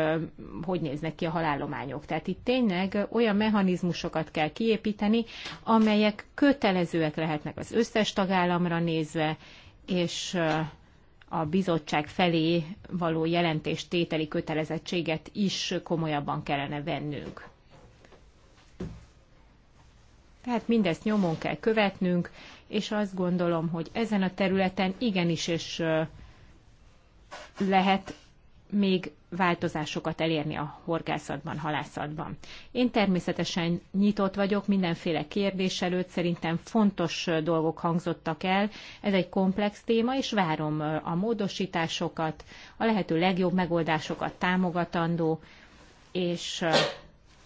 hogy néznek ki a halállományok. Tehát itt tényleg olyan mechanizmusokat kell kiépíteni, amelyek kötelezőek lehetnek az összes tagállamra nézve, és a bizottság felé való jelentéstételi kötelezettséget is komolyabban kellene vennünk. Tehát mindezt nyomon kell követnünk, és azt gondolom, hogy ezen a területen igenis is lehet még változásokat elérni a horgászatban, halászatban. Én természetesen nyitott vagyok mindenféle kérdés előtt, szerintem fontos dolgok hangzottak el, ez egy komplex téma, és várom a módosításokat, a lehető legjobb megoldásokat támogatandó, és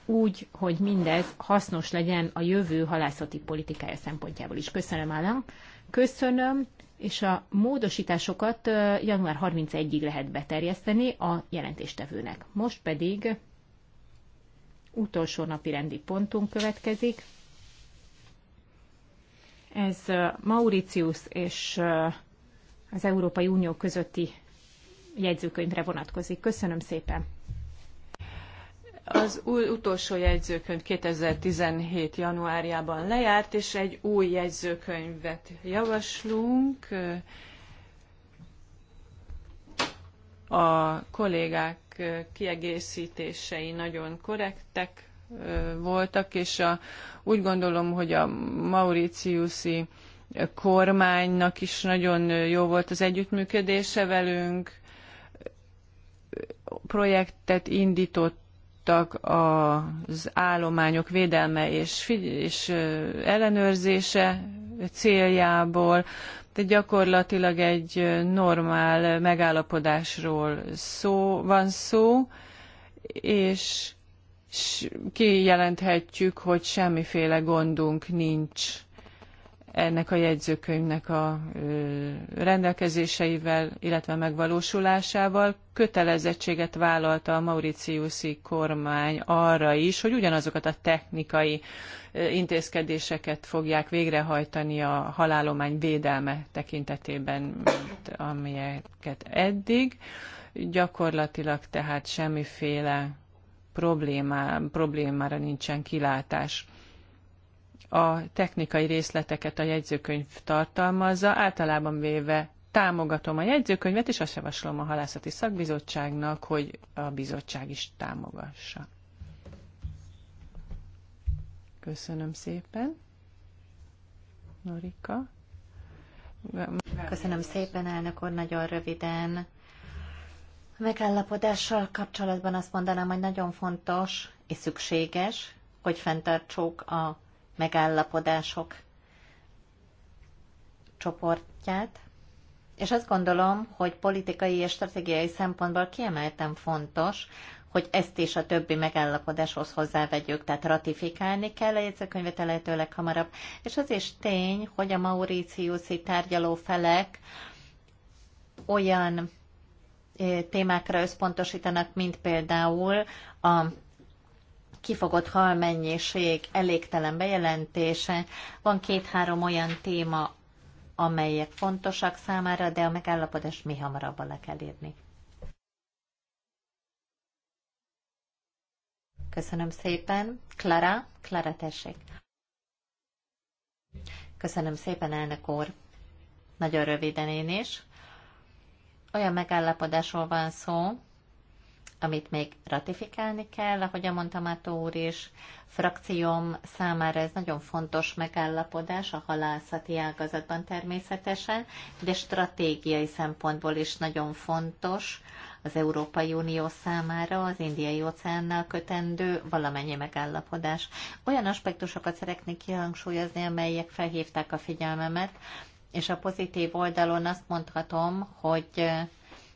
úgy, hogy mindez hasznos legyen a jövő halászati politikája szempontjából is. Köszönöm, Állam. Köszönöm, és a módosításokat január 31-ig lehet beterjeszteni a jelentéstevőnek. Most pedig utolsó napi rendi pontunk következik. Ez Mauritius és az Európai Unió közötti jegyzőkönyvre vonatkozik. Köszönöm szépen! Az utolsó jegyzőkönyv 2017. januárjában lejárt, és egy új jegyzőkönyvet javaslunk. A kollégák kiegészítései nagyon korrektek voltak, és a, úgy gondolom, hogy a mauritiuszi kormánynak is nagyon jó volt az együttműködése velünk. Projektet indított tudtak az állományok védelme és, és ellenőrzése céljából, de gyakorlatilag egy normál megállapodásról szó, van szó, és kijelenthetjük, hogy semmiféle gondunk nincs ennek a jegyzőkönyvnek a rendelkezéseivel, illetve megvalósulásával kötelezettséget vállalta a Mauritiuszi kormány arra is, hogy ugyanazokat a technikai intézkedéseket fogják végrehajtani a halálomány védelme tekintetében, mint amelyeket eddig. Gyakorlatilag tehát semmiféle problémára nincsen kilátás a technikai részleteket a jegyzőkönyv tartalmazza. Általában véve támogatom a jegyzőkönyvet, és azt javaslom a halászati szakbizottságnak, hogy a bizottság is támogassa. Köszönöm szépen. Norika. Köszönöm szépen, elnök úr, nagyon röviden. A megállapodással kapcsolatban azt mondanám, hogy nagyon fontos és szükséges, hogy fenntartsuk a megállapodások csoportját, és azt gondolom, hogy politikai és stratégiai szempontból kiemelten fontos, hogy ezt is a többi megállapodáshoz hozzávegyük, tehát ratifikálni kell a jegyzőkönyvet a lehető leghamarabb. És az is tény, hogy a Mauritiuszi tárgyaló felek olyan eh, témákra összpontosítanak, mint például a kifogott halmennyiség elégtelen bejelentése. Van két-három olyan téma, amelyek fontosak számára, de a megállapodást mi hamarabb le kell írni. Köszönöm szépen. Klara, Klara tessék. Köszönöm szépen, elnök úr. Nagyon röviden én is. Olyan megállapodásról van szó, amit még ratifikálni kell, ahogy mondta Mátó úr is, frakcióm számára ez nagyon fontos megállapodás a halászati ágazatban természetesen, de stratégiai szempontból is nagyon fontos az Európai Unió számára az indiai óceánnal kötendő valamennyi megállapodás. Olyan aspektusokat szeretnék kihangsúlyozni, amelyek felhívták a figyelmemet, és a pozitív oldalon azt mondhatom, hogy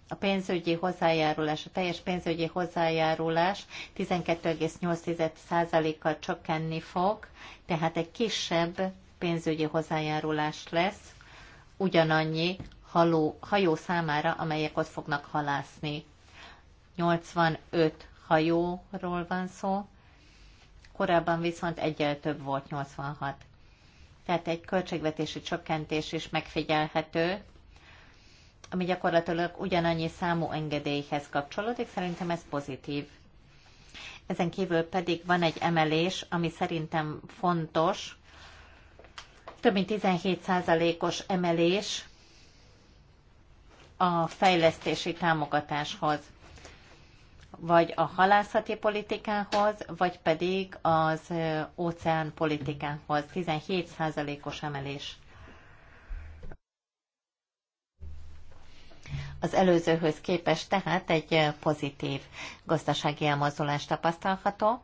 a pénzügyi hozzájárulás, a teljes pénzügyi hozzájárulás 12,8%-kal csökkenni fog, tehát egy kisebb pénzügyi hozzájárulás lesz, ugyanannyi haló, hajó számára, amelyek ott fognak halászni. 85 hajóról van szó, korábban viszont egyel több volt, 86. Tehát egy költségvetési csökkentés is megfigyelhető, ami gyakorlatilag ugyanannyi számú engedélyhez kapcsolódik, szerintem ez pozitív. Ezen kívül pedig van egy emelés, ami szerintem fontos, több mint 17%-os emelés a fejlesztési támogatáshoz, vagy a halászati politikához, vagy pedig az óceán politikához. 17%-os emelés. Az előzőhöz képest tehát egy pozitív gazdasági elmozdulás tapasztalható.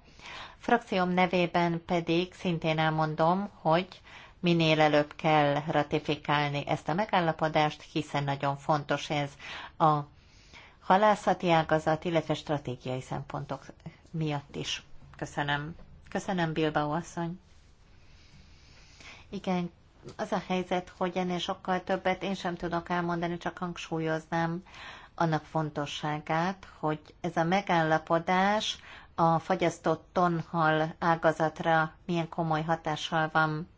Frakcióm nevében pedig szintén elmondom, hogy minél előbb kell ratifikálni ezt a megállapodást, hiszen nagyon fontos ez a halászati ágazat, illetve stratégiai szempontok miatt is. Köszönöm. Köszönöm, Bilbao asszony. Igen, az a helyzet, hogy ennél sokkal többet én sem tudok elmondani, csak hangsúlyoznám annak fontosságát, hogy ez a megállapodás a fagyasztott tonhal ágazatra milyen komoly hatással van.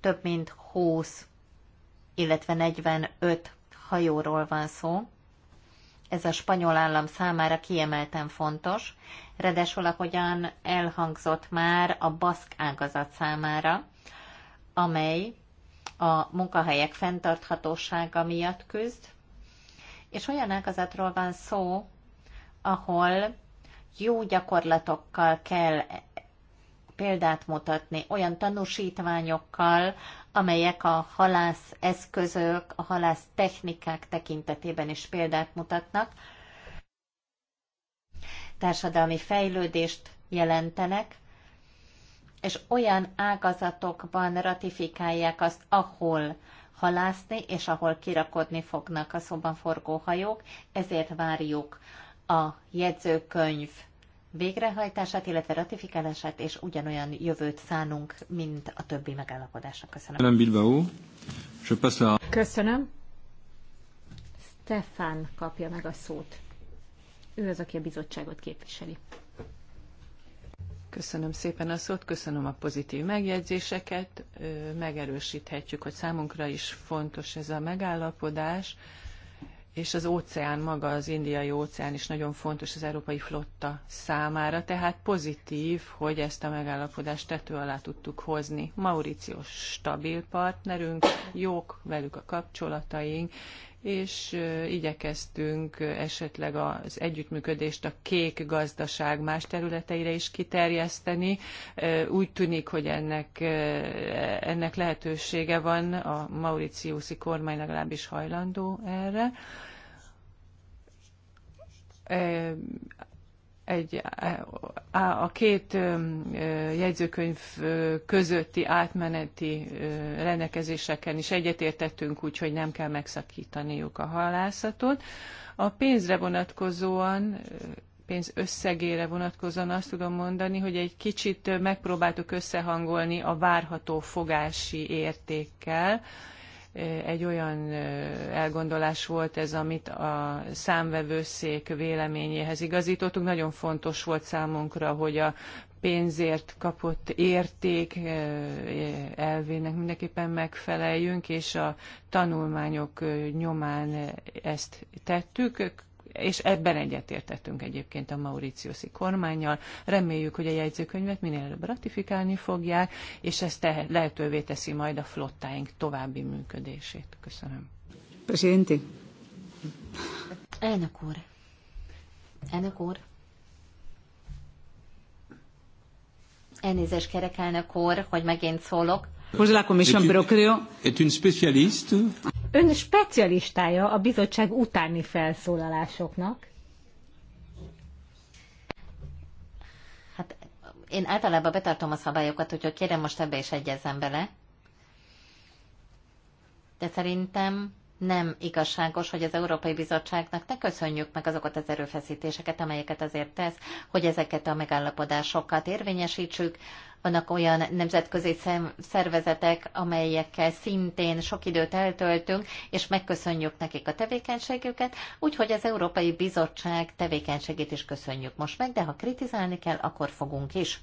Több mint 20, illetve 45 hajóról van szó, ez a spanyol állam számára kiemelten fontos, redesul ahogyan elhangzott már a baszk ágazat számára, amely a munkahelyek fenntarthatósága miatt küzd, és olyan ágazatról van szó, ahol jó gyakorlatokkal kell példát mutatni olyan tanúsítványokkal, amelyek a halász eszközök, a halász technikák tekintetében is példát mutatnak, társadalmi fejlődést jelentenek, és olyan ágazatokban ratifikálják azt, ahol halászni, és ahol kirakodni fognak a szoban hajók, ezért várjuk a jegyzőkönyv végrehajtását, illetve ratifikálását, és ugyanolyan jövőt szánunk, mint a többi megállapodásnak. Köszönöm. Köszönöm, Bilbao. Köszönöm. Stefan kapja meg a szót. Ő az, aki a bizottságot képviseli. Köszönöm szépen a szót, köszönöm a pozitív megjegyzéseket. Megerősíthetjük, hogy számunkra is fontos ez a megállapodás és az óceán maga, az indiai óceán is nagyon fontos az európai flotta számára, tehát pozitív, hogy ezt a megállapodást tető alá tudtuk hozni. Mauricio stabil partnerünk, jók velük a kapcsolataink, és igyekeztünk esetleg az együttműködést a kék gazdaság más területeire is kiterjeszteni. Úgy tűnik, hogy ennek, ennek lehetősége van, a mauritiuszi kormány legalábbis hajlandó erre egy, a két jegyzőkönyv közötti átmeneti rendelkezéseken is egyetértettünk, úgyhogy nem kell megszakítaniuk a halászatot. A pénzre vonatkozóan pénz összegére vonatkozóan azt tudom mondani, hogy egy kicsit megpróbáltuk összehangolni a várható fogási értékkel, egy olyan elgondolás volt ez, amit a számvevőszék véleményéhez igazítottuk. Nagyon fontos volt számunkra, hogy a pénzért kapott érték elvének mindenképpen megfeleljünk, és a tanulmányok nyomán ezt tettük és ebben egyetértettünk egyébként a Mauritiuszi kormányjal. Reméljük, hogy a jegyzőkönyvet minél előbb ratifikálni fogják, és ez tehet, lehetővé teszi majd a flottáink további működését. Köszönöm. Presidente. Elnök úr. Elnök úr. Elnézést kerek elnök úr, hogy megint szólok. Pues la comisión, pero creo... Es un especialista. Ön specialistája a bizottság utáni felszólalásoknak. Hát én általában betartom a szabályokat, úgyhogy kérem most ebbe is egyezem bele. De szerintem nem igazságos, hogy az Európai Bizottságnak ne köszönjük meg azokat az erőfeszítéseket, amelyeket azért tesz, hogy ezeket a megállapodásokat érvényesítsük, vannak olyan nemzetközi szervezetek, amelyekkel szintén sok időt eltöltünk, és megköszönjük nekik a tevékenységüket, úgyhogy az Európai Bizottság tevékenységét is köszönjük most meg, de ha kritizálni kell, akkor fogunk is.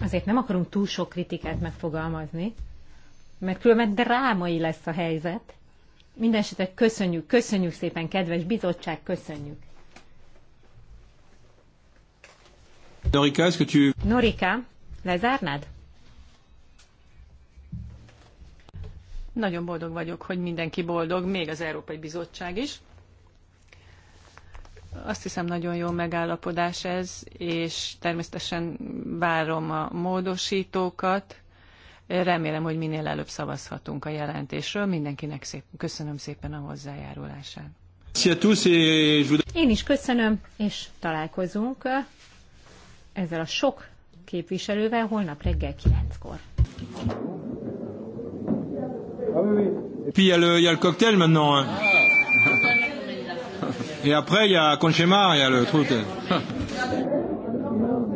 Azért nem akarunk túl sok kritikát megfogalmazni, mert különben drámai lesz a helyzet. Mindenesetre köszönjük, köszönjük szépen, kedves bizottság, köszönjük. Norika, est-ce que tu... Norika, lezárnád? Nagyon boldog vagyok, hogy mindenki boldog, még az Európai Bizottság is. Azt hiszem nagyon jó megállapodás ez, és természetesen várom a módosítókat. Remélem, hogy minél előbb szavazhatunk a jelentésről. Mindenkinek szép, köszönöm szépen a hozzájárulását. Én is köszönöm, és találkozunk ezzel a sok képviselővel holnap reggel 9-kor. Puis il y, a le, il y a le cocktail maintenant. Hein. (laughs) Et après, il y a Conchemar, il y a le truc. (laughs)